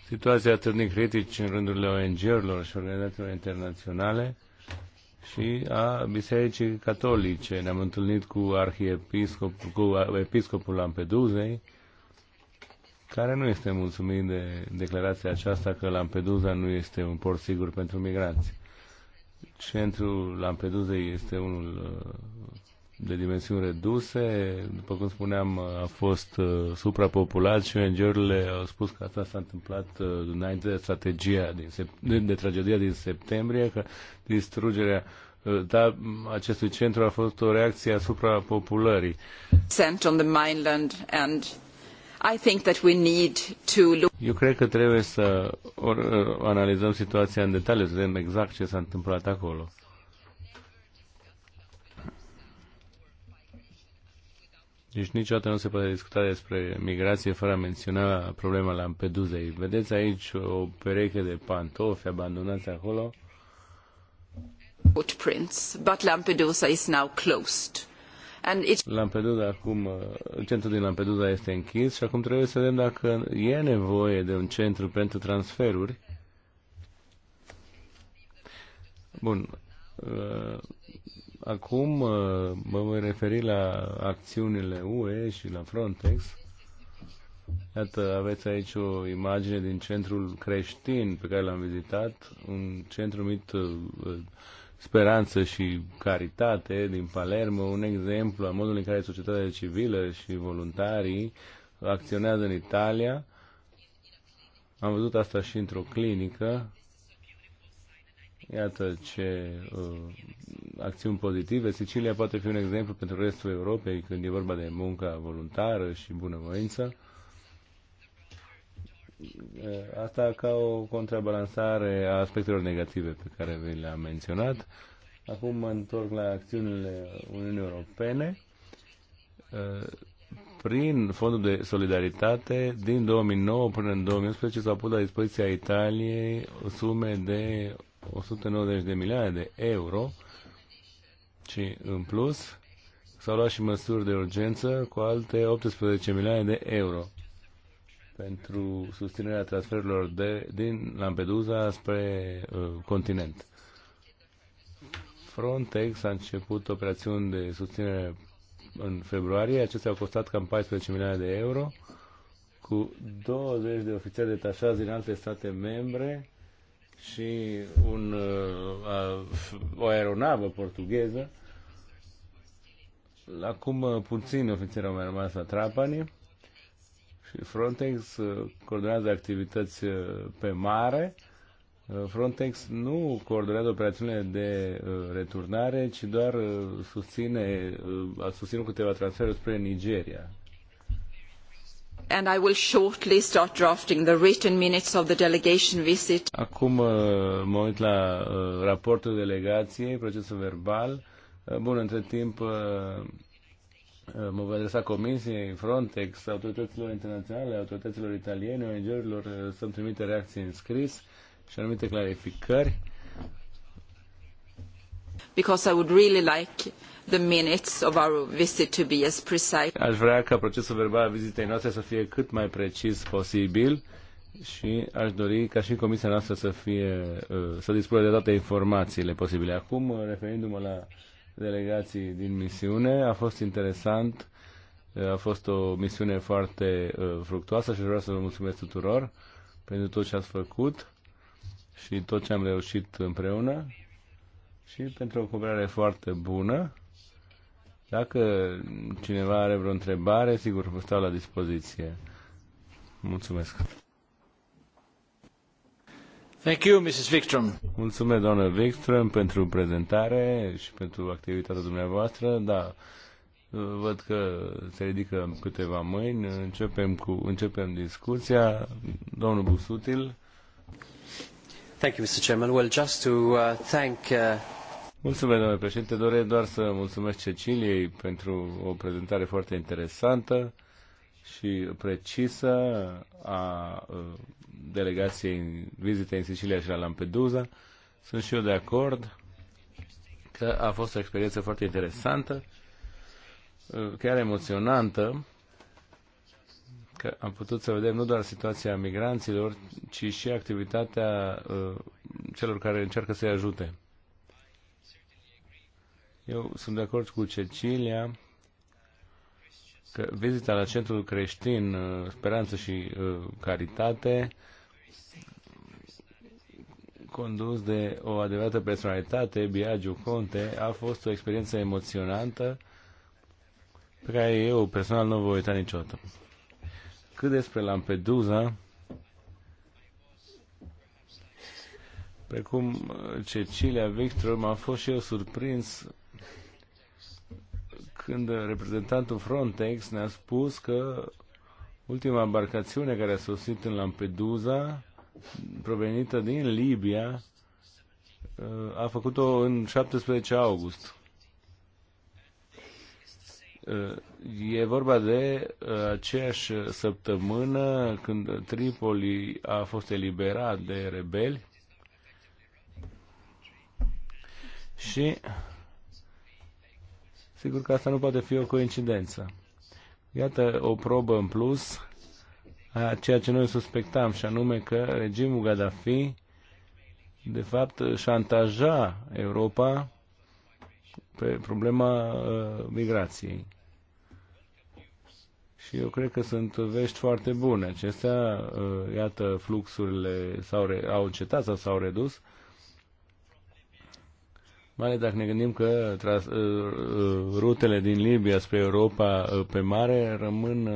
[SPEAKER 2] Situația atârni critici în rândurile ONG-urilor și organizațiilor internaționale și a Bisericii Catolice. Ne-am întâlnit cu, arhiepiscop, cu episcopul Lampeduzei, care nu este mulțumit de declarația aceasta că Lampedusa nu este un port sigur pentru migranți. Centrul Lampedusa este unul uh, de dimensiuni reduse, după cum spuneam, uh, a fost uh, suprapopulat și ONG-urile au spus că asta s-a întâmplat înainte de strategia din de tragedia din septembrie, că distrugerea da, acestui centru a fost o reacție asupra populării.
[SPEAKER 4] on the mainland and I think that we need
[SPEAKER 2] to look... Eu cred că trebuie să uh, analizăm situația în detaliu, să vedem exact ce s-a întâmplat acolo. Deci niciodată nu se poate discuta despre migrație fără a menționa problema Lampedusei. Vedeți aici o pereche de pantofi abandonați acolo.
[SPEAKER 4] Footprints, but Lampedusa is now closed.
[SPEAKER 2] Lampedusa acum, uh, centrul din Lampedusa este închis și acum trebuie să vedem dacă e nevoie de un centru pentru transferuri. Bun. Uh, acum uh, mă voi referi la acțiunile UE și la Frontex. Iată, aveți aici o imagine din centrul creștin pe care l-am vizitat, un centru mit Speranță și Caritate din Palermo, un exemplu a modului în care societatea civilă și voluntarii acționează în Italia. Am văzut asta și într-o clinică. Iată ce uh, acțiuni pozitive. Sicilia poate fi un exemplu pentru restul Europei când e vorba de munca voluntară și bunăvoință.
[SPEAKER 1] Eh,
[SPEAKER 2] asta ca o contrabalansare a aspectelor negative pe care vi le-am menționat. Acum mă întorc la acțiunile Uniunii Europene. Eh, prin Fondul de Solidaritate, din 2009 până în 2011 s-au pus la dispoziția Italiei sume de 190 de milioane de euro și în plus s-au luat și măsuri de urgență cu alte 18 milioane de euro pentru susținerea transferurilor de, din Lampedusa spre uh, continent. Frontex a început operațiuni de susținere în februarie. Acestea au costat cam 14 milioane de euro cu 20 de ofițeri detașați din alte state membre și un, uh, o aeronavă portugheză. Acum uh, puțini ofițeri au mai rămas la Trapani și Frontex uh, coordonează activități uh, pe mare. Uh, Frontex nu coordonează operațiunile de returnare, ci doar susține, a susținut câteva transferuri spre Nigeria.
[SPEAKER 4] And I will shortly start drafting the written minutes of the delegation visit.
[SPEAKER 2] Acum mă uit la raportul delegației, procesul verbal. Bun, între timp Eh, mă voi adresa Comisiei, Frontex, autorităților internaționale, autorităților italiene, ONG-urilor eh, să-mi trimite reacții în scris și anumite clarificări.
[SPEAKER 4] Because I would really like the minutes of our visit to be as precise.
[SPEAKER 2] Aș vrea ca procesul verbal al vizitei noastre să fie cât mai precis posibil și aș dori ca și comisia noastră să fie eh, să dispună de toate informațiile posibile. Acum, referindu-mă la delegații din misiune. A fost interesant, a fost o misiune foarte uh, fructuoasă și vreau să vă mulțumesc tuturor pentru tot ce ați făcut și tot ce am reușit împreună și pentru o cooperare foarte bună. Dacă cineva are vreo întrebare, sigur vă stau la dispoziție. Mulțumesc! Mulțumesc, doamnă Wikström, pentru prezentare și pentru activitatea dumneavoastră. Da, văd că se ridică câteva mâini. Începem, cu, începem discuția. Domnul Busutil. Thank you, Mr. Chairman. Well, just to uh, thank uh... Mulțumesc, domnule președinte. Doresc doar să mulțumesc Ceciliei pentru o prezentare foarte interesantă și precisă a uh, delegației vizite în Sicilia și la Lampedusa. Sunt și eu de acord că a fost o experiență foarte interesantă, chiar emoționantă, că am putut să vedem nu doar situația migranților, ci și activitatea uh, celor care încearcă să-i ajute. Eu sunt de acord cu Cecilia că vizita la Centrul Creștin uh, Speranță și uh, Caritate condus de o adevărată personalitate, Biagiu Conte, a fost o experiență emoționantă pe care eu personal nu voi uita niciodată. Cât despre Lampedusa, precum uh, Cecilia Victor, m-a fost și eu surprins când reprezentantul Frontex ne-a spus că ultima embarcațiune care a sosit în Lampedusa, provenită din Libia, uh, a făcut-o în 17 august. Uh, e vorba de uh, aceeași săptămână când Tripoli a fost eliberat de rebeli și Sigur că asta nu poate fi o coincidență. Iată o probă în plus a ceea ce noi suspectam, și anume că regimul Gaddafi, de fapt, șantaja Europa pe problema uh, migrației. Și eu cred că sunt vești foarte bune. Acestea, uh, iată, fluxurile au re- au încetat sau s-au redus, uh, mai ales dacă ne gândim că tras, ă, ă, rutele din Libia spre Europa ă, pe mare rămân,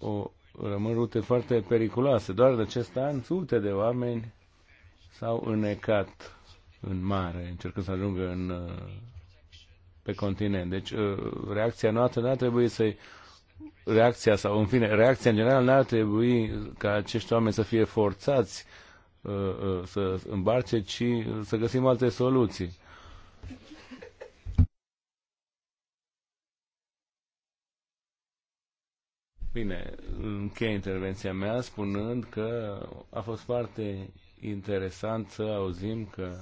[SPEAKER 2] o, rămân rute foarte periculoase. Doar de acest an, sute de oameni s-au înecat în mare, încercând să ajungă în, pe continent. Deci reacția noastră nu ar trebui să-i reacția sau, în fine, reacția în general n-ar trebui ca acești oameni să fie forțați Uh, uh, să îmbarce, ci să găsim alte soluții. Bine, încheie intervenția mea spunând că a fost foarte interesant să auzim că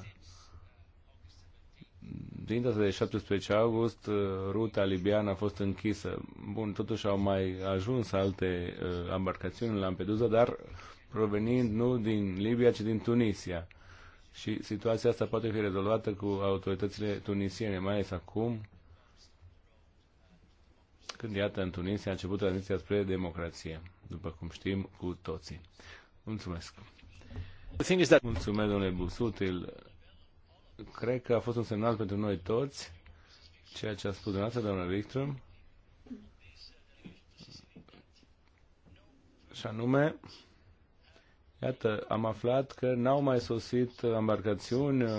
[SPEAKER 2] din data de 17 august uh, ruta libiană a fost închisă. Bun, totuși au mai ajuns alte uh, embarcațiuni în Lampedusa, dar provenind nu din Libia, ci din Tunisia. Și situația asta poate fi rezolvată cu autoritățile tunisiene, mai ales acum, când, iată, în Tunisia a început tranziția spre democrație, după cum știm cu toții. Mulțumesc! Mulțumesc, domnule Busutil. Cred că a fost un semnal pentru noi toți ceea ce a spus dumneavoastră, domnule Wikström. Și anume, Iată, am aflat că n-au mai sosit embarcațiuni uh,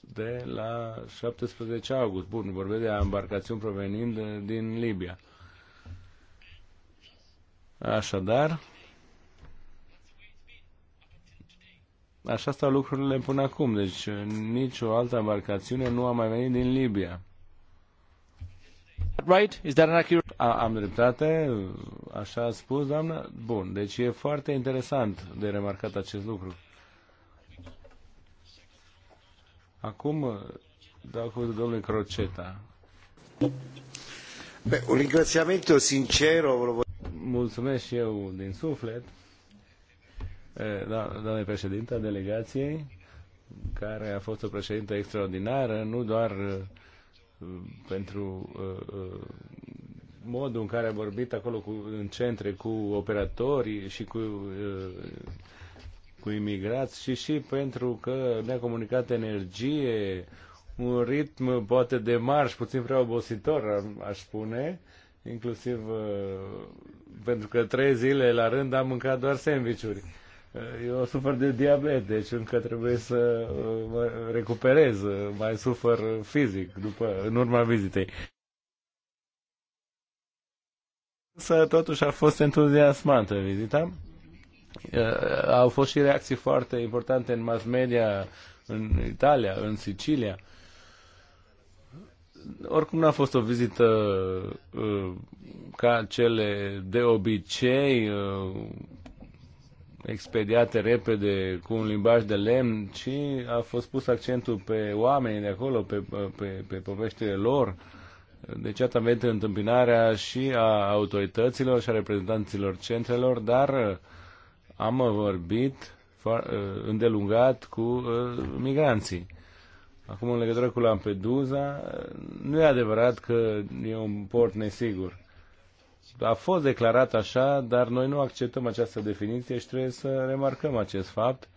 [SPEAKER 2] de la 17 august. Bun, vorbesc de embarcațiuni provenind uh, din Libia. Așadar, așa stau lucrurile până acum. Deci uh, nicio altă embarcațiune nu a mai venit din Libia. Right? Is that an accurate am dreptate, așa a spus doamnă? Bun, deci e foarte interesant de remarcat acest lucru. Acum dau cuvântul domnul Croceta. Be, un ringraziamento sincero. Mulțumesc și eu din suflet, da, doamne a delegației, care a fost o președintă extraordinară, nu doar pentru modul în care a vorbit acolo cu, în centre cu operatorii și cu, uh, cu imigrați și și pentru că ne-a comunicat energie, un ritm poate de marș, puțin prea obositor, aș spune, inclusiv uh, pentru că trei zile la rând am mâncat doar sandvișuri. Uh, eu sufăr de diabet, deci încă trebuie să mă recuperez, mai sufăr fizic după, în urma vizitei. Însă totuși a fost entuziasmantă vizita. Au fost și reacții foarte importante în mass media, în Italia, în Sicilia. Oricum n-a fost o vizită uh, ca cele de obicei uh, expediate repede cu un limbaj de lemn, ci a fost pus accentul pe oamenii de acolo, pe, pe, pe poveștile lor, deci, iată, avem întâmpinarea și a autorităților și a reprezentanților centrelor, dar uh, am vorbit uh, îndelungat cu uh, migranții. Acum, în legătură cu Lampedusa, nu e adevărat că e un port nesigur. A fost declarat așa, dar noi nu acceptăm această definiție și trebuie să remarcăm acest fapt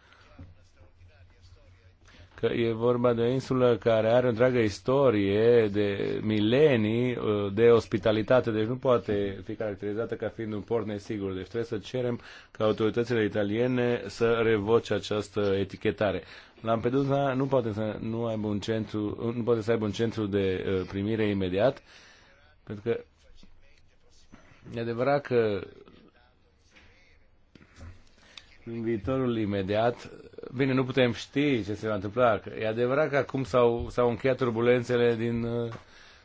[SPEAKER 2] că e vorba de o insulă care are o întreagă istorie de milenii uh, de ospitalitate, deci nu poate fi caracterizată ca fiind un port nesigur. Deci trebuie să cerem ca autoritățile italiene să revoce această etichetare. Lampedusa nu poate să nu aibă un centru, uh, nu poate să aibă un centru de uh, primire imediat, pentru că e adevărat că în viitorul imediat Bine, nu putem ști ce se va întâmpla. E adevărat că acum s-au, s-au încheiat turbulențele din, uh,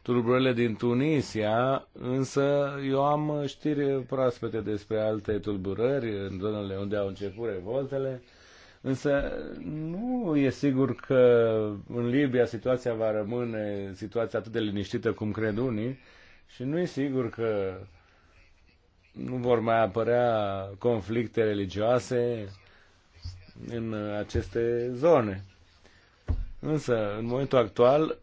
[SPEAKER 2] tulburările din Tunisia, însă eu am știri proaspete despre alte tulburări în zonele unde au început revoltele, însă nu e sigur că în Libia situația va rămâne situația atât de liniștită cum cred unii și nu e sigur că nu vor mai apărea conflicte religioase în aceste zone. Însă, în momentul actual,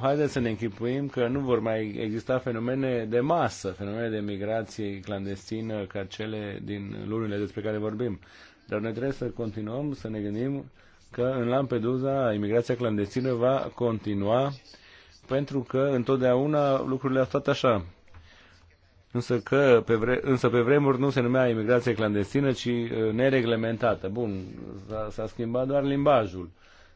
[SPEAKER 2] haideți să ne închipuim că nu vor mai exista fenomene de masă, fenomene de migrație clandestină ca cele din lunile despre care vorbim. Dar noi trebuie să continuăm să ne gândim că în Lampedusa imigrația clandestină va continua pentru că întotdeauna lucrurile au stat așa însă, că pe vre- însă pe vremuri nu se numea imigrație clandestină, ci uh, nereglementată. Bun, s-a, schimbat doar limbajul,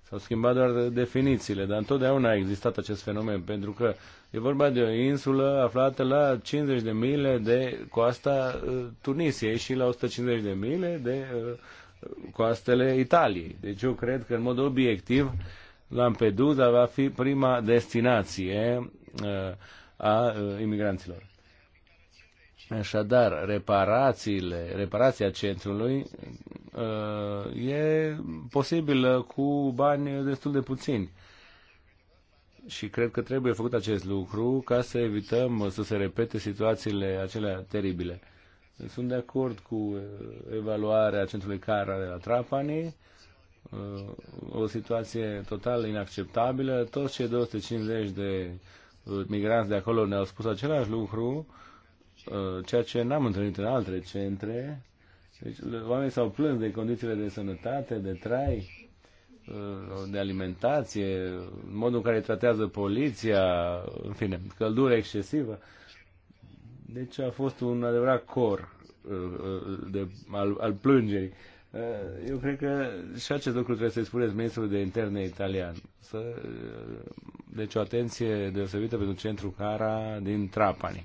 [SPEAKER 2] s-au schimbat doar definițiile, dar întotdeauna a existat acest fenomen, pentru că e vorba de o insulă aflată la 50 de mile de coasta uh, Tunisiei și la 150 de mile de uh, coastele Italiei. Deci eu cred că, în mod obiectiv, Lampedusa va fi prima destinație a imigranților. Așadar, reparațiile, reparația centrului uh, e posibilă cu bani destul de puțini. Și cred că trebuie făcut acest lucru ca să evităm să se repete situațiile acelea teribile. Sunt de acord cu uh, evaluarea centrului care de la Trapani, uh, o situație total inacceptabilă. Toți cei 250 de migranți de acolo ne-au spus același lucru Uh, ceea ce n-am întâlnit în alte centre. Deci oamenii s-au plâns de condițiile de sănătate, de trai, uh, de alimentație, modul în care tratează poliția, în fine, căldură excesivă. Deci a fost un adevărat cor uh, de, al, al plângerii. Eu cred că și acest lucru trebuie să-i spuneți ministrul de interne italian. Să, deci o atenție deosebită pentru centru Cara din Trapani.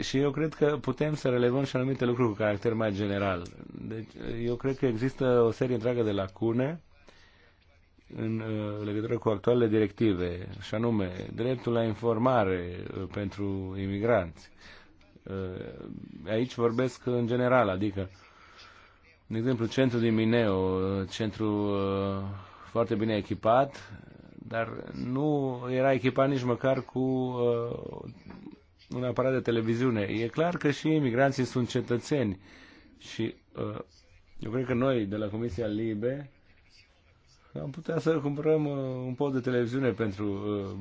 [SPEAKER 2] Și eu cred că putem să relevăm și anumite lucruri cu caracter mai general. Deci, eu cred că există o serie întreagă de lacune în uh, legătură cu actualele directive, și anume dreptul la informare uh, pentru imigranți. Uh, aici vorbesc în general, adică, de exemplu, centru din Mineo, centru foarte bine echipat, dar nu era echipat nici măcar cu un aparat de televiziune. E clar că și imigranții sunt cetățeni și uh, eu cred că noi de la Comisia Libe am putea să cumpărăm uh, un post de televiziune pentru uh,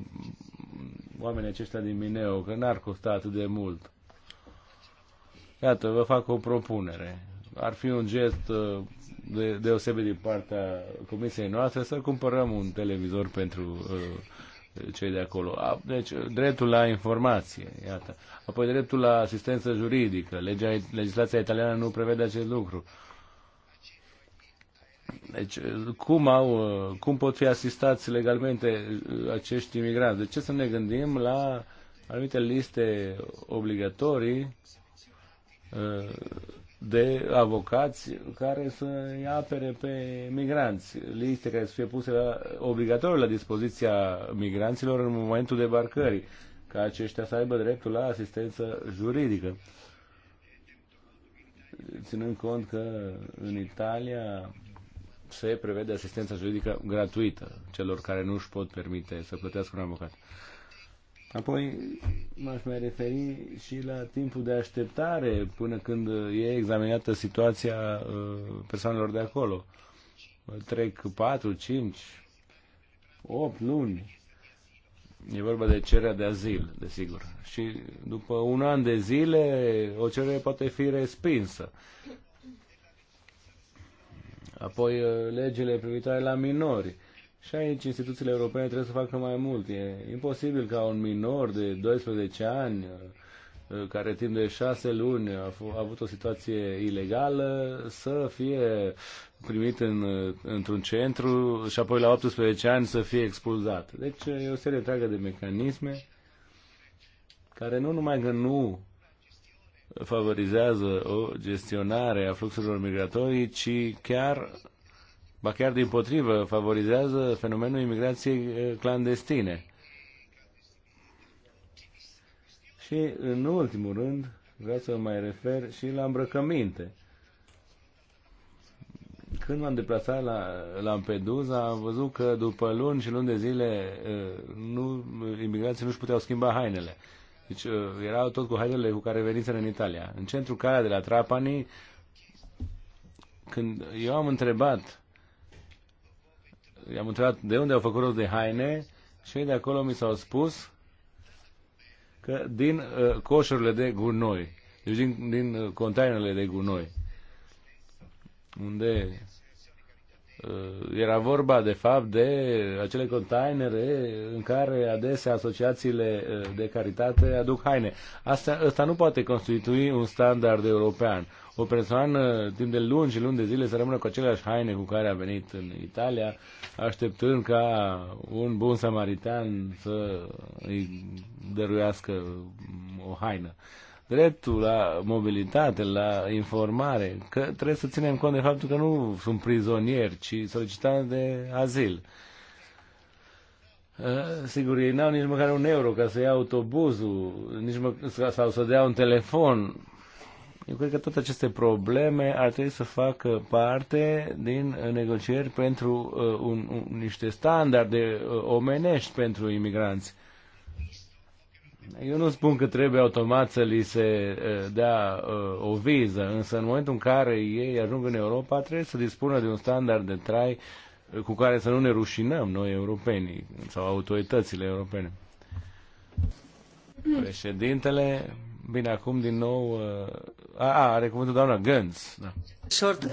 [SPEAKER 2] oamenii aceștia din Mineo, că n-ar costa atât de mult. Iată, vă fac o propunere. Ar fi un gest uh, de, deosebit din partea comisiei noastre să cumpărăm un televizor pentru uh, cei de acolo. Deci, dreptul la informație, iată. Apoi dreptul la asistență juridică. Legea, legislația italiană nu prevede acest lucru. Deci, cum, au, cum pot fi asistați legalmente uh, acești imigranți? De ce să ne gândim la anumite liste obligatorii uh, de avocați care să îi apere pe migranți, liste care să fie puse la, obligatoriu la dispoziția migranților în momentul debarcării, ca aceștia să aibă dreptul la asistență juridică. Ținând cont că în Italia se prevede asistența juridică gratuită celor care nu își pot permite să plătească un avocat. Apoi m-aș mai referi și la timpul de așteptare până când e examinată situația uh, persoanelor de acolo. Trec 4, 5, 8 luni. E vorba de cererea de azil, desigur. Și după un an de zile, o cerere poate fi respinsă. Apoi uh, legile privitoare la minori și aici instituțiile europene trebuie să facă mai mult. E imposibil ca un minor de 12 ani uh, uh, care timp de 6 luni a, a avut o situație ilegală să fie primit în, uh, într-un centru și apoi la 18 ani să fie expulzat. Deci e o serie întreagă de mecanisme care nu numai că nu favorizează o gestionare a fluxurilor migratorii, ci chiar ba chiar din potrivă, favorizează fenomenul imigrației eh, clandestine. Și, în ultimul rând, vreau să mai refer și la îmbrăcăminte. Când m-am deplasat la Lampedusa, am văzut că după luni și luni de zile eh, nu, imigrații nu-și puteau schimba hainele. Deci eh, erau tot cu hainele cu care veniseră în Italia. În centru calea de la Trapani, când eu am întrebat i-am întrebat de unde au făcut rost de haine și de acolo mi s-au spus că din uh, coșurile de gunoi, deci din, din uh, containerele de gunoi, unde uh, era vorba de fapt de acele containere în care adesea asociațiile uh, de caritate aduc haine. Asta, asta nu poate constitui un standard european o persoană timp de luni și luni de zile să rămână cu aceleași haine cu care a venit în Italia, așteptând ca un bun samaritan să îi dăruiască o haină. Dreptul la mobilitate, la informare, că trebuie să ținem cont de faptul că nu sunt prizonieri, ci solicitanți de azil. Uh, sigur, ei n-au nici măcar un euro ca să ia autobuzul nici mă, sau să dea un telefon eu cred că toate aceste probleme ar trebui să facă parte din negocieri pentru uh, un, un, niște standarde uh, omenești pentru imigranți. Eu nu spun că trebuie automat să li se uh, dea uh, o viză, însă în momentul în care ei ajung în Europa trebuie să dispună de un standard de trai uh, cu care să nu ne rușinăm noi europenii sau autoritățile europene. Mm. Președintele, Bine, acum din nou... Uh, a, a are cuvântul doamna Gânz.
[SPEAKER 1] Da. Short, uh,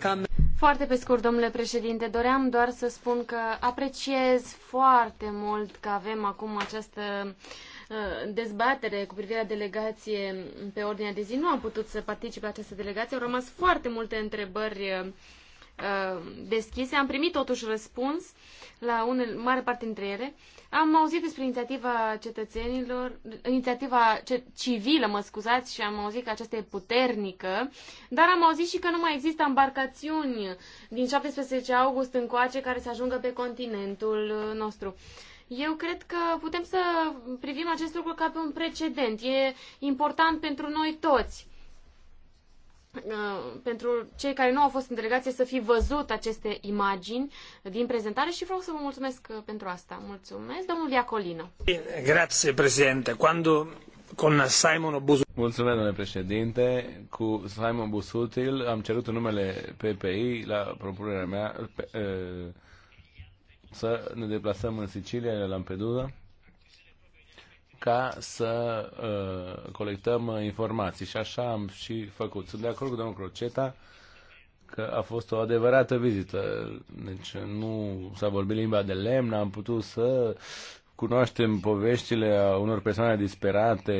[SPEAKER 1] cam...
[SPEAKER 3] Foarte pe scurt, domnule președinte, doream doar să spun că apreciez foarte mult că avem acum această uh, dezbatere cu privire la delegație pe ordinea de zi. Nu am putut să particip la această delegație. Au rămas foarte multe întrebări uh, deschise. Am primit totuși răspuns la unele, mare parte dintre ele. Am auzit despre inițiativa cetățenilor, inițiativa civilă, mă scuzați, și am auzit că aceasta e puternică, dar am auzit și că nu mai există embarcațiuni din 17 august încoace care să ajungă pe continentul uh, nostru. Eu cred că putem să privim acest lucru ca pe un precedent. E important pentru noi toți. Uh, pentru cei care nu au fost în delegație să fi văzut aceste imagini din prezentare și vreau să vă mulțumesc uh, pentru asta. Mulțumesc, domnul Diacolino.
[SPEAKER 1] Grazie, președinte. Quando con
[SPEAKER 2] Simon Busutil. Mulțumesc, domnule președinte. Cu Simon Busutil am cerut numele PPI la propunerea mea pe, uh, să ne deplasăm în Sicilia, la Lampedusa ca să uh, colectăm informații. Și așa am și făcut. Sunt de acord cu domnul Croceta că a fost o adevărată vizită. Deci nu s-a vorbit limba de lemn, am putut să cunoaștem poveștile a unor persoane disperate.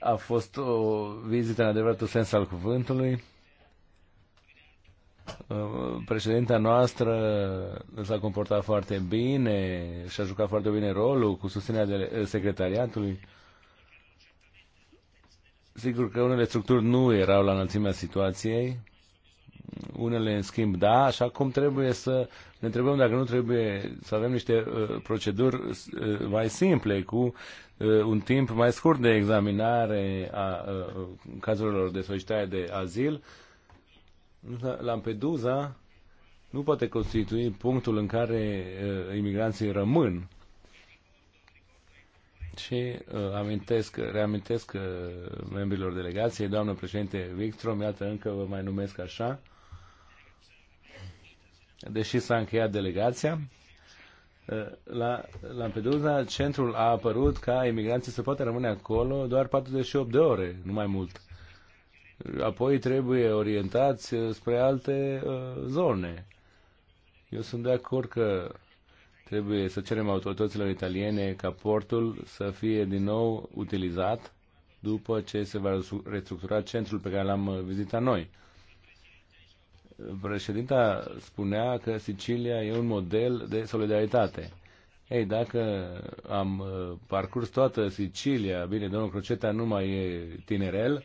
[SPEAKER 2] A fost o vizită în adevăratul sens al cuvântului. Uh, președinta noastră s-a comportat foarte bine și a jucat foarte bine rolul cu susținerea uh, secretariatului. Sigur că unele structuri nu erau la înălțimea situației, unele în schimb da, așa cum trebuie să ne întrebăm dacă nu trebuie să avem niște uh, proceduri uh, mai simple, cu uh, un timp mai scurt de examinare a uh, cazurilor de solicitare de azil, uh, Lampedusa nu poate constitui punctul în care uh, imigranții rămân. Și uh, amintesc, reamintesc uh, membrilor delegației, doamnă președinte Victrom, iată încă vă mai numesc așa, deși s-a încheiat delegația, uh, la Lampedusa, centrul a apărut ca imigranții să poată rămâne acolo doar 48 de ore, nu mai mult apoi trebuie orientați uh, spre alte uh, zone. Eu sunt de acord că trebuie să cerem autorităților italiene ca portul să fie din nou utilizat după ce se va restructura centrul pe care l-am uh, vizitat noi. Președinta spunea că Sicilia e un model de solidaritate. Ei, dacă am parcurs toată Sicilia, bine, domnul Croceta nu mai e tinerel,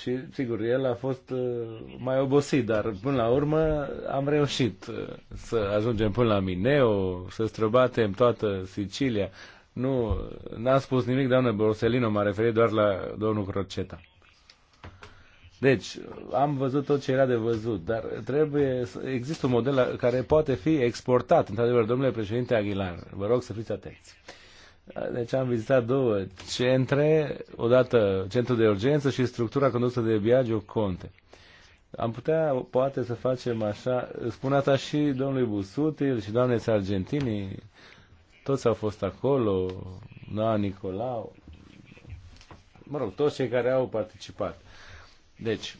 [SPEAKER 2] și, sigur, el a fost mai obosit, dar până la urmă am reușit să ajungem până la Mineo, să străbatem toată Sicilia. Nu, n-a spus nimic, doamnă Borsellino, m-a referit doar la domnul Croceta. Deci, am văzut tot ce era de văzut, dar trebuie să, există un model care poate fi exportat. Într-adevăr, domnule președinte Aguilar, vă rog să fiți atenți. Deci am vizitat două centre, odată centrul de urgență și structura condusă de Biagio Conte. Am putea, poate, să facem așa, spun asta și domnului Busutil și doamnei Sargentini, toți au fost acolo, na, Nicolau, mă rog, toți cei care au participat. Deci,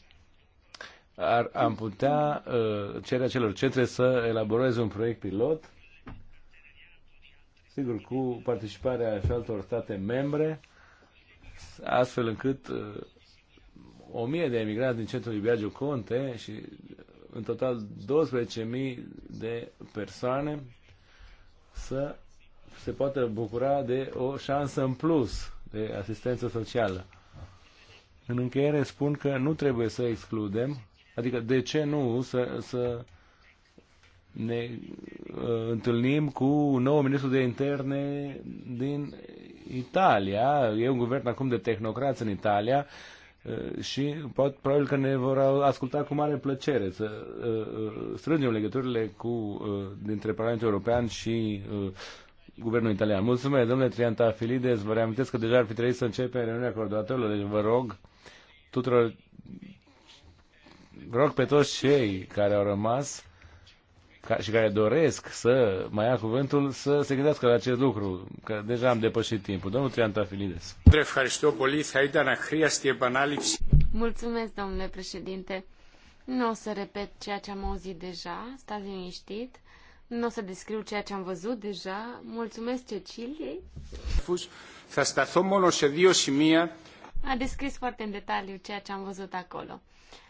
[SPEAKER 2] ar, am putea uh, cere acelor centre să elaboreze un proiect pilot sigur, cu participarea și altor state membre, astfel încât uh, o mie de emigranți din centrul Biagio Conte și uh, în total 12.000 de persoane să se poată bucura de o șansă în plus de asistență socială. În încheiere spun că nu trebuie să excludem, adică de ce nu să, să ne uh, întâlnim cu nou ministru de interne din Italia. E un guvern acum de tehnocrați în Italia uh, și pot, probabil că ne vor asculta cu mare plăcere să uh, uh, strângem legăturile cu, uh, dintre Parlamentul European și uh, guvernul italian. Mulțumesc, domnule Triantafilides, vă reamintesc că deja ar fi trebuit să începe reuniunea coordonatorilor, deci vă rog tuturor, vă rog pe toți cei care au rămas ca, și care doresc să mai ia cuvântul să se gândească la acest lucru, că deja am depășit timpul. Domnul Tafilides.
[SPEAKER 3] Mulțumesc, domnule președinte. Nu o să repet ceea ce am auzit deja, stați liniștit. Nu o să descriu ceea ce am văzut deja. Mulțumesc Ceciliei. A descris foarte în detaliu ceea ce am văzut acolo.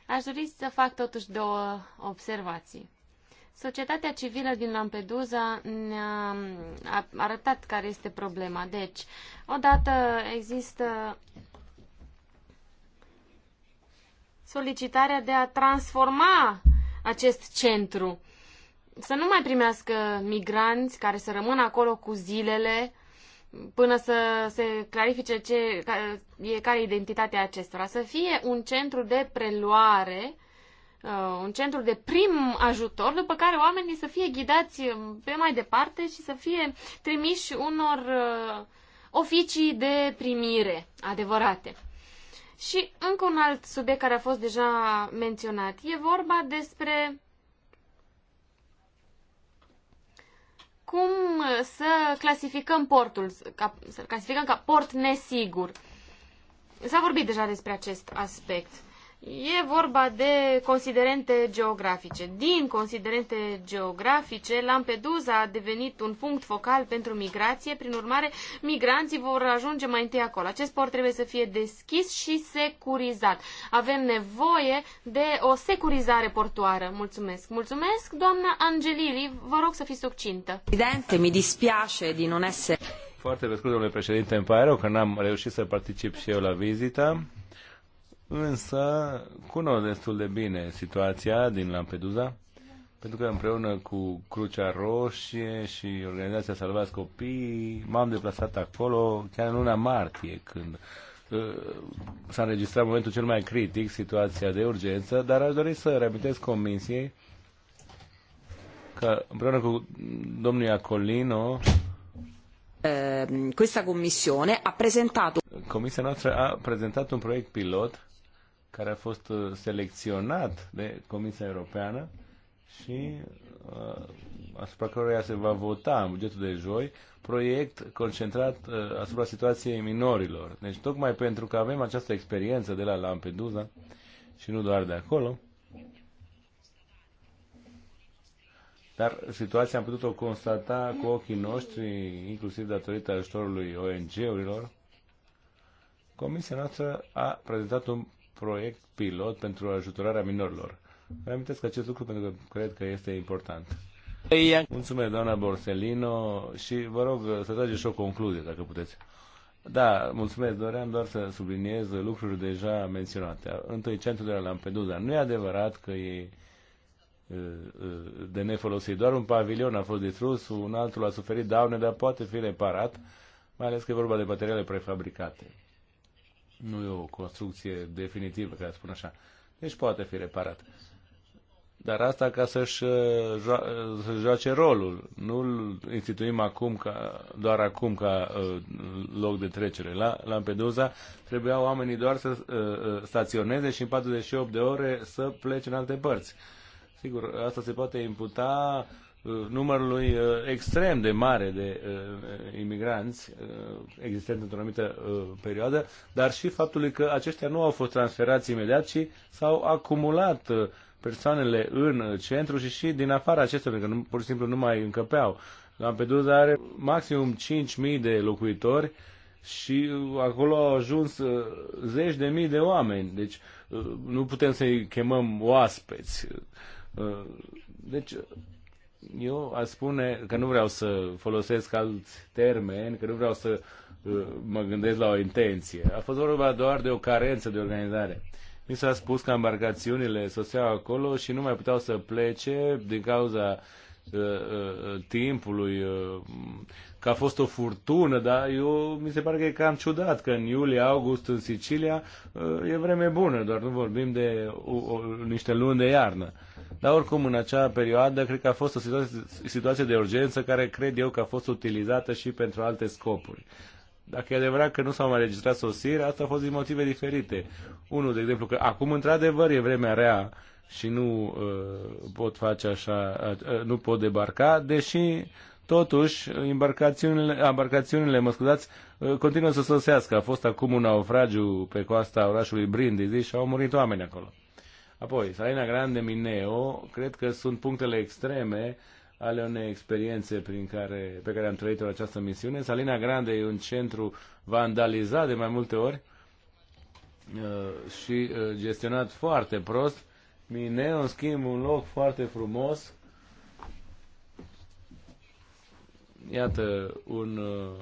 [SPEAKER 3] Aș dori să fac totuși două observații. Societatea civilă din Lampedusa ne-a arătat care este problema. Deci, odată există solicitarea de a transforma acest centru, să nu mai primească migranți care să rămână acolo cu zilele până să se clarifice ce, care e identitatea acestora, să fie un centru de preluare Uh, un centru de prim ajutor, după care oamenii să fie ghidați uh, pe mai departe și să fie trimiși unor uh, oficii de primire adevărate. Și încă un alt subiect care a fost deja menționat. E vorba despre cum să clasificăm portul, ca, să clasificăm ca port nesigur. S-a vorbit deja despre acest aspect. Uh, E vorba de considerente geografice. Din considerente geografice, Lampedusa a devenit un punct focal pentru migrație, prin urmare, migranții vor ajunge mai întâi acolo. Acest port trebuie să fie deschis și securizat. Avem nevoie de o securizare portoară. Mulțumesc. Mulțumesc, doamna Angelili. Vă rog să fiți succintă. Evidente, mi dispiace din non essere...
[SPEAKER 2] Foarte vă scurt, domnule președinte, îmi pare rău că n-am reușit să particip și eu la vizita însă cunosc destul de bine situația din Lampedusa, pentru că împreună cu Crucea Roșie și Organizația Salvați Copii m-am deplasat acolo chiar în luna martie, când uh, s-a înregistrat momentul cel mai critic, situația de urgență, dar aș dori să reamintesc Comisiei că împreună cu domnul Iacolino
[SPEAKER 3] ehm, questa commissione ha presentato
[SPEAKER 2] Comisia noastră a prezentat un proiect pilot care a fost uh, selecționat de Comisia Europeană și uh, asupra căruia se va vota în bugetul de joi, proiect concentrat uh, asupra situației minorilor. Deci tocmai pentru că avem această experiență de la Lampedusa și nu doar de acolo, dar situația am putut-o constata cu ochii noștri, inclusiv datorită ajutorului ONG-urilor, Comisia noastră a prezentat un proiect pilot pentru ajutorarea minorilor. Vă amintesc acest lucru pentru că cred că este important. Mulțumesc, doamna Borsellino, și vă rog să trageți și o concluzie, dacă puteți. Da, mulțumesc, doream doar să subliniez lucruri deja menționate. Întâi, centrul de la Lampedusa. Nu e adevărat că e de nefolosit. Doar un pavilion a fost distrus, un altul a suferit daune, dar poate fi reparat, mai ales că e vorba de materiale prefabricate nu e o construcție definitivă, ca să spun așa. Deci poate fi reparat. Dar asta ca să-și uh, să joace rolul. Nu-l instituim acum ca, doar acum ca uh, loc de trecere. La Lampedusa trebuia oamenii doar să uh, uh staționeze și în 48 de ore să plece în alte părți. Sigur, asta se poate imputa Uh, numărului uh, extrem de mare de uh, imigranți existent într-o anumită perioadă, dar și faptului că aceștia nu au fost transferați imediat, ci s-au acumulat persoanele în centru și și din afara acestor, pentru că nu, pur și simplu nu mai încăpeau. Lampedusa are maximum 5.000 de locuitori și acolo au ajuns zeci de mii de oameni, deci nu putem să-i chemăm oaspeți. Deci eu aș spune că nu vreau să folosesc alți termeni, că nu vreau să uh, mă gândesc la o intenție. A fost vorba doar de o carență de organizare. Mi s-a spus că embarcațiunile soseau acolo și nu mai puteau să plece din cauza uh, uh, timpului, că a fost o furtună, dar eu mi se pare că e cam ciudat că în iulie-august în Sicilia e vreme bună, doar nu vorbim de o, o, niște luni de iarnă. Uh, dar oricum, în acea perioadă, cred că a fost o situație, situație de urgență care cred eu că a fost utilizată și pentru alte scopuri. Dacă e adevărat că nu s-au mai registrat sosiri, asta a fost din motive diferite. Unul, de exemplu, că acum, într-adevăr, e vremea rea și nu uh, pot face așa, uh, nu pot debarca, deși Totuși, embarcațiunile, embarcațiunile mă scuzați, uh, continuă să sosească. A fost acum un naufragiu pe coasta orașului Brindisi și au murit oameni acolo. Apoi, Salina Grande Mineo, cred că sunt punctele extreme ale unei experiențe prin care, pe care am trăit-o această misiune. Salina Grande e un centru vandalizat de mai multe ori uh, și uh, gestionat foarte prost. Mineo, în schimb, un loc foarte frumos. Iată, un uh,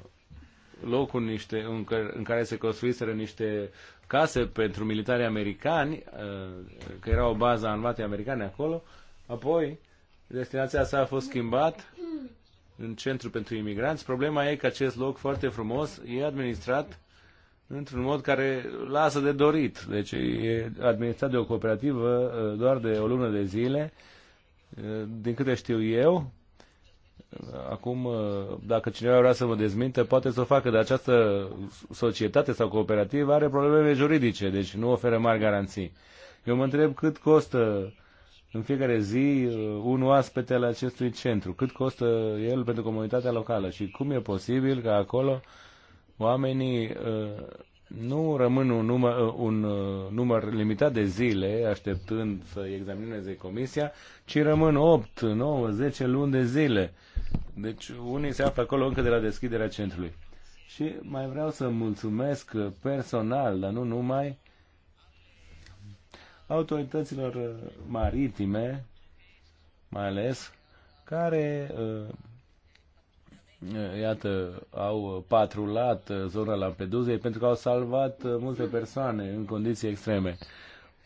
[SPEAKER 2] loc în, niște, în, care, în care se construiseră niște case pentru militarii americani, uh, că era o bază a armatei americane acolo, apoi destinația sa a fost schimbat în centru pentru imigranți. Problema e că acest loc foarte frumos e administrat într-un mod care lasă de dorit. Deci e administrat de o cooperativă uh, doar de o lună de zile, uh, din câte știu eu, Acum, uh, dacă cineva vrea să mă dezminte, poate să o facă, dar această societate sau cooperativă are probleme juridice, deci nu oferă mari garanții. Eu mă întreb cât costă în fiecare zi uh, un oaspete al acestui centru, cât costă el pentru comunitatea locală și cum e posibil că acolo oamenii uh, nu rămân un număr, un număr limitat de zile așteptând să examineze comisia, ci rămân 8, 9, 10 luni de zile deci unii se află acolo încă de la deschiderea centrului. Și mai vreau să mulțumesc personal, dar nu numai, autorităților uh, maritime, mai ales, care, uh, uh, iată, au patrulat zona Lampedusei pentru că au salvat multe persoane în condiții extreme,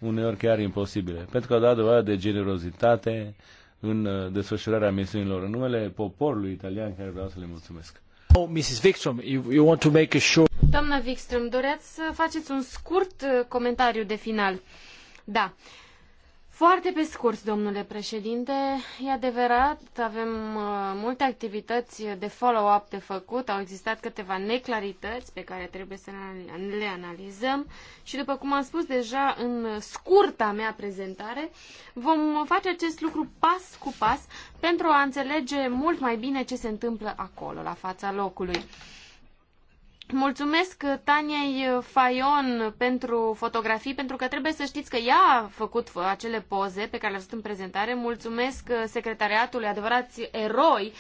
[SPEAKER 2] uneori chiar imposibile, pentru că au dat dovadă de generozitate, în uh, desfășurarea misiunilor, în numele poporului italian care vreau să le mulțumesc.
[SPEAKER 1] Oh, Mrs. Wikström, you, you want to make a short...
[SPEAKER 3] Doamna Wikström, doreați să faceți un scurt uh, comentariu de final. Da, foarte pe scurt, domnule președinte, e adevărat, avem uh, multe activități de follow-up de făcut, au existat câteva neclarități pe care trebuie să le analizăm și după cum am spus deja în scurta mea prezentare, vom face acest lucru pas cu pas pentru a înțelege mult mai bine ce se întâmplă acolo, la fața locului. Mulțumesc Taniei Fayon pentru fotografii, pentru că trebuie să știți că ea a făcut acele poze pe care le-a văzut în prezentare. Mulțumesc uh, secretariatului, adevărați eroi,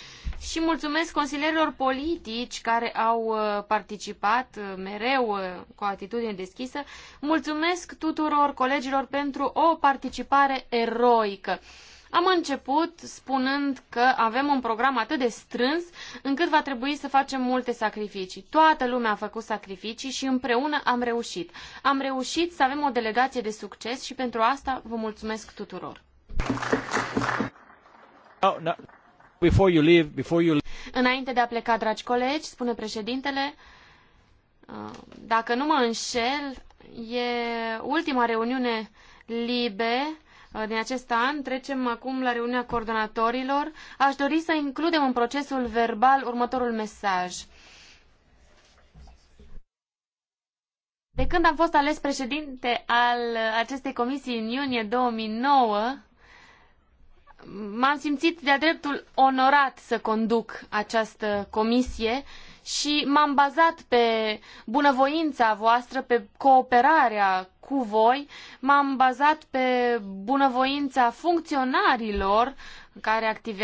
[SPEAKER 3] și mulțumesc consilierilor politici care au uh, participat uh, mereu cu o atitudine deschisă. Mulțumesc tuturor colegilor pentru o participare eroică. Am început spunând că avem un program atât de strâns încât va trebui să facem multe sacrificii. Toată lumea a făcut sacrificii și împreună am reușit. Am reușit să avem o delegație de succes și pentru asta vă mulțumesc tuturor.
[SPEAKER 1] No, oh, no. Before you leave, before you...
[SPEAKER 3] Înainte de a pleca, dragi colegi, spune președintele, uh, dacă nu mă înșel, e ultima reuniune libe Uh, din acest an. Trecem acum la reuniunea coordonatorilor. Aș dori să includem în procesul verbal următorul mesaj. De când am fost ales președinte al acestei comisii în iunie 2009, m-am simțit de-a dreptul onorat să conduc această comisie și m-am bazat pe bunăvoința voastră, pe cooperarea cu voi, m-am bazat pe bunăvoința funcționarilor care activează